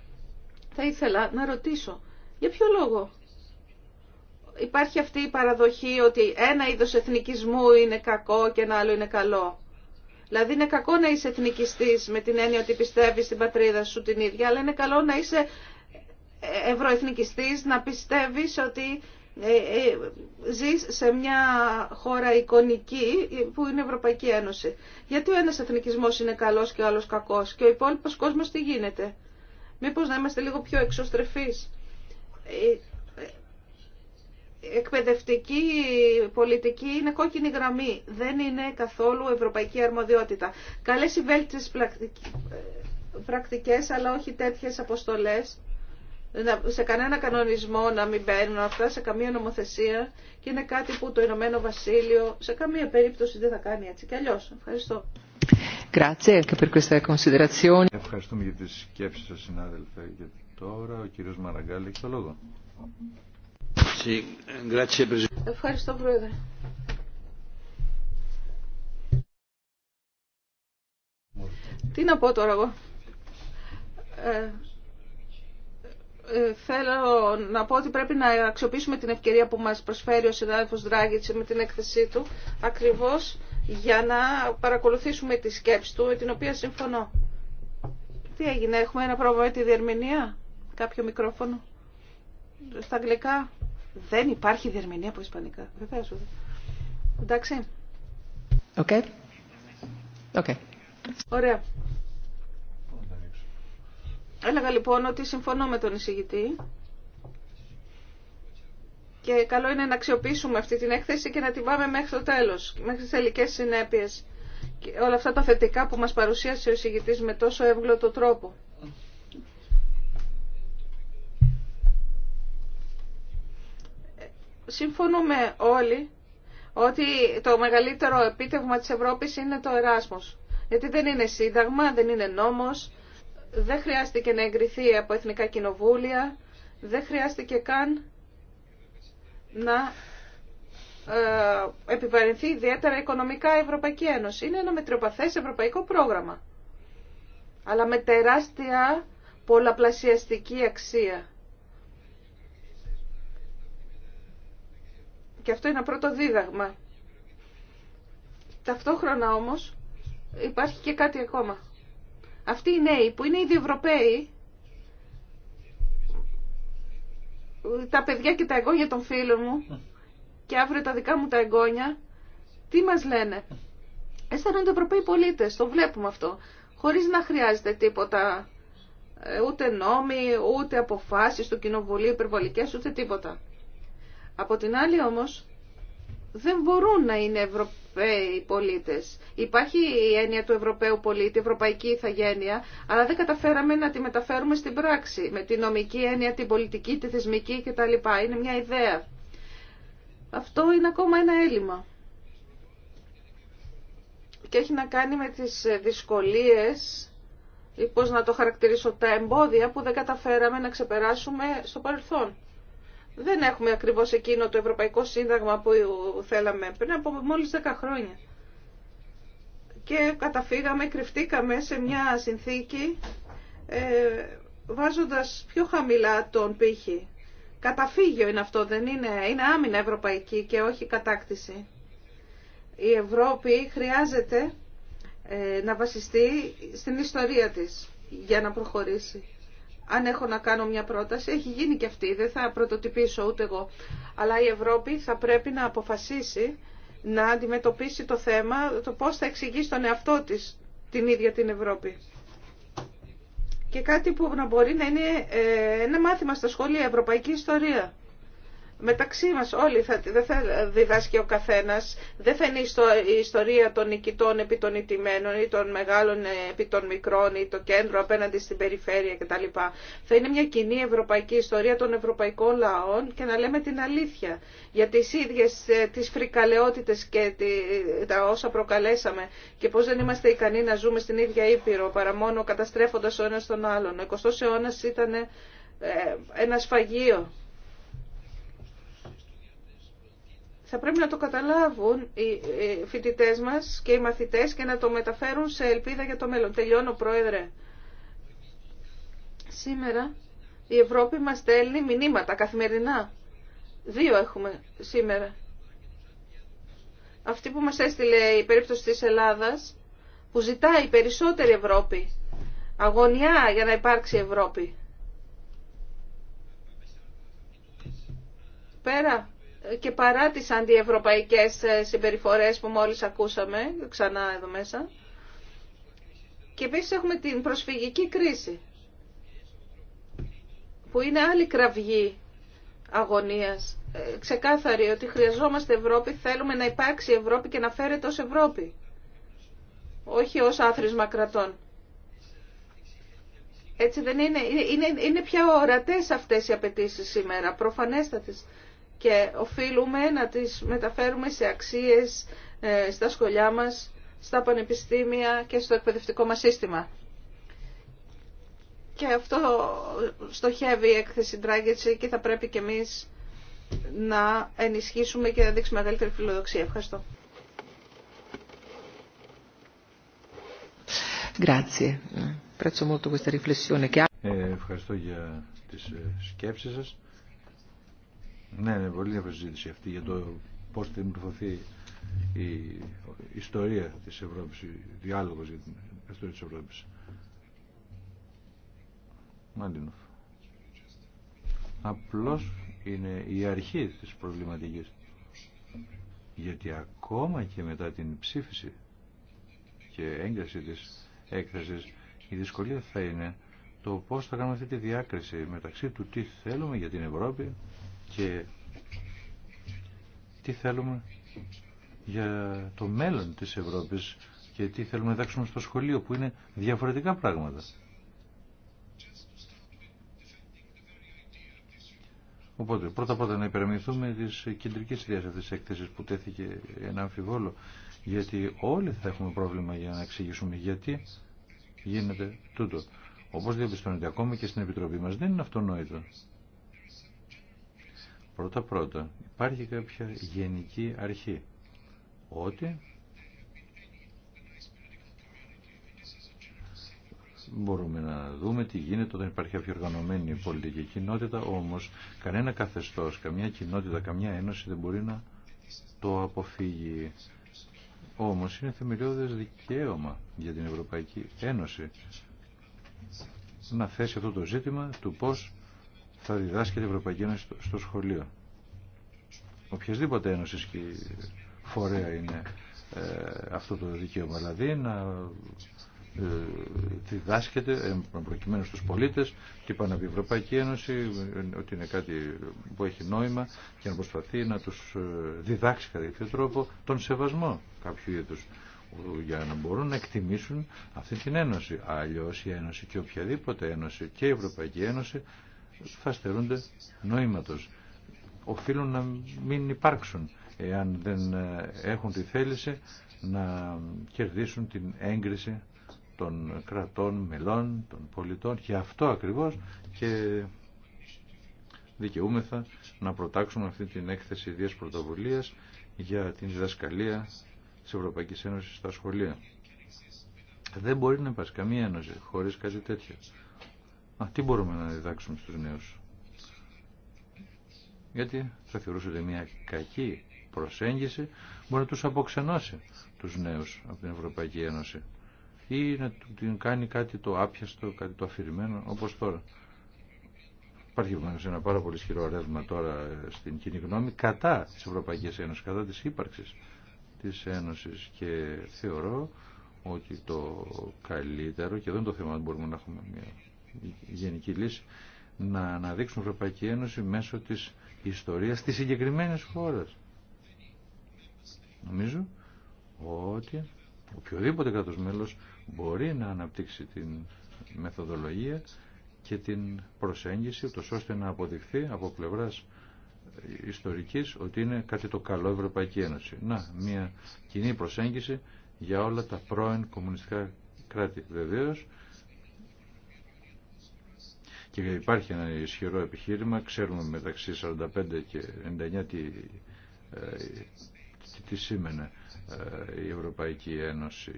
θα ήθελα να ρωτήσω, για ποιο λόγο υπάρχει αυτή η παραδοχή ότι ένα είδος εθνικισμού είναι κακό και ένα άλλο είναι καλό. Δηλαδή είναι κακό να είσαι εθνικιστής με την έννοια ότι πιστεύεις στην πατρίδα σου την ίδια, αλλά είναι καλό να είσαι ευρωεθνικιστής, να πιστεύεις ότι ε, ε, ζεις σε μια χώρα εικονική που είναι Ευρωπαϊκή Ένωση. Γιατί ο ένας εθνικισμός είναι καλός και ο άλλος κακός και ο υπόλοιπος κόσμος τι γίνεται. Μήπως να είμαστε λίγο πιο εξωστρεφείς. Ε, εκπαιδευτική πολιτική είναι κόκκινη γραμμή. Δεν είναι καθόλου ευρωπαϊκή αρμοδιότητα. Καλέ οι βέλτιστες πρακτικές, αλλά όχι τέτοιε αποστολέ. Σε κανένα κανονισμό να μην μπαίνουν αυτά, σε καμία νομοθεσία. Και είναι κάτι που το Ηνωμένο Βασίλειο σε καμία περίπτωση δεν θα κάνει έτσι Και αλλιώ. Ευχαριστώ. Ευχαριστούμε για τις σκέψεις σας, συνάδελφε. Και τώρα ο κύριος Μαραγκάλη έχει το λόγο. Ευχαριστώ, Πρόεδρε. Τι να πω τώρα εγώ. Ε, ε, θέλω να πω ότι πρέπει να αξιοποιήσουμε την ευκαιρία που μας προσφέρει ο συνάδελφος Δράγκητς με την έκθεσή του ακριβώς για να παρακολουθήσουμε τη σκέψη του με την οποία συμφωνώ. Τι έγινε, έχουμε ένα πρόβλημα με τη διερμηνία, κάποιο μικρόφωνο στα αγγλικά. Δεν υπάρχει διερμηνία από Ισπανικά. Βεβαίως. Εντάξει. Okay. Ωραία. Έλεγα λοιπόν ότι συμφωνώ με τον εισηγητή και καλό είναι να αξιοποιήσουμε αυτή την έκθεση και να την πάμε μέχρι το τέλος, μέχρι τις τελικέ συνέπειες και όλα αυτά τα θετικά που μας παρουσίασε ο εισηγητής με τόσο εύγλωτο τρόπο. Συμφωνούμε όλοι ότι το μεγαλύτερο επίτευγμα της Ευρώπης είναι το Εράσμος. Γιατί δεν είναι σύνταγμα, δεν είναι νόμος, δεν χρειάστηκε να εγκριθεί από εθνικά κοινοβούλια, δεν χρειάστηκε καν να ε, επιβαρυνθεί ιδιαίτερα οικονομικά η Ευρωπαϊκή Ένωση. Είναι ένα μετριοπαθές ευρωπαϊκό πρόγραμμα, αλλά με τεράστια πολλαπλασιαστική αξία. Και αυτό είναι ένα πρώτο δίδαγμα. Ταυτόχρονα όμως υπάρχει και κάτι ακόμα. Αυτοί οι νέοι που είναι ήδη Ευρωπαίοι, τα παιδιά και τα εγγόνια των φίλων μου και αύριο τα δικά μου τα εγγόνια, τι μας λένε. Αισθάνονται Ευρωπαίοι πολίτες, το βλέπουμε αυτό, χωρίς να χρειάζεται τίποτα, ε, ούτε νόμοι, ούτε αποφάσεις του κοινοβουλίου υπερβολικές, ούτε τίποτα. Από την άλλη όμως δεν μπορούν να είναι Ευρωπαίοι πολίτες. Υπάρχει η έννοια του Ευρωπαίου πολίτη, ευρωπαϊκή ηθαγένεια, αλλά δεν καταφέραμε να τη μεταφέρουμε στην πράξη, με τη νομική έννοια, την πολιτική, τη θεσμική κτλ. Είναι μια ιδέα. Αυτό είναι ακόμα ένα έλλειμμα. Και έχει να κάνει με τις δυσκολίες ή πώς να το χαρακτηρίσω, τα εμπόδια που δεν καταφέραμε να ξεπεράσουμε στο παρελθόν δεν έχουμε ακριβώς εκείνο το Ευρωπαϊκό Σύνταγμα που θέλαμε πριν από μόλις 10 χρόνια. Και καταφύγαμε, κρυφτήκαμε σε μια συνθήκη ε, βάζοντας πιο χαμηλά τον πύχη. Καταφύγιο είναι αυτό, δεν είναι. Είναι άμυνα ευρωπαϊκή και όχι κατάκτηση. Η Ευρώπη χρειάζεται ε, να βασιστεί στην ιστορία της για να προχωρήσει αν έχω να κάνω μια πρόταση, έχει γίνει και αυτή, δεν θα πρωτοτυπήσω ούτε εγώ. Αλλά η Ευρώπη θα πρέπει να αποφασίσει να αντιμετωπίσει το θέμα, το πώς θα εξηγεί στον εαυτό της την ίδια την Ευρώπη. Και κάτι που να μπορεί να είναι ε, ένα μάθημα στα σχόλια Ευρωπαϊκή Ιστορία μεταξύ μας όλοι, θα, δεν θα διδάσκει ο καθένας, δεν θα είναι η ιστορία των νικητών επί των ιτημένων ή των μεγάλων επί των μικρών ή το κέντρο απέναντι στην περιφέρεια κτλ. Θα είναι μια κοινή ευρωπαϊκή ιστορία των ευρωπαϊκών λαών και να λέμε την αλήθεια για τις ίδιες ε, τις φρικαλαιότητες και τα όσα προκαλέσαμε και πώς δεν είμαστε ικανοί να ζούμε στην ίδια Ήπειρο παρά μόνο καταστρέφοντας ο ένας τον άλλον. Ο 20ος αιώνας ήταν ε, ένα σφαγείο Θα πρέπει να το καταλάβουν οι φοιτητέ μας και οι μαθητές και να το μεταφέρουν σε ελπίδα για το μέλλον. Τελειώνω, Πρόεδρε. Σήμερα η Ευρώπη μας στέλνει μηνύματα καθημερινά. Δύο έχουμε σήμερα. Αυτή που μας έστειλε η περίπτωση της Ελλάδας, που ζητάει περισσότερη Ευρώπη, αγωνιά για να υπάρξει Ευρώπη. Πέρα και παρά τις αντιευρωπαϊκές ε, συμπεριφορές που μόλις ακούσαμε ξανά εδώ μέσα. Και επίσης έχουμε την προσφυγική κρίση που είναι άλλη κραυγή αγωνίας. Ε, ξεκάθαρη ότι χρειαζόμαστε Ευρώπη, θέλουμε να υπάρξει Ευρώπη και να φέρεται ως Ευρώπη. Όχι ως άθροισμα κρατών. Έτσι δεν είναι. Είναι, είναι, πια ορατές αυτές οι απαιτήσει σήμερα, προφανέστατες και οφείλουμε να τις μεταφέρουμε σε αξίες ε, στα σχολιά μας, στα πανεπιστήμια και στο εκπαιδευτικό μας σύστημα. Και αυτό στοχεύει η έκθεση Ντράγκετση και θα πρέπει και εμείς να ενισχύσουμε και να δείξουμε μεγαλύτερη φιλοδοξία. Ευχαριστώ. Ε, ευχαριστώ για τις ε, σκέψεις σας. Ναι, είναι πολύ διαφορετική συζήτηση αυτή για το πώ θα δημιουργηθεί η ιστορία τη Ευρώπη, ο διάλογος για την ιστορία τη Ευρώπη. Μάλινοφ. Απλώ είναι η αρχή τη προβληματική. Γιατί ακόμα και μετά την ψήφιση και έγκριση της έκθεσης η δυσκολία θα είναι το πώς θα κάνουμε αυτή τη διάκριση μεταξύ του τι θέλουμε για την Ευρώπη και τι θέλουμε για το μέλλον της Ευρώπης και τι θέλουμε να δάξουμε στο σχολείο που είναι διαφορετικά πράγματα. Οπότε, πρώτα πρώτα να υπερμηθούμε τη κεντρική ιδέα αυτή τη έκθεση που τέθηκε ένα αμφιβόλο. Γιατί όλοι θα έχουμε πρόβλημα για να εξηγήσουμε γιατί γίνεται τούτο. Όπω διαπιστώνεται ακόμη και στην Επιτροπή μα, δεν είναι αυτονόητο. Πρώτα πρώτα υπάρχει κάποια γενική αρχή ότι μπορούμε να δούμε τι γίνεται όταν υπάρχει κάποια οργανωμένη πολιτική κοινότητα, όμως κανένα καθεστώς, καμιά κοινότητα, καμιά ένωση δεν μπορεί να το αποφύγει. Όμως είναι θεμελιώδες δικαίωμα για την Ευρωπαϊκή Ένωση να θέσει αυτό το ζήτημα του πώς θα διδάσκεται η Ευρωπαϊκή Ένωση στο σχολείο. Οποιασδήποτε ένωση και φορέα είναι ε, αυτό το δικαίωμα. Δηλαδή να ε, διδάσκεται ε, προκειμένου στους πολίτες και πάνω από η Ευρωπαϊκή Ένωση ότι είναι κάτι που έχει νόημα και να προσπαθεί να τους διδάξει κατά κάποιο τρόπο τον σεβασμό κάποιου είδους για να μπορούν να εκτιμήσουν αυτή την Ένωση. Αλλιώς η Ένωση και οποιαδήποτε Ένωση και η Ευρωπαϊκή Ένωση θα στερούνται νοήματος. Οφείλουν να μην υπάρξουν εάν δεν ε, έχουν τη θέληση να κερδίσουν την έγκριση των κρατών, μελών, των πολιτών. και αυτό ακριβώς και δικαιούμεθα να προτάξουμε αυτή την έκθεση ιδίας πρωτοβουλίας για την διδασκαλία της Ευρωπαϊκής Ένωσης στα σχολεία. Δεν μπορεί να υπάρξει καμία ένωση χωρίς κάτι τέτοιο. Α τι μπορούμε να διδάξουμε στους νέους. Γιατί θα θεωρούσε ότι μια κακή προσέγγιση μπορεί να τους αποξενώσει τους νέους από την Ευρωπαϊκή Ένωση ή να την κάνει κάτι το άπιαστο, κάτι το αφηρημένο όπως τώρα. Υπάρχει ένα πάρα πολύ ισχυρό ρεύμα τώρα στην κοινή γνώμη κατά της Ευρωπαϊκής Ένωσης, κατά της ύπαρξης της Ένωσης και θεωρώ ότι το καλύτερο, και δεν το θέμα μπορούμε να έχουμε μια γενική λύση να αναδείξουν Ευρωπαϊκή Ένωση μέσω της ιστορίας της συγκεκριμένης χώρας. Νομίζω ότι οποιοδήποτε κράτος μέλος μπορεί να αναπτύξει την μεθοδολογία και την προσέγγιση το ώστε να αποδειχθεί από πλευράς ιστορικής ότι είναι κάτι το καλό Ευρωπαϊκή Ένωση. Να, μια κοινή προσέγγιση για όλα τα πρώην κομμουνιστικά κράτη. Βεβαίως, και υπάρχει ένα ισχυρό επιχείρημα. Ξέρουμε μεταξύ 45 και 99 ε, τι, τι σήμαινε ε, η Ευρωπαϊκή Ένωση.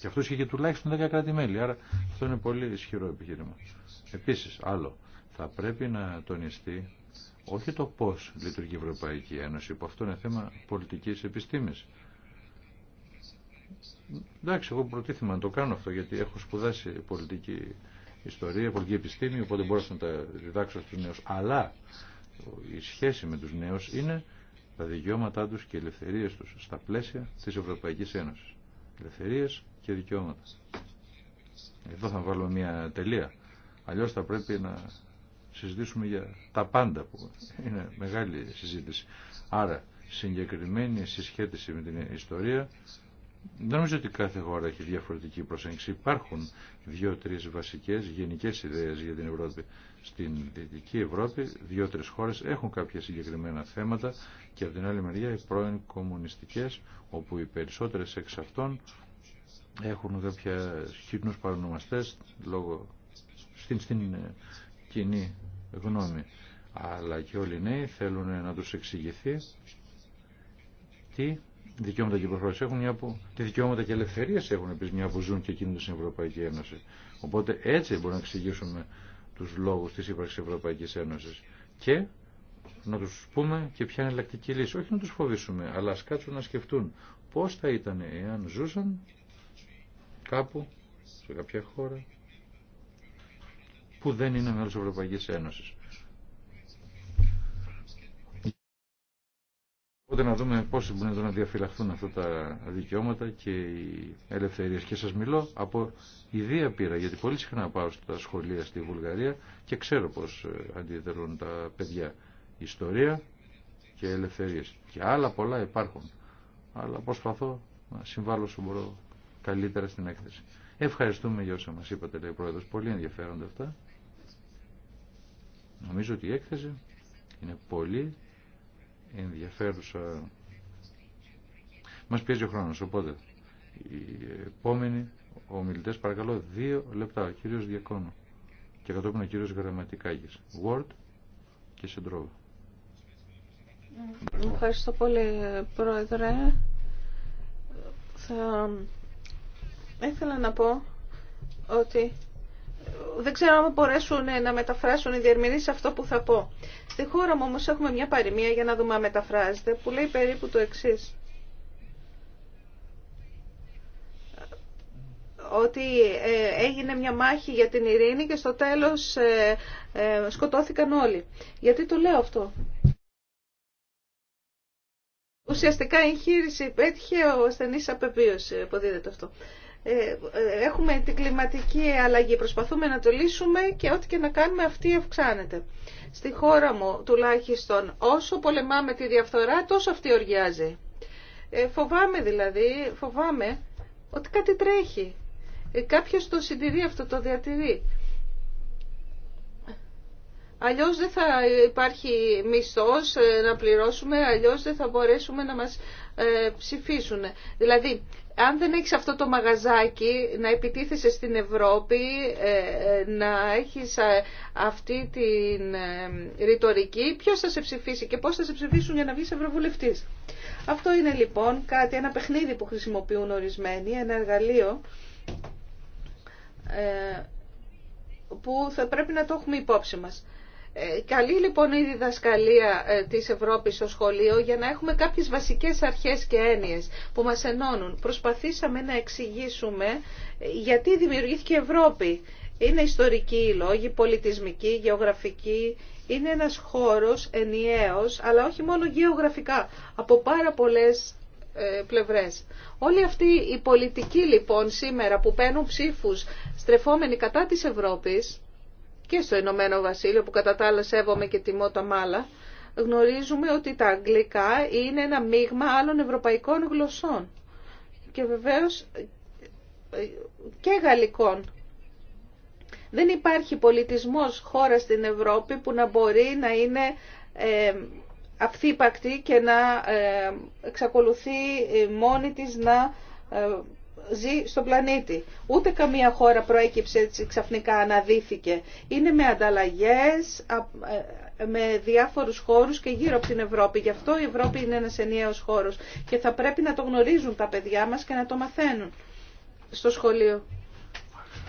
Και αυτό είχε και τουλάχιστον 10 κράτη-μέλη. Άρα αυτό είναι πολύ ισχυρό επιχείρημα. Επίσης, άλλο, θα πρέπει να τονιστεί όχι το πώς λειτουργεί η Ευρωπαϊκή Ένωση, που αυτό είναι θέμα πολιτικής επιστήμης. Εντάξει, εγώ προτίθεμα να το κάνω αυτό, γιατί έχω σπουδάσει πολιτική ιστορία, πολιτική επιστήμη, οπότε μπορώ να τα διδάξω στους νέους. Αλλά η σχέση με τους νέους είναι τα δικαιώματά τους και οι ελευθερίες τους στα πλαίσια της Ευρωπαϊκής Ένωσης. Ελευθερίες και δικαιώματα. Εδώ θα βάλω μια τελεία. Αλλιώς θα πρέπει να συζητήσουμε για τα πάντα που είναι μεγάλη συζήτηση. Άρα συγκεκριμένη συσχέτιση με την ιστορία δεν νομίζω ότι κάθε χώρα έχει διαφορετική προσέγγιση. Υπάρχουν δύο-τρει βασικέ γενικέ ιδέε για την Ευρώπη. Στην Δυτική Ευρώπη, δύο-τρει χώρε έχουν κάποια συγκεκριμένα θέματα και από την άλλη μεριά οι πρώην κομμουνιστικέ, όπου οι περισσότερε εξ αυτών έχουν κάποια κοινού παρονομαστέ λόγω στην, στην ε, κοινή γνώμη. Αλλά και όλοι οι νέοι θέλουν να τους εξηγηθεί τι δικαιώματα και προχρώσεις έχουν, μια που, τι δικαιώματα και ελευθερίες έχουν επίσης μια που ζουν και εκείνοι στην Ευρωπαϊκή Ένωση. Οπότε έτσι μπορούμε να εξηγήσουμε τους λόγους της ύπαρξης Ευρωπαϊκής Ένωσης και να τους πούμε και ποια είναι εναλλακτική λύση. Όχι να τους φοβήσουμε, αλλά α κάτσουν να σκεφτούν πώ θα ήταν εάν ζούσαν κάπου, σε κάποια χώρα, που δεν είναι μέλο της Ευρωπαϊκής Ένωσης. Οπότε να δούμε πώς μπορούν να διαφυλαχθούν αυτά τα δικαιώματα και οι ελευθερίες. Και σας μιλώ από ιδία πείρα, γιατί πολύ συχνά πάω στα σχολεία στη Βουλγαρία και ξέρω πώς ε, αντιδρούν τα παιδιά. Ιστορία και ελευθερίες. Και άλλα πολλά υπάρχουν. Αλλά προσπαθώ να συμβάλλω όσο μπορώ καλύτερα στην έκθεση. Ευχαριστούμε για όσα μας είπατε, λέει ο Πρόεδρος. Πολύ ενδιαφέροντα αυτά. Νομίζω ότι η έκθεση είναι πολύ ενδιαφέρουσα. Μας πιέζει ο χρόνο. οπότε οι επόμενοι ομιλητές παρακαλώ δύο λεπτά, ο κύριος και κατόπιν ο κύριος Γραμματικάκης. Word και Σεντρόβο. Ευχαριστώ πολύ, Πρόεδρε. Θα ήθελα να πω ότι δεν ξέρω αν μπορέσουν ε, να μεταφράσουν οι διερμηνείς αυτό που θα πω. Στη χώρα μου όμως έχουμε μια παροιμία για να δούμε αν μεταφράζεται που λέει περίπου το εξή. Ότι ε, έγινε μια μάχη για την ειρήνη και στο τέλος ε, σκοτώθηκαν όλοι. Γιατί το λέω αυτό. Ουσιαστικά η εγχείρηση πέτυχε, ο ασθενής απεβίωσε, αποδίδεται αυτό. Ε, ε, έχουμε την κλιματική αλλαγή, προσπαθούμε να το λύσουμε και ό,τι και να κάνουμε αυτή αυξάνεται. Στη χώρα μου τουλάχιστον όσο πολεμάμε τη διαφθορά τόσο αυτή οργιάζει. Ε, φοβάμαι δηλαδή, φοβάμαι ότι κάτι τρέχει. κάποιος το συντηρεί αυτό, το διατηρεί. Αλλιώς δεν θα υπάρχει μισθός ε, να πληρώσουμε, αλλιώς δεν θα μπορέσουμε να μας ε, ψηφίσουν. Δηλαδή, αν δεν έχεις αυτό το μαγαζάκι να επιτίθεσαι στην Ευρώπη, ε, να έχεις αυτή την ρητορική, ποιος θα σε ψηφίσει και πώς θα σε ψηφίσουν για να βγεις ευρωβουλευτής. Αυτό είναι λοιπόν κάτι, ένα παιχνίδι που χρησιμοποιούν ορισμένοι, ένα εργαλείο που θα πρέπει να το έχουμε υπόψη μας. Ε, Καλή λοιπόν η διδασκαλία ε, της Ευρώπης στο σχολείο για να έχουμε κάποιες βασικές αρχές και έννοιες που μας ενώνουν. Προσπαθήσαμε να εξηγήσουμε ε, γιατί δημιουργήθηκε η Ευρώπη. Είναι ιστορική η λόγη, πολιτισμική, γεωγραφική. Είναι ένας χώρος ενιαίος, αλλά όχι μόνο γεωγραφικά, από πάρα πολλές πλευρές. Όλοι αυτή η πολιτικοί λοιπόν σήμερα που παίρνουν ψήφους στρεφόμενοι κατά της Ευρώπης, και στο Ηνωμένο Βασίλειο που κατά τα άλλα σέβομαι και τιμώ τα μάλα, γνωρίζουμε ότι τα αγγλικά είναι ένα μείγμα άλλων ευρωπαϊκών γλωσσών και βεβαίως και γαλλικών. Δεν υπάρχει πολιτισμός χώρα στην Ευρώπη που να μπορεί να είναι ε, αυθύπακτη και να ε, εξακολουθεί μόνη της να ε, ζει στον πλανήτη. Ούτε καμία χώρα προέκυψε έτσι ξαφνικά αναδύθηκε. Είναι με ανταλλαγές, ε, με διάφορους χώρους και γύρω από την Ευρώπη. Γι' αυτό η Ευρώπη είναι ένας ενιαίος χώρος και θα πρέπει να το γνωρίζουν τα παιδιά μας και να το μαθαίνουν στο σχολείο.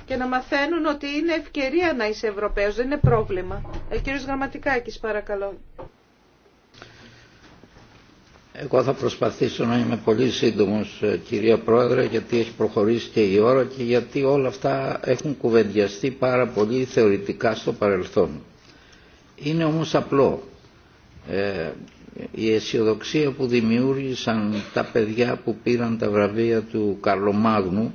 Και να μαθαίνουν ότι είναι ευκαιρία να είσαι Ευρωπαίος, δεν είναι πρόβλημα. Ε, κύριος Γραμματικάκης παρακαλώ. Εγώ θα προσπαθήσω να είμαι πολύ σύντομος ε, κυρία Πρόεδρε γιατί έχει προχωρήσει και η ώρα και γιατί όλα αυτά έχουν κουβεντιαστεί πάρα πολύ θεωρητικά στο παρελθόν. Είναι όμως απλό. Ε, η αισιοδοξία που δημιούργησαν τα παιδιά που πήραν τα βραβεία του Καρλομάγνου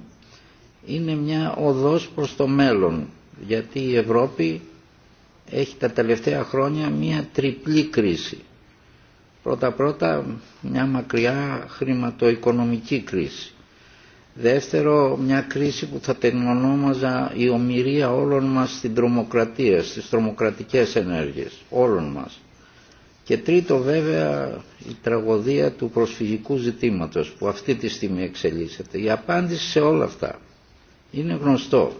είναι μια οδός προς το μέλλον γιατί η Ευρώπη έχει τα τελευταία χρόνια μια τριπλή κρίση Πρώτα-πρώτα μια μακριά χρηματοοικονομική κρίση. Δεύτερο, μια κρίση που θα την η ομοιρία όλων μας στην τρομοκρατία, στις τρομοκρατικές ενέργειες, όλων μας. Και τρίτο βέβαια η τραγωδία του προσφυγικού ζητήματος που αυτή τη στιγμή εξελίσσεται. Η απάντηση σε όλα αυτά είναι γνωστό.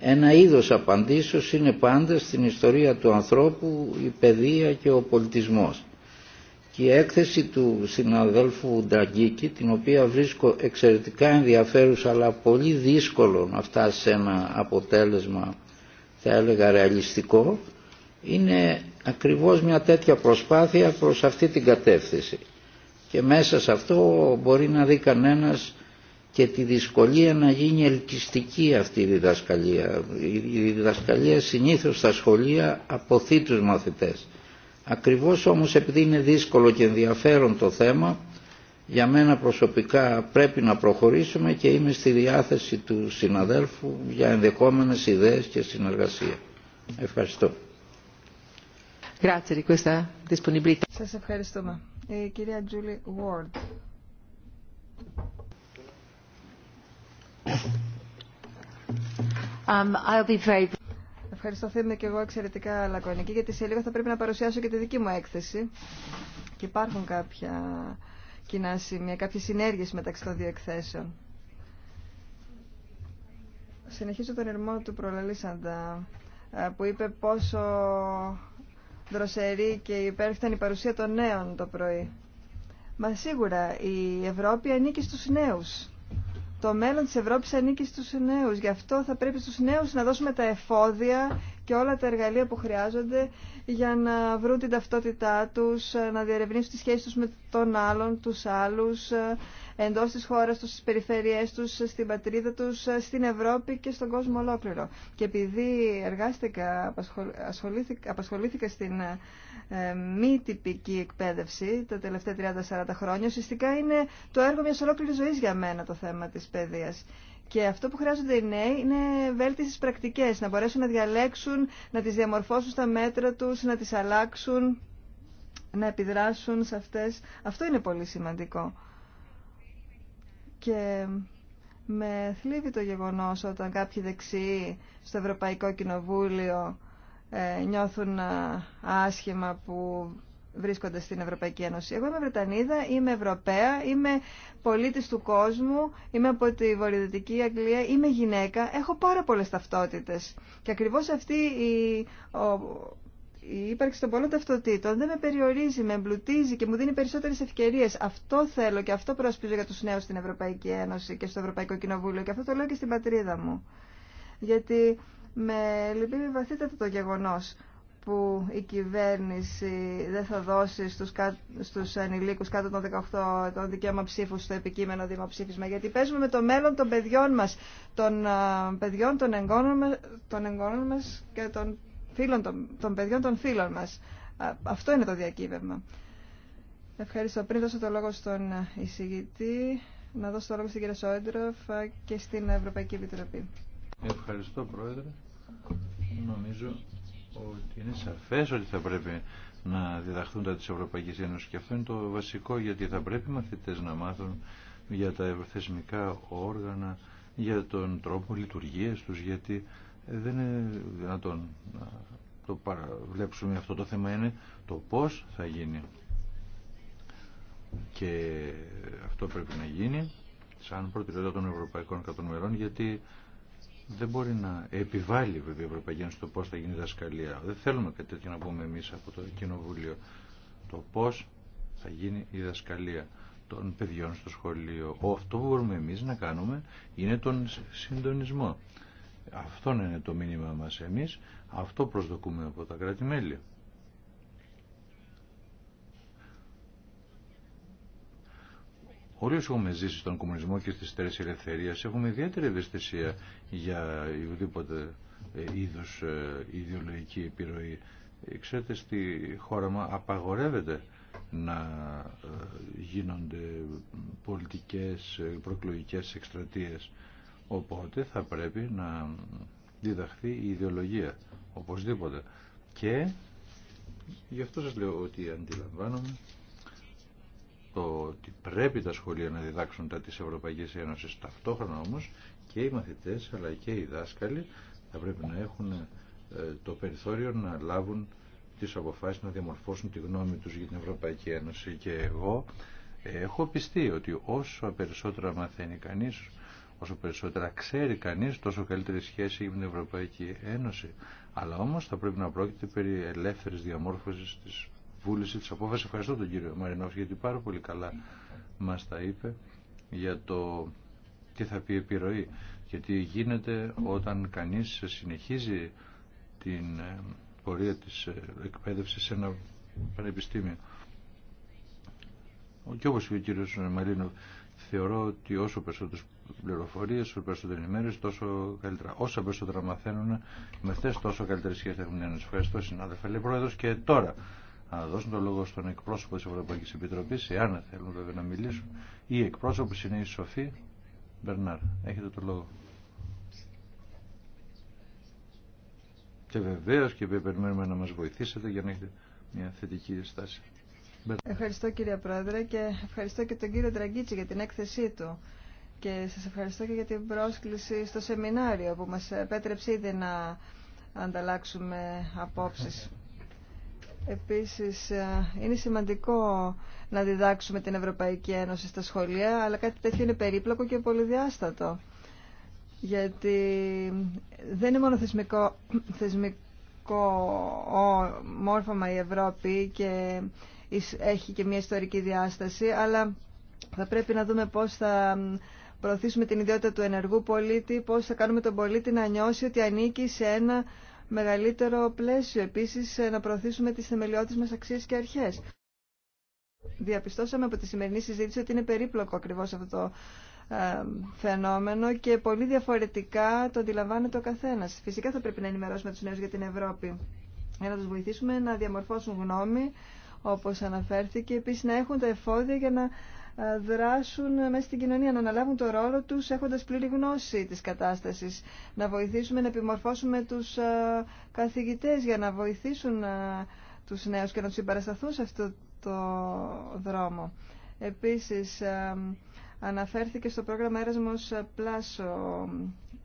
Ένα είδος απαντήσεως είναι πάντα στην ιστορία του ανθρώπου η παιδεία και ο πολιτισμός και η έκθεση του συναδέλφου Νταγκίκη, την οποία βρίσκω εξαιρετικά ενδιαφέρουσα αλλά πολύ δύσκολο να φτάσει σε ένα αποτέλεσμα θα έλεγα ρεαλιστικό, είναι ακριβώς μια τέτοια προσπάθεια προς αυτή την κατεύθυνση. Και μέσα σε αυτό μπορεί να δει κανένας και τη δυσκολία να γίνει ελκυστική αυτή η διδασκαλία. Η διδασκαλία συνήθως στα σχολεία αποθεί τους μαθητές. Ακριβώς όμως επειδή είναι δύσκολο και ενδιαφέρον το θέμα, για μένα προσωπικά πρέπει να προχωρήσουμε και είμαι στη διάθεση του συναδέλφου για ενδεχόμενες ιδέες και συνεργασία. Ευχαριστώ. Σας ευχαριστούμε. κυρία Τζούλη Ward. Um, I'll be very Ευχαριστώ, θα και εγώ εξαιρετικά λακωνική, γιατί σε λίγο θα πρέπει να παρουσιάσω και τη δική μου έκθεση. Και υπάρχουν κάποια κοινά σημεία, κάποιες συνέργειες μεταξύ των δύο εκθέσεων. Συνεχίζω τον ερμό του προλαλήσαντα, ε, που είπε πόσο δροσερή και υπέροχη η παρουσία των νέων το πρωί. Μα σίγουρα η Ευρώπη ανήκει στους νέους το μέλλον της Ευρώπης ανήκει στους νέους. Γι' αυτό θα πρέπει στους νέους να δώσουμε τα εφόδια και όλα τα εργαλεία που χρειάζονται για να βρουν την ταυτότητά τους, να διερευνήσουν τις σχέσεις τους με τον άλλον, τους άλλους, Εντό τη χώρα του στι περιφέρειές του, στην πατρίδα του, στην Ευρώπη και στον κόσμο ολόκληρο. Και επειδή εργάστηκα, απασχολήθηκα, απασχολήθηκα στην ε, μη τυπική εκπαίδευση τα τελευταία 30-40 χρόνια, ουσιαστικά είναι το έργο μια ολόκληρη ζωή για μένα το θέμα τη παιδείας. Και αυτό που χρειάζονται οι νέοι είναι βέλτιστες πρακτικέ, να μπορέσουν να διαλέξουν, να τι διαμορφώσουν στα μέτρα του, να τι αλλάξουν, να επιδράσουν σε αυτές. Αυτό είναι πολύ σημαντικό. Και με θλίβει το γεγονός όταν κάποιοι δεξιοί στο Ευρωπαϊκό Κοινοβούλιο ε, νιώθουν ε, άσχημα που βρίσκονται στην Ευρωπαϊκή Ένωση. Εγώ είμαι Βρετανίδα, είμαι Ευρωπαία, είμαι πολίτης του κόσμου, είμαι από τη Βορειοδυτική Αγγλία, είμαι γυναίκα, έχω πάρα πολλές ταυτότητες. Και ακριβώς αυτή η η ύπαρξη των πολλών ταυτοτήτων δεν με περιορίζει, με εμπλουτίζει και μου δίνει περισσότερες ευκαιρίες. Αυτό θέλω και αυτό προσπίζω για τους νέους στην Ευρωπαϊκή Ένωση και στο Ευρωπαϊκό Κοινοβούλιο και αυτό το λέω και στην πατρίδα μου. Γιατί με λυπεί βαθύτατα το γεγονός που η κυβέρνηση δεν θα δώσει στους, κα... στους ανηλίκους κάτω των 18 το δικαίωμα ψήφου στο επικείμενο δημοψήφισμα. Γιατί παίζουμε με το μέλλον των παιδιών μας, των παιδιών των εγγόνων μας, και των φίλων των, των παιδιών των φίλων μας. Αυτό είναι το διακύβευμα. Ευχαριστώ. Πριν δώσω το λόγο στον ε, εισηγητή, να δώσω το λόγο στην κυρία Σόντροφ ε, και στην Ευρωπαϊκή Επιτροπή. Ευχαριστώ, Πρόεδρε. Νομίζω ότι είναι σαφές ότι θα πρέπει να διδαχθούν τα της Ευρωπαϊκής Ένωσης και αυτό είναι το βασικό γιατί θα πρέπει οι μαθητές να μάθουν για τα θεσμικά όργανα, για τον τρόπο λειτουργίας τους, γιατί δεν είναι δυνατόν να το παραβλέψουμε αυτό το θέμα είναι το πώς θα γίνει και αυτό πρέπει να γίνει σαν προτεραιότητα των Ευρωπαϊκών κατονμερών, γιατί δεν μπορεί να επιβάλλει η Ευρωπαϊκή Ένωση το πώς θα γίνει η δασκαλία. Δεν θέλουμε κάτι τέτοιο να πούμε εμείς από το Κοινοβούλιο. Το πώς θα γίνει η δασκαλία των παιδιών στο σχολείο. Αυτό που μπορούμε εμείς να κάνουμε είναι τον συντονισμό. Αυτό είναι το μήνυμα μας εμείς, αυτό προσδοκούμε από τα κράτη-μέλη. Όλοι όσοι έχουμε ζήσει στον κομμουνισμό και στις τέρες ελευθερίας έχουμε ιδιαίτερη ευαισθησία για οδήποτε ε, είδους ε, ιδεολογική επιρροή. Ξέρετε, στη χώρα μας απαγορεύεται να ε, γίνονται πολιτικές προκλογικές εκστρατείες Οπότε θα πρέπει να διδαχθεί η ιδεολογία, οπωσδήποτε. Και γι' αυτό σας λέω ότι αντιλαμβάνομαι το ότι πρέπει τα σχολεία να διδάξουν τα της Ευρωπαϊκής Ένωσης. Ταυτόχρονα όμως και οι μαθητές αλλά και οι δάσκαλοι θα πρέπει να έχουν ε, το περιθώριο να λάβουν τις αποφάσεις να διαμορφώσουν τη γνώμη τους για την Ευρωπαϊκή Ένωση. Και εγώ έχω πιστεί ότι όσο περισσότερα μαθαίνει κανείς, Όσο περισσότερα ξέρει κανείς, τόσο καλύτερη σχέση με την Ευρωπαϊκή Ένωση. Αλλά όμως θα πρέπει να πρόκειται περί ελεύθερης διαμόρφωσης της βούλησης της απόφασης. Ευχαριστώ τον κύριο Μαρινόφ γιατί πάρα πολύ καλά μας τα είπε για το τι θα πει επιρροή. Γιατί γίνεται όταν κανείς συνεχίζει την ε, πορεία της ε, εκπαίδευσης σε ένα πανεπιστήμιο. Και όπως είπε ο κύριος Μαρίνο, θεωρώ ότι όσο περισσότερο πληροφορίε, όσο περισσότερη ενημέρωση, τόσο καλύτερα. Όσα περισσότερα μαθαίνουν με χθε τόσο καλύτερε σχέσει έχουν Ευχαριστώ, συνάδελφε. Λέει πρόεδρο και τώρα να δώσουν το λόγο στον εκπρόσωπο τη Ευρωπαϊκή Επιτροπή, εάν θέλουν βέβαια να μιλήσουν. Η εκπρόσωπο είναι η Σοφή Μπερνάρ. Έχετε το λόγο. Και βεβαίω και περιμένουμε να μα βοηθήσετε για να έχετε μια θετική στάση. Ευχαριστώ κύριε Πρόεδρε και ευχαριστώ και τον κύριο Τραγκίτση για την έκθεσή του και σας ευχαριστώ και για την πρόσκληση στο σεμινάριο που μας επέτρεψε ήδη να ανταλλάξουμε απόψεις. Επίσης, ε, είναι σημαντικό να διδάξουμε την Ευρωπαϊκή Ένωση στα σχολεία, αλλά κάτι τέτοιο είναι περίπλοκο και πολυδιάστατο. Γιατί δεν είναι μόνο θεσμικό, θεσμικό μόρφωμα η Ευρώπη και έχει και μια ιστορική διάσταση, αλλά θα πρέπει να δούμε πώς θα προωθήσουμε την ιδιότητα του ενεργού πολίτη, πώς θα κάνουμε τον πολίτη να νιώσει ότι ανήκει σε ένα μεγαλύτερο πλαίσιο. Επίσης, ε, να προωθήσουμε τις θεμελιώτες μας αξίες και αρχές. Διαπιστώσαμε από τη σημερινή συζήτηση ότι είναι περίπλοκο ακριβώς αυτό το ε, φαινόμενο και πολύ διαφορετικά το αντιλαμβάνεται ο καθένας. Φυσικά θα πρέπει να ενημερώσουμε τους νέους για την Ευρώπη για να τους βοηθήσουμε να διαμορφώσουν γνώμη όπως αναφέρθηκε, επίσης να έχουν τα εφόδια για να ε, δράσουν μέσα στην κοινωνία, να αναλάβουν το ρόλο τους έχοντας πλήρη γνώση της κατάστασης, να βοηθήσουμε να επιμορφώσουμε τους ε, καθηγητές για να βοηθήσουν ε, τους νέους και να τους συμπαρασταθούν σε αυτό το δρόμο. Επίσης, αναφέρθηκε στο πρόγραμμα Erasmus πλάσο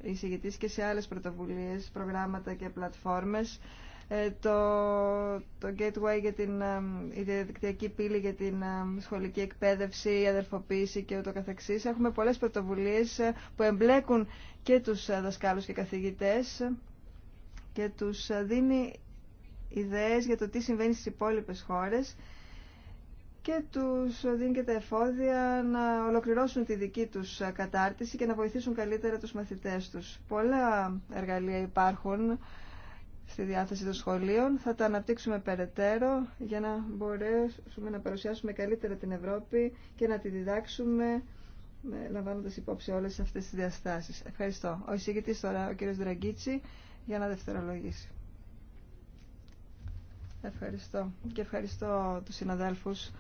η εισηγητής και σε άλλες πρωτοβουλίες, προγράμματα και πλατφόρμες ε, το, το Gateway για την ε, η διαδικτυακή πύλη για την ε, σχολική εκπαίδευση, η αδερφοποίηση και ούτω καθεξής. Έχουμε πολλές πρωτοβουλίες που εμπλέκουν και τους δασκάλους και καθηγητές και τους δίνει ιδέες για το τι συμβαίνει στις υπόλοιπες χώρες και τους δίνει και τα εφόδια να ολοκληρώσουν τη δική τους κατάρτιση και να βοηθήσουν καλύτερα τους μαθητές τους. Πολλά εργαλεία υπάρχουν στη διάθεση των σχολείων. Θα τα αναπτύξουμε περαιτέρω για να μπορέσουμε να παρουσιάσουμε καλύτερα την Ευρώπη και να τη διδάξουμε λαμβάνοντας υπόψη όλες αυτές τις διαστάσεις. Ευχαριστώ. Ο εισηγητής τώρα, ο κύριος Δραγκίτσι, για να δευτερολογήσει. Ευχαριστώ. Και ευχαριστώ τους συναδέλφους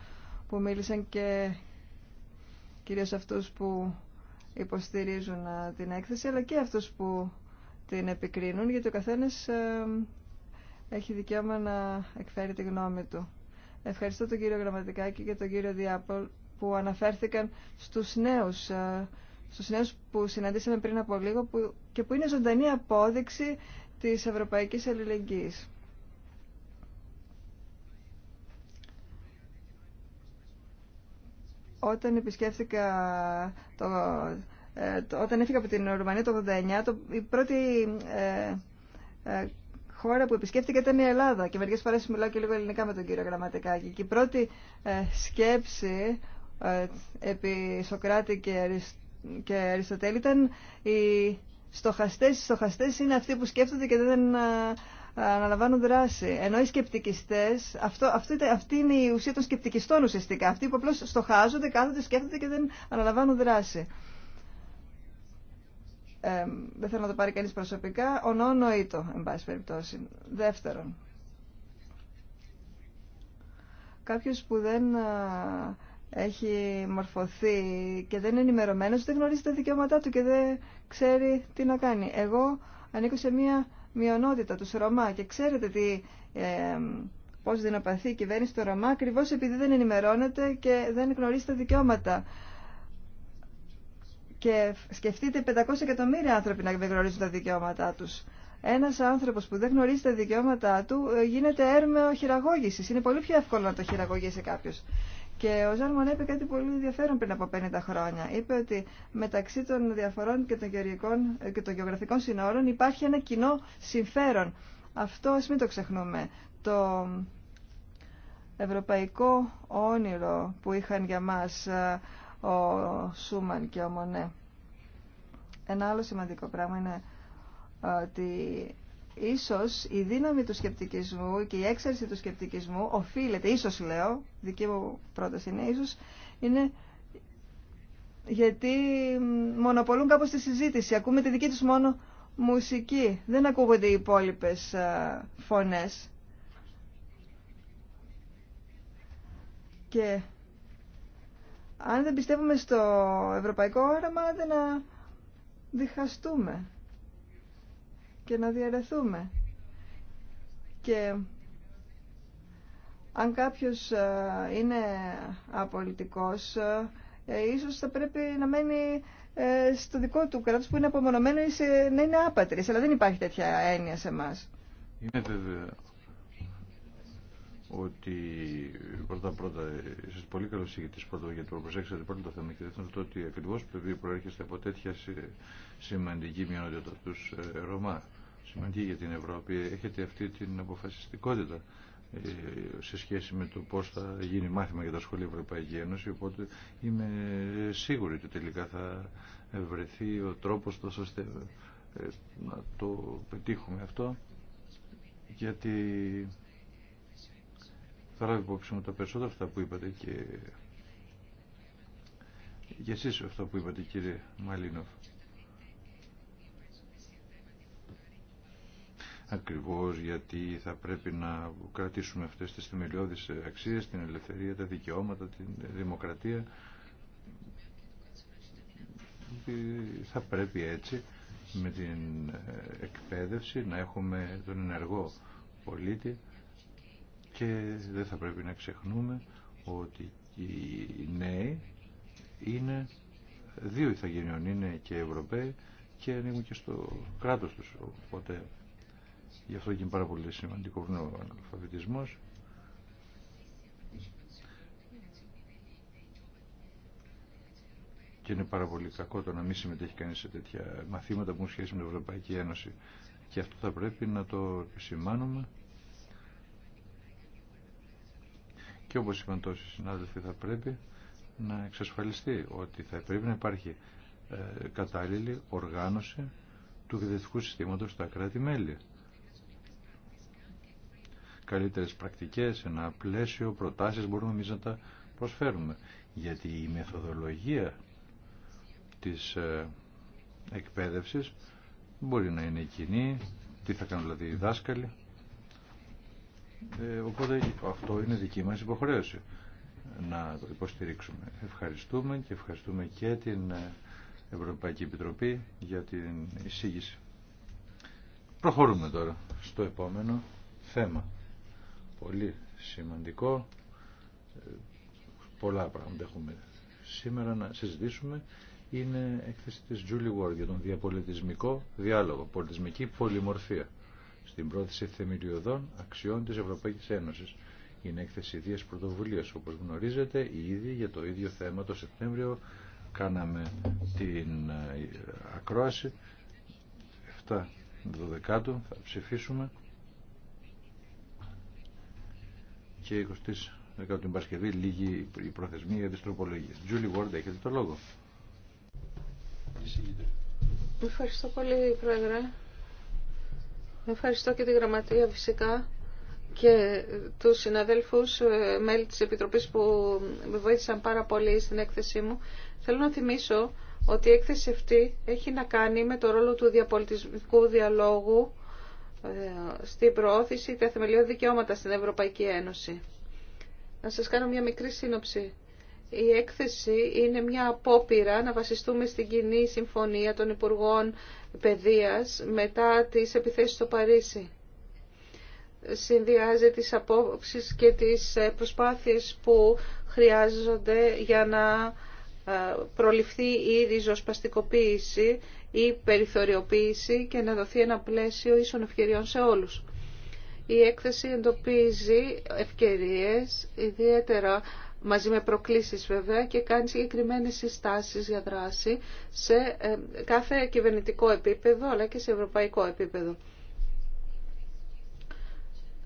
που μίλησαν και κυρίως αυτούς που υποστηρίζουν την έκθεση, αλλά και αυτούς που την επικρίνουν, γιατί ο καθένας ε, έχει δικαίωμα να εκφέρει τη γνώμη του. Ευχαριστώ τον κύριο Γραμματικάκη και τον κύριο Διάπολ που αναφέρθηκαν στους νέους, ε, στους νέους που συναντήσαμε πριν από λίγο που, και που είναι ζωντανή απόδειξη της ευρωπαϊκής αλληλεγγύης. Όταν επισκέφθηκα το ε, όταν έφυγα από την Ρουμανία το 1989, η πρώτη ε, ε, χώρα που επισκέφτηκα ήταν η Ελλάδα. Και μερικέ φορέ μιλάω και λίγο ελληνικά με τον κύριο Γραμματικάκη. Και η πρώτη σκέψη επί Σοκράτη και, και Αριστοτέλη ήταν οι στοχαστές. Οι στοχαστές είναι αυτοί που σκέφτονται και δεν αναλαμβάνουν δράση. Ενώ οι σκεπτικιστέ, αυτό, αυτή είναι η ουσία των σκεπτικιστών ουσιαστικά. Αυτοί που απλώ στοχάζονται, κάθονται, σκέφτονται και δεν αναλαμβάνουν δράση δεν θέλω να το πάρει κανείς προσωπικά, ονόνοητο το, εν πάση περιπτώσει. Δεύτερον, κάποιος που δεν έχει μορφωθεί και δεν είναι ενημερωμένος, δεν γνωρίζει τα δικαιώματά του και δεν ξέρει τι να κάνει. Εγώ ανήκω σε μία μειονότητα, του Ρωμά, και ξέρετε τι, ε, πώς δυναπαθεί η κυβέρνηση του Ρωμά, ακριβώ επειδή δεν ενημερώνεται και δεν γνωρίζει τα δικαιώματα και σκεφτείτε 500 εκατομμύρια άνθρωποι να δεν γνωρίζουν τα δικαιώματά του. Ένα άνθρωπο που δεν γνωρίζει τα δικαιώματά του ε, γίνεται έρμεο χειραγώγηση. Είναι πολύ πιο εύκολο να το χειραγωγήσει κάποιο. Και ο Ζαν Μονέ είπε κάτι πολύ ενδιαφέρον πριν από 50 χρόνια. Είπε ότι μεταξύ των διαφορών και των, ε, και των γεωγραφικών συνόρων υπάρχει ένα κοινό συμφέρον. Αυτό ας μην το ξεχνούμε. Το ευρωπαϊκό όνειρο που είχαν για μας ε, ο Σούμαν και ο Μονέ. Ένα άλλο σημαντικό πράγμα είναι ε, ότι ίσως η δύναμη του σκεπτικισμού και η έξαρση του σκεπτικισμού οφείλεται, ίσως λέω, δική μου πρόταση είναι ίσως, είναι γιατί μονοπολούν κάπως τη συζήτηση, ακούμε τη δική τους μόνο μουσική, δεν ακούγονται οι υπόλοιπε ε, φωνές. Και αν δεν πιστεύουμε στο ευρωπαϊκό όραμα, δεν να διχαστούμε και να διαρεθούμε. Και αν κάποιος ε, είναι απολυτικός, ε, ε, ίσως θα πρέπει να μένει στο δικό του κράτος που είναι απομονωμένο ή να είναι άπατρης. Αλλά δεν υπάρχει τέτοια έννοια σε εμά ότι πρώτα πρώτα είσαι πολύ καλό ηγητή πρώτα για το προσέξατε πρώτα το θέμα και δεύτερον το ότι ακριβώ επειδή προέρχεστε από τέτοια σημαντική μειονότητα του ε, Ρωμά, σημαντική για την Ευρώπη, έχετε αυτή την αποφασιστικότητα ε, σε σχέση με το πώ θα γίνει μάθημα για τα σχολεία Ευρωπαϊκή Ένωση οπότε είμαι ε, σίγουρη ότι τελικά θα βρεθεί ο τρόπο να το πετύχουμε αυτό γιατί θα ράβει υπόψη μου τα περισσότερα αυτά που είπατε και για εσείς αυτά που είπατε κύριε Μαλίνοφ. Ακριβώς γιατί θα πρέπει να κρατήσουμε αυτές τις θεμελιώδεις αξίες, την ελευθερία, τα δικαιώματα, τη δημοκρατία. Θα πρέπει έτσι με την εκπαίδευση να έχουμε τον ενεργό πολίτη και δεν θα πρέπει να ξεχνούμε ότι οι νέοι είναι δύο ηθαγενειών, είναι και Ευρωπαίοι και ανοίγουν και στο κράτος τους. Οπότε γι' αυτό και είναι πάρα πολύ σημαντικό ο αναλφαβητισμός. Και είναι πάρα πολύ κακό το να μην συμμετέχει κανείς σε τέτοια μαθήματα που έχουν σχέση με την Ευρωπαϊκή Ένωση. Και αυτό θα πρέπει να το επισημάνουμε. Και όπως είπαν τόσοι συνάδελφοι θα πρέπει να εξασφαλιστεί ότι θα πρέπει να υπάρχει ε, κατάλληλη οργάνωση του εκδευτικού συστήματος στα κράτη-μέλη. Καλύτερες πρακτικές, ένα πλαίσιο, προτάσεις μπορούμε εμείς να τα προσφέρουμε. Γιατί η μεθοδολογία της ε, εκπαίδευσης μπορεί να είναι κοινή, τι θα κάνουν δηλαδή οι δάσκαλοι, ε, οπότε αυτό είναι δική μας υποχρέωση να το υποστηρίξουμε. Ευχαριστούμε και ευχαριστούμε και την ε, Ευρωπαϊκή Επιτροπή για την εισήγηση. Προχωρούμε τώρα στο επόμενο θέμα. Πολύ σημαντικό. Ε, πολλά πράγματα έχουμε σήμερα να συζητήσουμε. Είναι έκθεση της Julie Ward για τον διαπολιτισμικό διάλογο, πολιτισμική πολυμορφία στην πρόθεση θεμελιωδών αξιών της Ευρωπαϊκής Ένωσης. Είναι έκθεση ιδίας πρωτοβουλίας, όπως γνωρίζετε, ήδη για το ίδιο θέμα το Σεπτέμβριο κάναμε την ε, ακρόαση 7-12 θα ψηφίσουμε και 20 10 την Παρασκευή λίγη η προθεσμία για τις τροπολογίες. Τζούλι Βόρντ, έχετε το λόγο. Ευχαριστώ πολύ, Πρόεδρε. Ευχαριστώ και τη Γραμματεία φυσικά και τους συναδέλφους ε, μέλη της Επιτροπής που με βοήθησαν πάρα πολύ στην έκθεσή μου. Θέλω να θυμίσω ότι η έκθεση αυτή έχει να κάνει με το ρόλο του διαπολιτισμικού διαλόγου ε, στην προώθηση τα θεμελιώδη δικαιώματα στην Ευρωπαϊκή Ένωση. Να σας κάνω μια μικρή σύνοψη η έκθεση είναι μια απόπειρα να βασιστούμε στην κοινή συμφωνία των Υπουργών Παιδείας μετά τις επιθέσεις στο Παρίσι. Συνδυάζει τις απόψεις και τις ε, προσπάθειες που χρειάζονται για να ε, προληφθεί η ριζοσπαστικοποίηση ή περιθωριοποίηση και να δοθεί ένα πλαίσιο ίσων ευκαιριών σε όλους. Η έκθεση εντοπίζει ευκαιρίες, ιδιαίτερα μαζί με προκλήσεις βέβαια και κάνει συγκεκριμένες συστάσεις για δράση σε ε, κάθε κυβερνητικό επίπεδο αλλά και σε ευρωπαϊκό επίπεδο.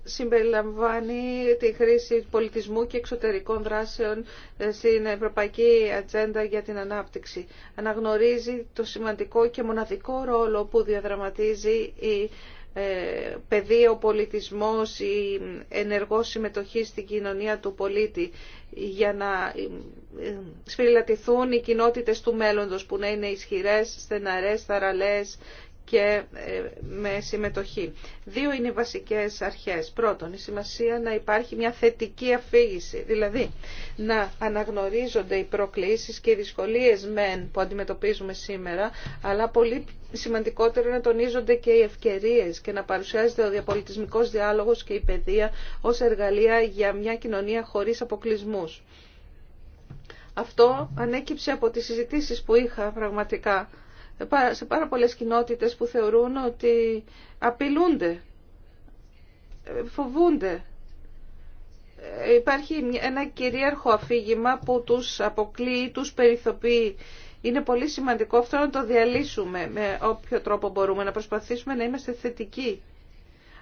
Συμπεριλαμβάνει τη χρήση πολιτισμού και εξωτερικών δράσεων ε, στην Ευρωπαϊκή Ατζέντα για την Ανάπτυξη. Αναγνωρίζει το σημαντικό και μοναδικό ρόλο που διαδραματίζει η ε, πεδίο πολιτισμός, η ενεργό συμμετοχή στην κοινωνία του πολίτη για να ε, ε, σφυλατηθούν οι κοινότητες του μέλλοντος που να είναι ισχυρές, στεναρές, θαραλές και ε, με συμμετοχή. Δύο είναι οι βασικές αρχές. Πρώτον, η σημασία να υπάρχει μια θετική αφήγηση, δηλαδή να αναγνωρίζονται οι προκλήσεις και οι δυσκολίες μεν που αντιμετωπίζουμε σήμερα, αλλά πολύ σημαντικότερο είναι να τονίζονται και οι ευκαιρίες και να παρουσιάζεται ο διαπολιτισμικός διάλογος και η παιδεία ως εργαλεία για μια κοινωνία χωρίς αποκλεισμούς. Αυτό ανέκυψε από τις συζητήσεις που είχα πραγματικά σε πάρα πολλές κοινότητες που θεωρούν ότι απειλούνται, φοβούνται. Υπάρχει ένα κυρίαρχο αφήγημα που τους αποκλείει, τους περιθωποιεί. Είναι πολύ σημαντικό αυτό να το διαλύσουμε με όποιο τρόπο μπορούμε, να προσπαθήσουμε να είμαστε θετικοί.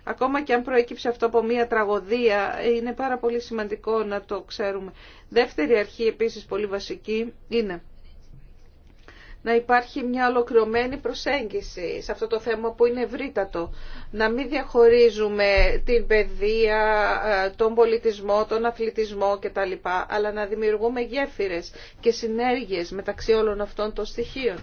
Ακόμα και αν προέκυψε αυτό από μια τραγωδία, είναι πάρα πολύ σημαντικό να το ξέρουμε. Δεύτερη αρχή επίσης πολύ βασική είναι να υπάρχει μια ολοκληρωμένη προσέγγιση σε αυτό το θέμα που είναι ευρύτατο. Να μην διαχωρίζουμε την παιδεία, ε, τον πολιτισμό, τον αθλητισμό κτλ. Αλλά να δημιουργούμε γέφυρες και συνέργειες μεταξύ όλων αυτών των στοιχείων.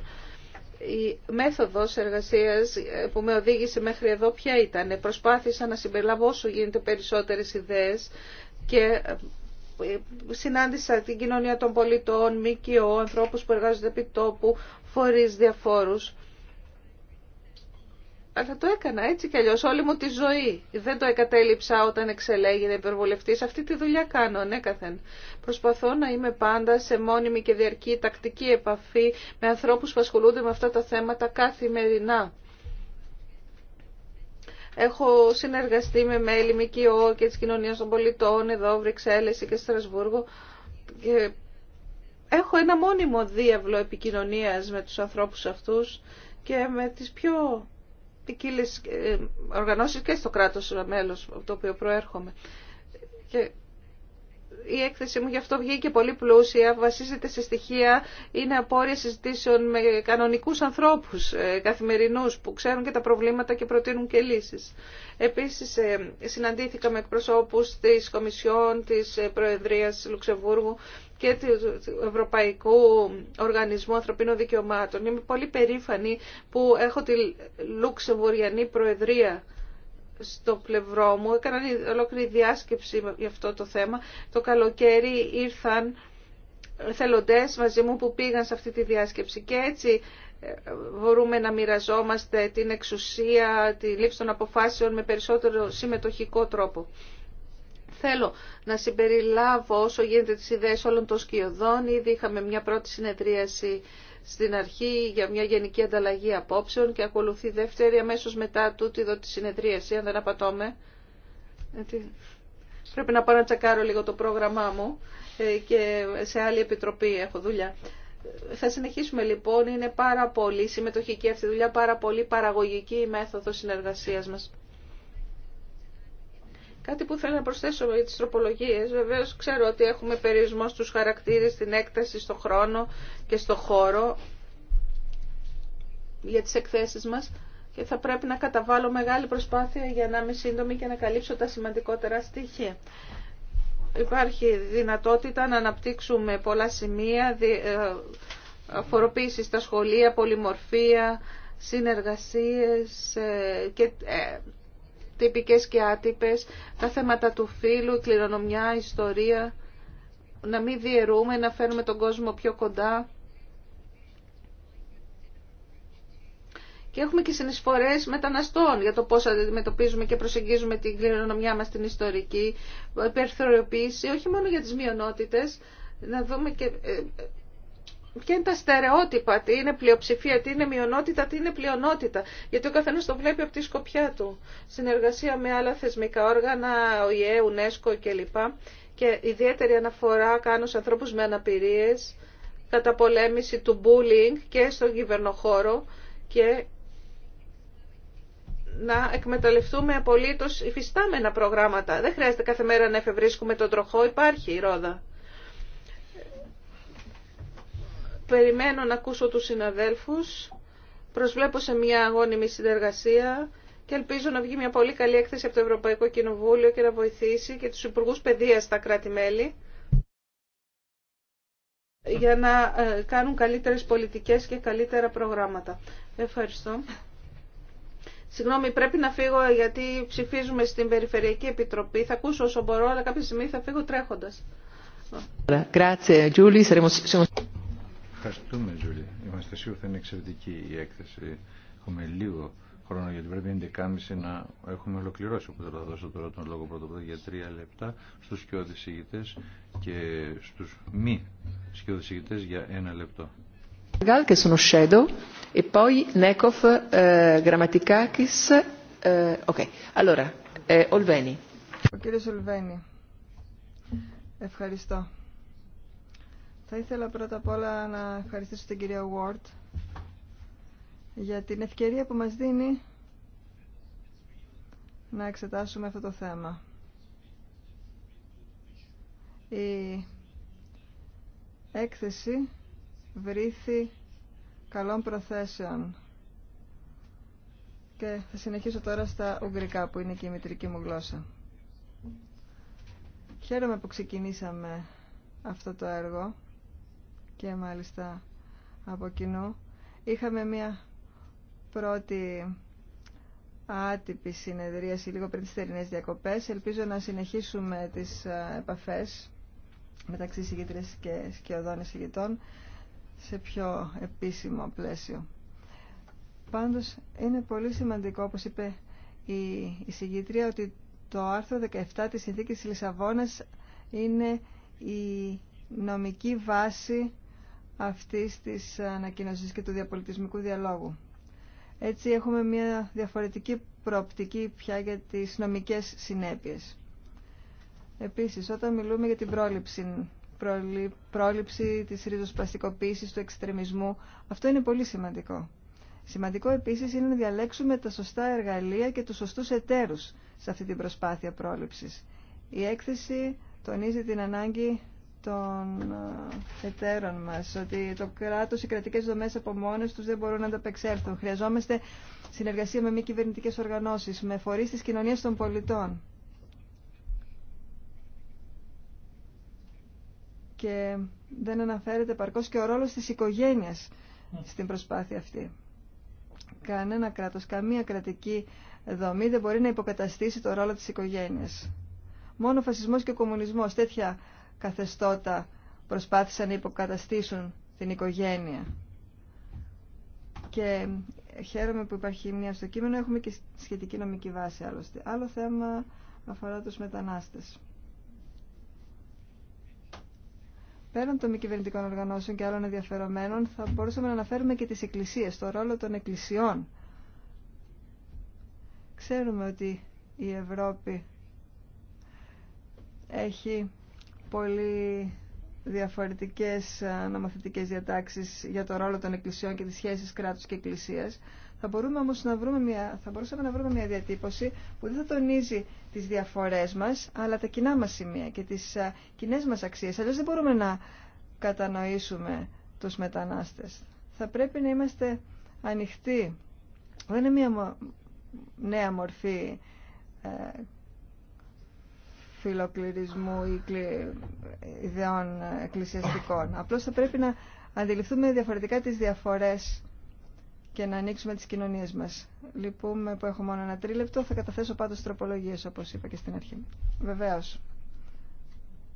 Η μέθοδος εργασίας ε, που με οδήγησε μέχρι εδώ ποια ήταν. Προσπάθησα να συμπεριλάβω όσο γίνεται περισσότερες ιδέες και συνάντησα την κοινωνία των πολιτών, ΜΚΟ, ανθρώπους που εργάζονται επί τόπου, φορείς διαφόρους. Αλλά το έκανα έτσι κι αλλιώς όλη μου τη ζωή. Δεν το εκατέλειψα όταν εξελέγει να υπερβολευτής. Αυτή τη δουλειά κάνω, ναι, καθεν. Προσπαθώ να είμαι πάντα σε μόνιμη και διαρκή τακτική επαφή με ανθρώπους που ασχολούνται με αυτά τα θέματα καθημερινά. Έχω συνεργαστεί με μέλη ΜΚΟ και τη κοινωνία των πολιτών εδώ, Βρυξέλλες και Στρασβούργο. Και έχω ένα μόνιμο διάβλο επικοινωνίας με τους ανθρώπους αυτούς και με τις πιο ποικίλε ε, οργανώσεις και στο κράτος μέλος από το οποίο προέρχομαι η έκθεση μου γι' αυτό βγήκε πολύ πλούσια, βασίζεται σε στοιχεία, είναι απόρρια συζητήσεων με κανονικούς ανθρώπους ε, καθημερινούς που ξέρουν και τα προβλήματα και προτείνουν και λύσεις. Επίσης ε, συναντήθηκα με εκπροσώπους της Κομισιόν, της ε, Προεδρίας Λουξεμβούργου και του Ευρωπαϊκού Οργανισμού Ανθρωπίνων Δικαιωμάτων. Είμαι πολύ περήφανη που έχω τη Λουξεμβουριανή Προεδρία στο πλευρό μου, έκαναν ολόκληρη διάσκεψη για αυτό το θέμα. Το καλοκαίρι ήρθαν θελοντές μαζί μου που πήγαν σε αυτή τη διάσκεψη και έτσι ε, μπορούμε να μοιραζόμαστε την εξουσία, τη λήψη των αποφάσεων με περισσότερο συμμετοχικό τρόπο. Θέλω να συμπεριλάβω όσο γίνεται τις ιδέες όλων των σκιωδών. Ήδη είχαμε μια πρώτη συνεδρίαση στην αρχή για μια γενική ανταλλαγή απόψεων και ακολουθεί δεύτερη αμέσως μετά τούτη εδώ τη συνεδρίαση, αν δεν απατώμε. Πρέπει να πάω να τσακάρω λίγο το πρόγραμμά μου ε, και σε άλλη επιτροπή έχω δουλειά. Θα συνεχίσουμε λοιπόν, είναι πάρα πολύ συμμετοχική αυτή η δουλειά, πάρα πολύ παραγωγική η μέθοδος συνεργασίας μας. Κάτι που θέλω να προσθέσω για τις τροπολογίες. Βεβαίως ξέρω ότι έχουμε περιορισμό στους χαρακτήρες, στην έκταση, στο χρόνο και στο χώρο για τις εκθέσεις μας και θα πρέπει να καταβάλω μεγάλη προσπάθεια για να είμαι σύντομη και να καλύψω τα σημαντικότερα στοιχεία. Υπάρχει δυνατότητα να αναπτύξουμε πολλά σημεία, ε, αφοροποίηση στα σχολεία, πολυμορφία, συνεργασίες ε, και ε, τυπικές και άτυπες, τα θέματα του φίλου, η κληρονομιά, η ιστορία, να μην διαιρούμε, να φέρουμε τον κόσμο πιο κοντά. Και έχουμε και συνεισφορές μεταναστών για το πώς αντιμετωπίζουμε και προσεγγίζουμε την κληρονομιά μας την ιστορική, υπερθωριοποίηση, όχι μόνο για τις μειονότητες, να δούμε και ε, ποια είναι τα στερεότυπα, τι είναι πλειοψηφία, τι είναι μειονότητα, τι είναι πλειονότητα. Γιατί ο καθένα το βλέπει από τη σκοπιά του. Συνεργασία με άλλα θεσμικά όργανα, ΟΗΕ, UNESCO κλπ. Και ιδιαίτερη αναφορά κάνω σε ανθρώπους με αναπηρίες, καταπολέμηση του bullying και στον κυβερνοχώρο και να εκμεταλλευτούμε απολύτως υφιστάμενα προγράμματα. Δεν χρειάζεται κάθε μέρα να εφευρίσκουμε τον τροχό, υπάρχει η ρόδα. περιμένω να ακούσω τους συναδέλφους. Προσβλέπω σε μια αγώνιμη συνεργασία και ελπίζω να βγει μια πολύ καλή έκθεση από το Ευρωπαϊκό Κοινοβούλιο και να βοηθήσει και τους Υπουργούς Παιδείας στα κράτη-μέλη για να ε, κάνουν καλύτερες πολιτικές και καλύτερα προγράμματα. Ευχαριστώ. Συγγνώμη, πρέπει να φύγω γιατί ψηφίζουμε στην Περιφερειακή Επιτροπή. Θα ακούσω όσο μπορώ, αλλά κάποια στιγμή θα φύγω τρέχοντας. Ευχαριστούμε, Ζουλή. Είμαστε σίγουροι ότι είναι εξαιρετική η έκθεση. Έχουμε λίγο χρόνο γιατί πρέπει 11.30 να έχουμε ολοκληρώσει. Οπότε θα δώσω τώρα τον λόγο πρώτα πρώτα για τρία λεπτά στου σκιώδει ηγητέ και στου μη σκιώδει ηγητέ για ένα λεπτό. Ο κύριος Ολβένη. Ευχαριστώ. Θα ήθελα πρώτα απ' όλα να ευχαριστήσω την κυρία Ward για την ευκαιρία που μας δίνει να εξετάσουμε αυτό το θέμα. Η έκθεση βρήθη καλών προθέσεων και θα συνεχίσω τώρα στα ουγγρικά που είναι και η μητρική μου γλώσσα. Χαίρομαι που ξεκινήσαμε αυτό το έργο και μάλιστα από κοινού. Είχαμε μια πρώτη άτυπη συνεδρίαση λίγο πριν τις θερινές διακοπές. Ελπίζω να συνεχίσουμε τις ε, επαφές μεταξύ συγκήτρες και σκιωδών εισηγητών σε πιο επίσημο πλαίσιο. Πάντως είναι πολύ σημαντικό, όπως είπε η εισηγήτρια, ότι το άρθρο 17 της Συνθήκης Λισαβόνας είναι η νομική βάση αυτής της ανακοίνωσης και του διαπολιτισμικού διαλόγου. Έτσι έχουμε μια διαφορετική προοπτική πια για τις νομικές συνέπειες. Επίσης, όταν μιλούμε για την πρόληψη, πρόληψη της ριζοσπαστικοποίησης, του εξτρεμισμού, αυτό είναι πολύ σημαντικό. Σημαντικό επίσης είναι να διαλέξουμε τα σωστά εργαλεία και τους σωστούς εταίρους σε αυτή την προσπάθεια πρόληψης. Η έκθεση τονίζει την ανάγκη των ε, εταίρων μας, ότι το κράτος, οι κρατικές δομές από μόνες τους δεν μπορούν να ανταπεξέλθουν. Χρειαζόμαστε συνεργασία με μη κυβερνητικές οργανώσεις, με φορείς της κοινωνίας των πολιτών. Και δεν αναφέρεται παρκώς και ο ρόλος της οικογένειας στην προσπάθεια αυτή. Κανένα κράτος, καμία κρατική δομή δεν μπορεί να υποκαταστήσει το ρόλο της οικογένειας. Μόνο ο φασισμός και ο κομμουνισμός, τέτοια καθεστώτα προσπάθησαν να υποκαταστήσουν την οικογένεια. Και χαίρομαι που υπάρχει μία στο κείμενο, έχουμε και σχετική νομική βάση άλλωστε. Άλλο θέμα αφορά τους μετανάστες. Πέραν των μη κυβερνητικών οργανώσεων και άλλων ενδιαφερομένων, θα μπορούσαμε να αναφέρουμε και τις εκκλησίες, το ρόλο των εκκλησιών. Ξέρουμε ότι η Ευρώπη έχει πολύ διαφορετικές ε, νομοθετικές διατάξεις για το ρόλο των εκκλησιών και τις σχέσεις κράτους και εκκλησίας. Θα, μπορούμε όμως να βρούμε μια, θα μπορούσαμε να βρούμε μια διατύπωση που δεν θα τονίζει τις διαφορές μας, αλλά τα κοινά μας σημεία και τις ε, κοινέ μας αξίες. Αλλιώς δεν μπορούμε να κατανοήσουμε τους μετανάστες. Θα πρέπει να είμαστε ανοιχτοί. Δεν είναι μια νέα μορφή ε, φιλοκληρισμού ή ιδεών εκκλησιαστικών. Απλώς θα πρέπει να αντιληφθούμε διαφορετικά τις διαφορές και να ανοίξουμε τις κοινωνίες μας. Λυπούμε που έχω μόνο ένα τρίλεπτο, θα καταθέσω πάντως τροπολογίες όπως είπα και στην αρχή. Βεβαίως,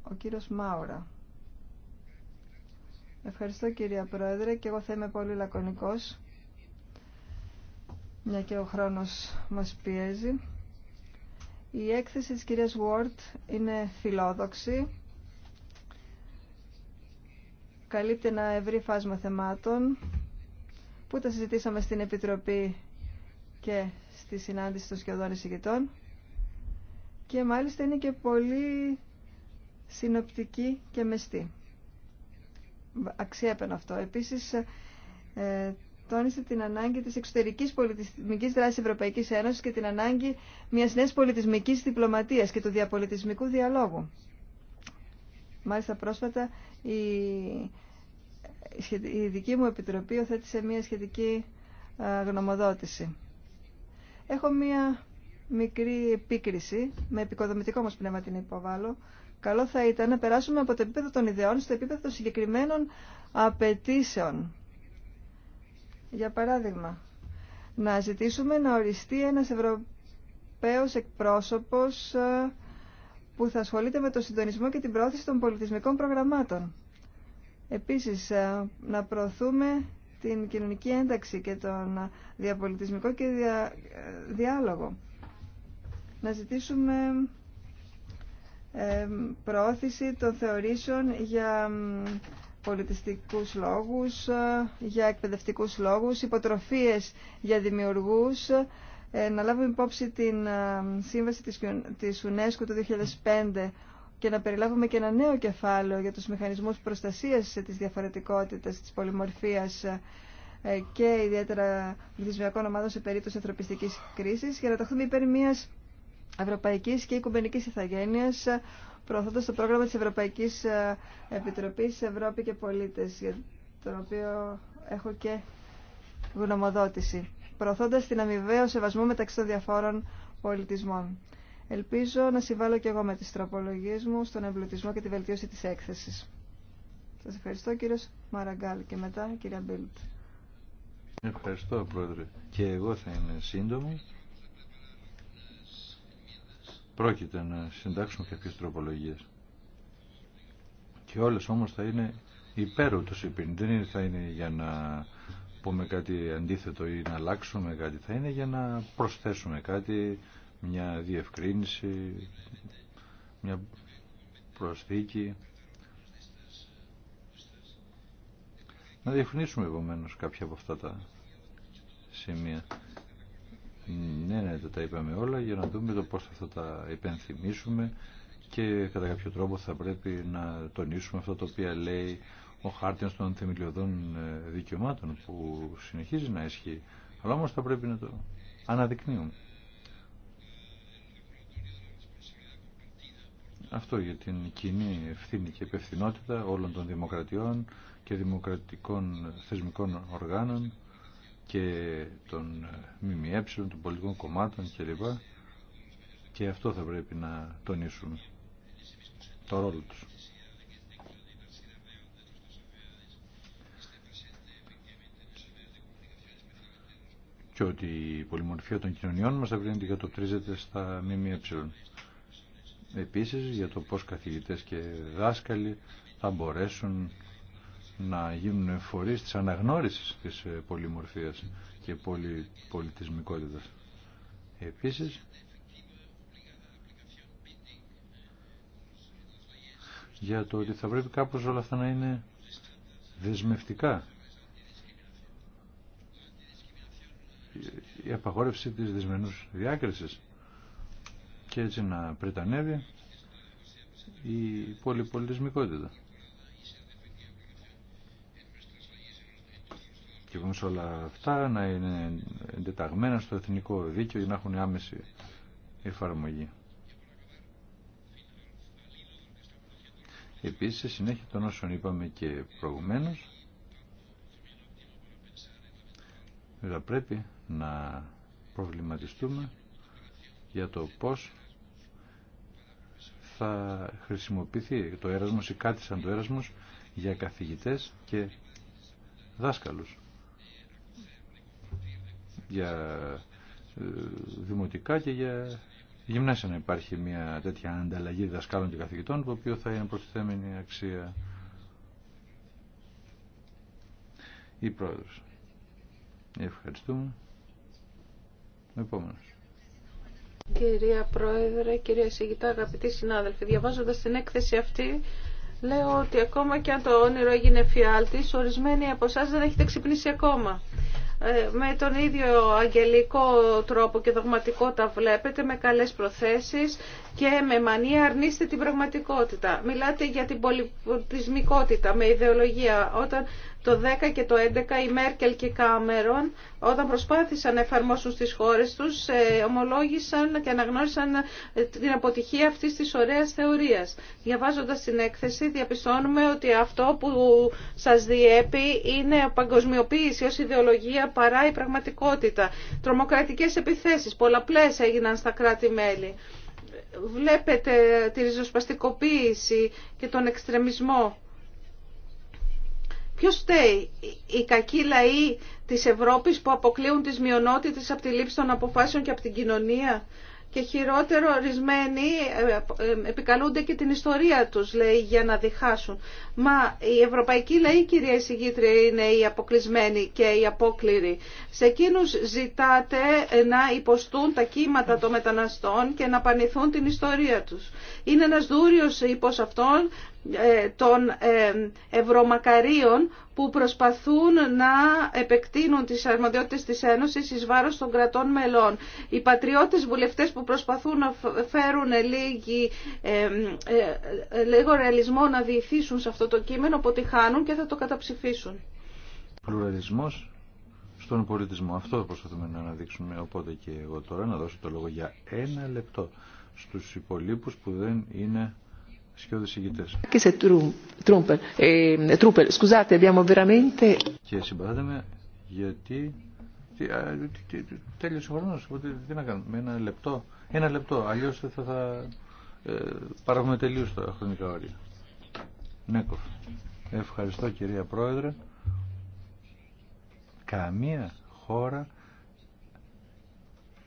ο κύριος Μάουρα. Ευχαριστώ κυρία Πρόεδρε και εγώ θα είμαι πολύ λακωνικός, μια και ο χρόνος μας πιέζει. Η έκθεση της κυρίας Ward είναι φιλόδοξη. Καλύπτει ένα ευρύ φάσμα θεμάτων που τα συζητήσαμε στην Επιτροπή και στη συνάντηση των σχεδόν εισηγητών και μάλιστα είναι και πολύ συνοπτική και μεστή. Αξιέπαινο αυτό. Επίσης, ε, τόνισε την ανάγκη της εξωτερικής πολιτισμικής δράσης Ευρωπαϊκής Ένωσης και την ανάγκη μιας νέας πολιτισμικής διπλωματίας και του διαπολιτισμικού διαλόγου. Μάλιστα πρόσφατα η, η δική μου επιτροπή οθέτησε μια σχετική ε, γνωμοδότηση. Έχω μια μικρή επίκριση, με επικοδομητικό μας πνεύμα την υποβάλλω. Καλό θα ήταν να περάσουμε από το επίπεδο των ιδεών στο επίπεδο των συγκεκριμένων απαιτήσεων για παράδειγμα, να ζητήσουμε να οριστεί ένας Ευρωπαίος εκπρόσωπος ε, που θα ασχολείται με το συντονισμό και την πρόθεση των πολιτισμικών προγραμμάτων. Επίσης, ε, να προωθούμε την κοινωνική ένταξη και τον διαπολιτισμικό και δια... Ε, διάλογο. Να ζητήσουμε προώθηση των θεωρήσεων για πολιτιστικούς λόγους, ε, για εκπαιδευτικούς λόγους, υποτροφίες για δημιουργούς, ε, να λάβουμε υπόψη την ε, σύμβαση της UNESCO του 2005 και να περιλάβουμε και ένα νέο κεφάλαιο για τους μηχανισμούς προστασίας της διαφορετικότητας, της πολυμορφίας και ιδιαίτερα πληθυσμιακών ομάδων σε περίπτωση ανθρωπιστικής κρίσης για να ταχθούμε υπέρ μιας ευρωπαϊκής και οικουμενικής ηθαγένειας προωθώντα το πρόγραμμα τη Ευρωπαϊκή ε, Επιτροπή Ευρώπη και Πολίτε, για τον οποίο έχω και γνωμοδότηση, Προωθώντα την αμοιβαίο σεβασμό μεταξύ των διαφόρων πολιτισμών. Ελπίζω να συμβάλλω και εγώ με τις τροπολογίες μου στον εμπλουτισμό και τη βελτίωση της έκθεσης. Σας ευχαριστώ κύριος Μαραγκάλ και μετά κύριε Μπίλτ. Ευχαριστώ πρόεδρε. Και εγώ θα είμαι σύντομη πρόκειται να συντάξουμε κάποιες τροπολογίες. Και όλες όμως θα είναι υπέρ ούτως Δεν θα είναι για να πούμε κάτι αντίθετο ή να αλλάξουμε κάτι. Θα είναι για να προσθέσουμε κάτι, μια διευκρίνηση, μια προσθήκη. Να διευκρινίσουμε επομένως κάποια από αυτά τα σημεία. Mm, ναι, ναι, τα είπαμε όλα για να δούμε το πώς θα τα υπενθυμίσουμε και κατά κάποιο τρόπο θα πρέπει να τονίσουμε αυτό το οποίο λέει ο χάρτης των θεμελιωδών ε, δικαιωμάτων που συνεχίζει να ισχύει. Αλλά όμως θα πρέπει να το αναδεικνύουμε. Αυτό για την κοινή ευθύνη και υπευθυνότητα όλων των δημοκρατιών και δημοκρατικών θεσμικών οργάνων και των ε, ΜΜΕ, των πολιτικών κομμάτων κλπ. Και αυτό θα πρέπει να τονίσουμε το ρόλο τους. και ότι η πολυμορφία των κοινωνιών μας θα πρέπει να αντικατοπτρίζεται στα ΜΜΕ. Επίσης για το πώς καθηγητές και δάσκαλοι θα μπορέσουν να γίνουν φορείς της αναγνώρισης της ε, πολυμορφίας και πολυπολιτισμικότητας. Επίσης, για το ότι θα πρέπει κάπως όλα αυτά να είναι δεσμευτικά. Η απαγόρευση της δεσμενούς διάκρισης και έτσι να πρετανεύει η πολυπολιτισμικότητα. κυβερνούσε όλα αυτά να είναι εντεταγμένα στο εθνικό δίκαιο για να έχουν άμεση εφαρμογή. Επίσης, σε συνέχεια των όσων είπαμε και προηγουμένως, θα πρέπει να προβληματιστούμε για το πώς θα χρησιμοποιηθεί το έρασμος ή κάτι σαν το έρασμος για καθηγητές και δάσκαλους για ε, δημοτικά και για γυμνάσια να υπάρχει μια τέτοια ανταλλαγή δασκάλων και καθηγητών το οποίο θα είναι προστιθέμενη αξία η πρόεδρος. Ευχαριστούμε. Επόμενος. Κυρία Πρόεδρε, κυρία Σιγητά, αγαπητοί συνάδελφοι, διαβάζοντας την έκθεση αυτή, λέω ότι ακόμα και αν το όνειρο έγινε φιάλτης, ορισμένοι από εσά δεν έχετε ξυπνήσει ακόμα με τον ίδιο αγγελικό τρόπο και δογματικό τα βλέπετε, με καλές προθέσεις και με μανία αρνείστε την πραγματικότητα. Μιλάτε για την πολιτισμικότητα με ιδεολογία. Όταν το 10 και το 11 η Μέρκελ και η Κάμερον όταν προσπάθησαν να εφαρμόσουν στις χώρες τους ε, ομολόγησαν και αναγνώρισαν ε, την αποτυχία αυτής της ωραίας θεωρίας. Διαβάζοντας την έκθεση διαπιστώνουμε ότι αυτό που σας διέπει είναι παγκοσμιοποίηση ως ιδεολογία παρά η πραγματικότητα. Τρομοκρατικές επιθέσεις, πολλαπλές έγιναν στα κράτη-μέλη. Βλέπετε τη ριζοσπαστικοποίηση και τον εξτρεμισμό Ποιος στέει, οι κακοί λαοί της Ευρώπης που αποκλείουν τις μειονότητες από τη λήψη των αποφάσεων και από την κοινωνία και χειρότερο ορισμένοι ε, ε, επικαλούνται και την ιστορία τους, λέει, για να διχάσουν. Μα η ευρωπαϊκή λαοί, κυρία εισηγήτρια, είναι οι αποκλεισμένοι και οι απόκληροι. Σε εκείνους ζητάτε να υποστούν τα κύματα των μεταναστών και να πανηθούν την ιστορία τους. Είναι ένας δούριος ύπος αυτών ε, των ε, ευρωμακαρίων που προσπαθούν να επεκτείνουν τις αρμοδιότητες της Ένωσης εις βάρος των κρατών μελών. Οι πατριώτες βουλευτές που προσπαθούν να φέρουν ε, λίγο ρεαλισμό να διηθήσουν σε αυτό το κείμενο αποτυχάνουν και θα το καταψηφίσουν. Πλουραλισμός στον πολιτισμό. Αυτό προσπαθούμε να αναδείξουμε οπότε και εγώ τώρα να δώσω το λόγο για ένα λεπτό στους υπολείπους που δεν είναι σκιώδες ehm, Και συμπαράτε με γιατί τέλειωσε ο χρόνος, οπότε τι να κάνουμε, ένα λεπτό, ένα λεπτό, αλλιώς θα, θα ε, παράγουμε τελείως τα χρονικά όρια. Νέκοφ. Ευχαριστώ κυρία Πρόεδρε. Καμία χώρα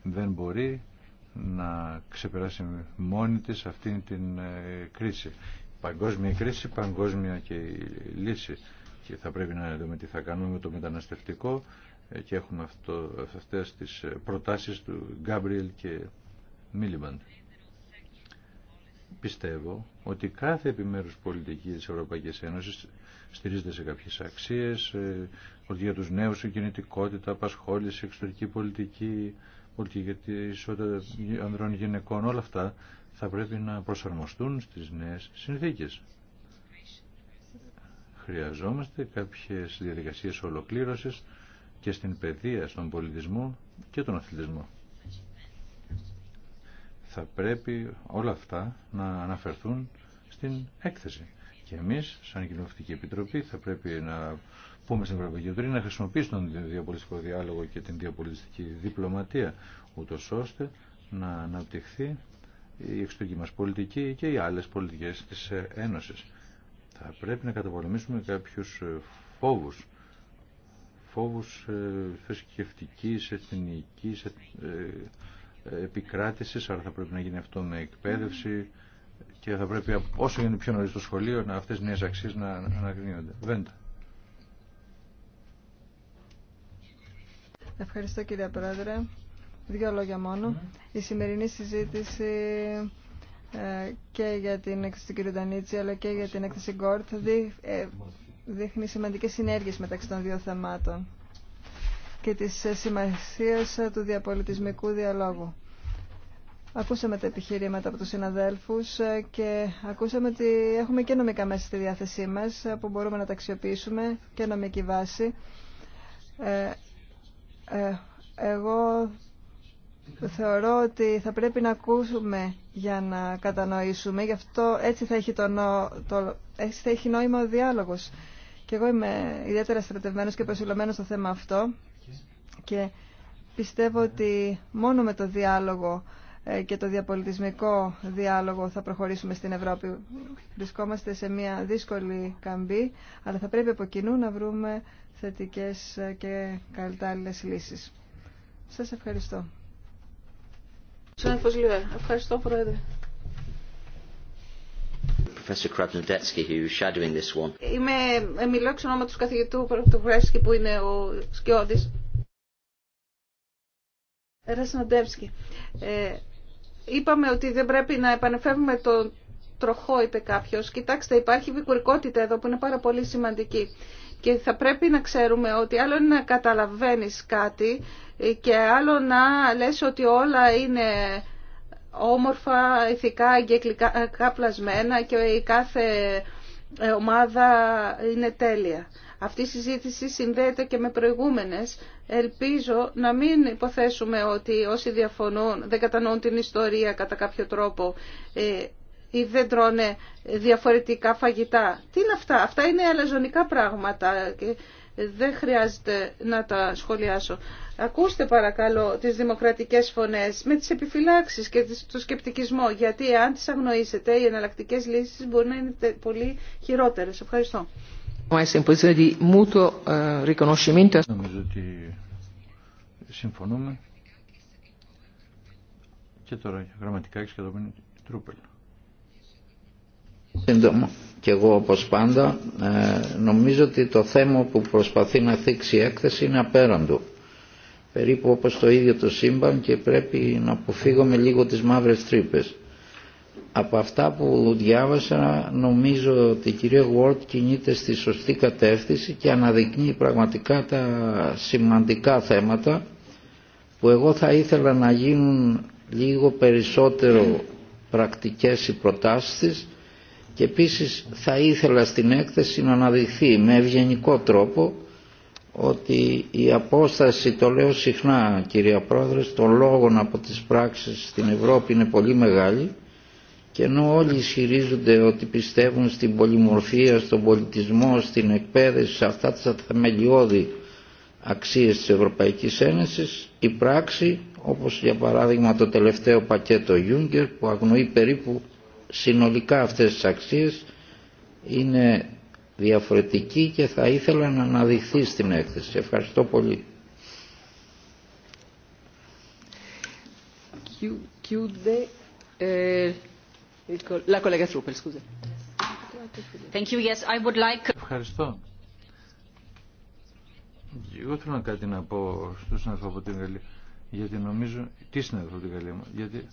δεν μπορεί να ξεπεράσει μόνη της αυτήν την ε, κρίση. Παγκόσμια κρίση, παγκόσμια και λύση. Και θα πρέπει να δούμε τι θα κάνουμε με το μεταναστευτικό ε, και έχουμε αυτό, αυτές τις ε, προτάσεις του Γκάμπριελ και Μίλιμπαν. Πιστεύω ότι κάθε επιμέρους πολιτική της Ευρωπαϊκής Ένωσης στηρίζεται σε κάποιες αξίες, ότι για τους νέους η κινητικότητα, απασχόληση, εξωτερική πολιτική, και για τη ισότητα ανδρών γυναικών, όλα αυτά θα πρέπει να προσαρμοστούν στις νέες συνθήκες. Χρειαζόμαστε κάποιες διαδικασίες ολοκλήρωσης και στην παιδεία, στον πολιτισμό και τον αθλητισμό. Θα πρέπει όλα αυτά να αναφερθούν στην έκθεση. Και εμείς, σαν Κοινοβουλευτική Επιτροπή, θα πρέπει να πούμε στην Ευρωπαϊκή Επιτροπή να χρησιμοποιήσουν τον διαπολιτικό διάλογο και την διαπολιτιστική διπλωματία, ούτω ώστε να αναπτυχθεί η εξωτερική μας πολιτική και οι άλλες πολιτικές της Ένωσης. Θα πρέπει να καταπολεμήσουμε κάποιους ε, φόβους, φόβους ε, θρησκευτική, εθνική ε, επικράτησης, άρα θα πρέπει να γίνει αυτό με εκπαίδευση και θα πρέπει όσο γίνει πιο νωρίς στο σχολείο να αυτές οι νέες αξίες να ανακρίνονται. Ευχαριστώ κύριε Πρόεδρε. Δύο λόγια μόνο. Η σημερινή συζήτηση ε, και για την έκθεση του αλλά και για την έκθεση Γκόρτ ε, δείχνει σημαντικές συνέργειες μεταξύ των δύο θεμάτων και της ε, σημασία του διαπολιτισμικού διαλόγου. Ακούσαμε τα επιχειρήματα από τους συναδέλφους και ακούσαμε ότι έχουμε και νομικά μέσα στη διάθεσή μας που μπορούμε να τα αξιοποιήσουμε και νομική βάση ε, εγώ θεωρώ ότι θα πρέπει να ακούσουμε για να κατανοήσουμε. Γι' αυτό έτσι θα έχει, το, το... έτσι νόημα ο διάλογος. Και εγώ είμαι ιδιαίτερα στρατευμένος και προσυλλομένος στο θέμα αυτό. Και πιστεύω ότι μόνο με το διάλογο ε, και το διαπολιτισμικό διάλογο θα προχωρήσουμε στην Ευρώπη. Βρισκόμαστε σε μια δύσκολη καμπή, αλλά θα πρέπει από κοινού να βρούμε θετικές και καλύτερες λύσεις. Σας ευχαριστώ. Ευχαριστώ, Πρόεδρε. Είμαι, ε, μιλώ εξ ονόματος του καθηγητού Βρέσκη που είναι ο Σκιώδης. Ρασναντεύσκη. Είπαμε ότι δεν πρέπει να επανεφεύγουμε τον τροχό, είπε κάποιο. Κοιτάξτε, υπάρχει βικουρικότητα εδώ που είναι πάρα πολύ σημαντική. Και θα πρέπει να ξέρουμε ότι άλλο είναι να καταλαβαίνει κάτι και άλλο να λες ότι όλα είναι όμορφα, ηθικά, εγκεκλικά πλασμένα και η κάθε ομάδα είναι τέλεια. Αυτή η συζήτηση συνδέεται και με προηγούμενες. Ελπίζω να μην υποθέσουμε ότι όσοι διαφωνούν δεν κατανοούν την ιστορία κατά κάποιο τρόπο ε, ή δεν τρώνε διαφορετικά φαγητά. Τι είναι αυτά. Αυτά είναι αλαζονικά πράγματα και δεν χρειάζεται να τα σχολιάσω. Ακούστε παρακαλώ τις δημοκρατικές φωνές με τις επιφυλάξεις και το σκεπτικισμό γιατί αν τις αγνοήσετε οι εναλλακτικές λύσεις μπορεί να είναι πολύ χειρότερες. Ευχαριστώ. Eh, νομίζω ότι συμφωνούμε. Και τώρα γραμματικά έχει την τρούπελ. Σύντομα. Και εγώ όπως πάντα ε, νομίζω ότι το θέμα που προσπαθεί να θίξει η έκθεση είναι απέραντο. Περίπου όπως το ίδιο το σύμπαν και πρέπει να αποφύγουμε λίγο τις μαύρες τρύπες από αυτά που διάβασα νομίζω ότι η κυρία Γουόρτ κινείται στη σωστή κατεύθυνση και αναδεικνύει πραγματικά τα σημαντικά θέματα που εγώ θα ήθελα να γίνουν λίγο περισσότερο πρακτικές οι προτάσεις και επίσης θα ήθελα στην έκθεση να αναδειχθεί με ευγενικό τρόπο ότι η απόσταση, το λέω συχνά κυρία Πρόεδρε, των λόγων από τις πράξεις στην Ευρώπη είναι πολύ μεγάλη και ενώ όλοι ισχυρίζονται ότι πιστεύουν στην πολυμορφία, στον πολιτισμό, στην εκπαίδευση, σε αυτά τα θεμελιώδη αξίες της Ευρωπαϊκής Ένωσης, η πράξη, όπως για παράδειγμα το τελευταίο πακέτο Juncker που αγνοεί περίπου συνολικά αυτές τις αξίες, είναι διαφορετική και θα ήθελα να αναδειχθεί στην έκθεση. Ευχαριστώ πολύ. Ε, Ευχαριστώ. Εγώ θέλω να κάτι να πω στον συνάδελφο από την Γαλλία. Γιατί νομίζω. Τι συνάδελφο από την Γαλλία μου. Γιατί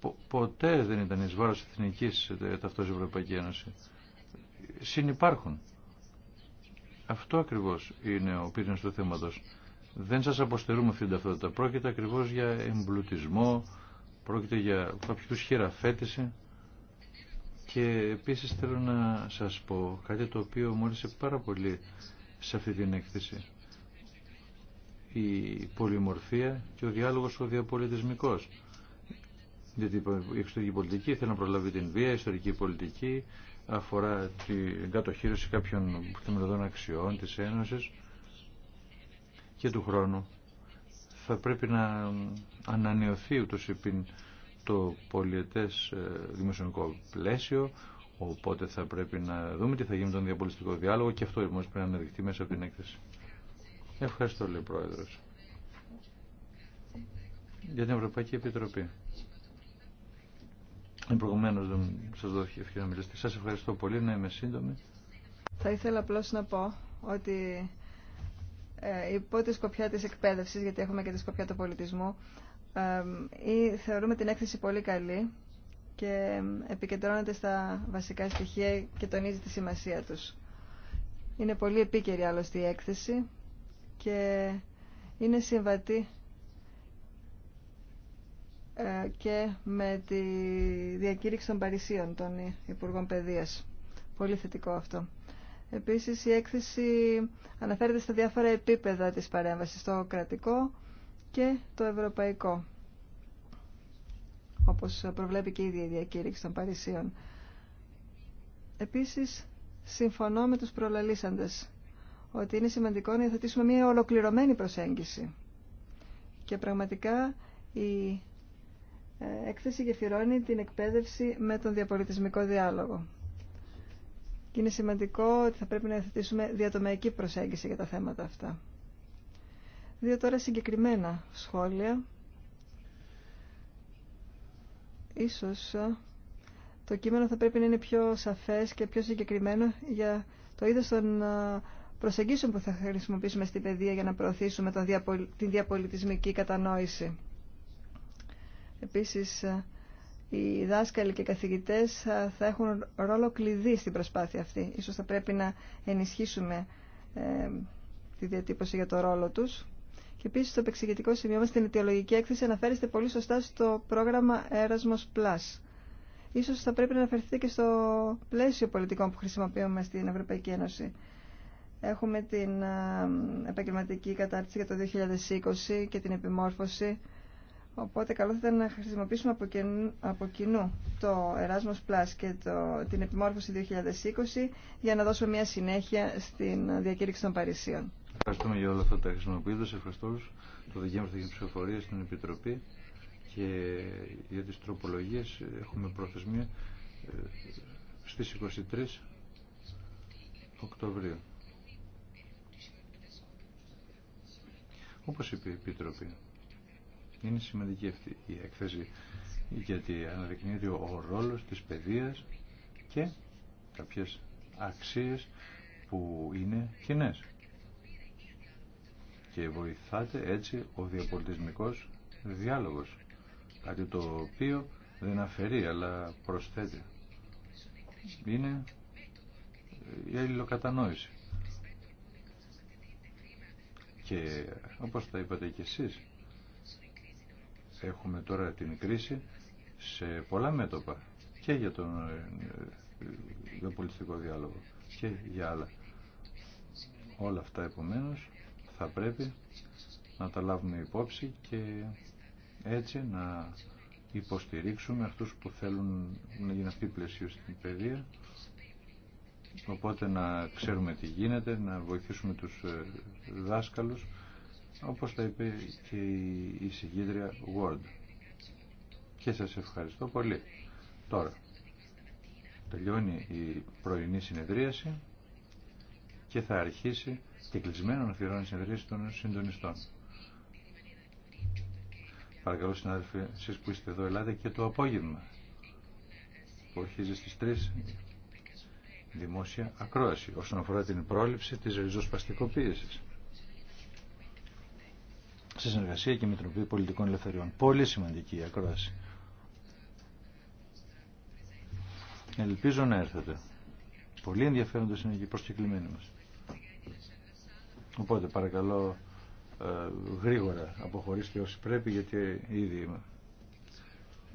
πο, ποτέ δεν ήταν ει βάρο εθνική ε, ε, ταυτό Ευρωπαϊκή Ένωση. Συνυπάρχουν. Αυτό ακριβώ είναι ο πύρινο του θέματο. Δεν σα αποστερούμε αυτή την ταυτότητα. Πρόκειται ακριβώ για εμπλουτισμό, Πρόκειται για κάποιους χειραφέτηση και επίσης θέλω να σας πω κάτι το οποίο μου άρεσε πάρα πολύ σε αυτή την έκθεση. Η πολυμορφία και ο διάλογος ο διαπολιτισμικός. Γιατί η εξωτερική πολιτική θέλει να προλάβει την βία, η ιστορική πολιτική αφορά την κατοχήρωση κάποιων θεμελιωδών αξιών της Ένωσης και του χρόνου θα πρέπει να ανανεωθεί ούτως επίν το πολιετές ε, δημοσιονομικό πλαίσιο, οπότε θα πρέπει να δούμε τι θα γίνει με τον διαπολιστικό διάλογο και αυτό όμως πρέπει να αναδειχθεί μέσα από την έκθεση. Ευχαριστώ, λέει Πρόεδρος. Για την Ευρωπαϊκή Επιτροπή. Ε, Προηγουμένω δεν σα δόθηκε ευκαιρία να μιλήσετε. Σα ευχαριστώ πολύ. Να είμαι σύντομη. Θα ήθελα απλώ να πω ότι ε, υπό τη σκοπιά της εκπαίδευσης, γιατί έχουμε και τη σκοπιά του πολιτισμού, ή θεωρούμε την έκθεση πολύ καλή και επικεντρώνεται στα βασικά στοιχεία και τονίζει τη σημασία τους. Είναι πολύ επίκαιρη άλλωστε η έκθεση και είναι συμβατή ε, και με τη διακήρυξη των Παρισίων των Υπουργών Παιδείας. Πολύ θετικό αυτό. Επίσης η έκθεση αναφέρεται στα διάφορα επίπεδα της παρέμβασης, το κρατικό και το ευρωπαϊκό, όπως προβλέπει και η ίδια η διακήρυξη των Παρισίων. Επίσης, συμφωνώ με τους προλαλήσαντες ότι είναι σημαντικό να υιοθετήσουμε μια ολοκληρωμένη προσέγγιση. Και πραγματικά η ε, έκθεση γεφυρώνει την εκπαίδευση με τον διαπολιτισμικό διάλογο. Και είναι σημαντικό ότι θα πρέπει να υιοθετήσουμε διατομιακή προσέγγιση για τα θέματα αυτά. Δύο τώρα συγκεκριμένα σχόλια. Ίσως ε, το κείμενο θα πρέπει να είναι πιο σαφές και πιο συγκεκριμένο για το είδος των ε, προσεγγίσεων που θα χρησιμοποιήσουμε στην παιδεία για να προωθήσουμε την διαπολιτισμική κατανόηση. Επίσης, ε, οι δάσκαλοι και οι καθηγητές θα έχουν ρόλο κλειδί στην προσπάθεια αυτή. Ίσως θα πρέπει να ενισχύσουμε ε, τη διατύπωση για το ρόλο τους. Και επίσης στο επεξηγητικό σημείο μας στην αιτιολογική έκθεση αναφέρεστε πολύ σωστά στο πρόγραμμα Erasmus Plus. Ίσως θα πρέπει να αναφερθείτε και στο πλαίσιο πολιτικών που χρησιμοποιούμε στην Ευρωπαϊκή Ένωση. Έχουμε την επαγγελματική κατάρτιση για το 2020 και την επιμόρφωση Οπότε καλό θα ήταν να χρησιμοποιήσουμε από κοινού το Erasmus Plus και το, την επιμόρφωση 2020 για να δώσουμε μια συνέχεια στην διακήρυξη των Παρισίων. Ευχαριστούμε για όλα αυτά τα χρησιμοποιητά. Ευχαριστώ όλους. Το Δικαίωμα θα γίνει ψηφοφορία στην Επιτροπή και για τις τροπολογίες έχουμε προθεσμία ε, στις 23 Οκτωβρίου. Όπως είπε η Επιτροπή. Είναι σημαντική αυτή η έκθεση γιατί αναδεικνύεται ο ρόλος της παιδείας και κάποιες αξίες που είναι κοινέ. Και βοηθάτε έτσι ο διαπολιτισμικός διάλογος, κάτι το οποίο δεν αφαιρεί αλλά προσθέτει. Είναι η αλληλοκατανόηση. Και όπως τα είπατε και εσείς, Έχουμε τώρα την κρίση σε πολλά μέτωπα και για τον, γεωπολιτικό ε, διάλογο και για άλλα. Όλα αυτά επομένως θα πρέπει να τα λάβουμε υπόψη και έτσι να υποστηρίξουμε αυτούς που θέλουν να γίνει αυτή η πλαισίου στην παιδεία οπότε να ξέρουμε τι γίνεται, να βοηθήσουμε τους ε, δάσκαλους όπως τα είπε και η συγκίδρια Word. Και σας ευχαριστώ πολύ. Τώρα, τελειώνει η πρωινή συνεδρίαση και θα αρχίσει και κλεισμένο να η συνεδρίαση των συντονιστών. Παρακαλώ συνάδελφοι, εσείς που είστε εδώ, ελάτε και το απόγευμα που αρχίζει στις 3 δημόσια ακρόαση όσον αφορά την πρόληψη της ριζοσπαστικοποίησης σε συνεργασία και με την Επιτροπή πολιτικών ελευθεριών. Πολύ σημαντική η ακρόαση. Ελπίζω να έρθετε. Πολύ ενδιαφέροντος είναι και προσκεκλημένοι μας. Οπότε παρακαλώ ε, γρήγορα αποχωρήστε όσοι πρέπει γιατί ήδη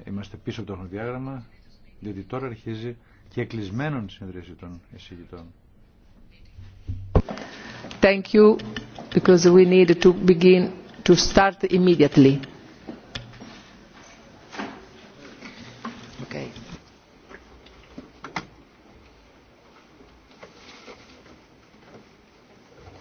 είμαστε πίσω από το χρονοδιάγραμμα γιατί τώρα αρχίζει και κλεισμένων συνεδρίαση των εισηγητών. Thank you because we need to begin to start immediately.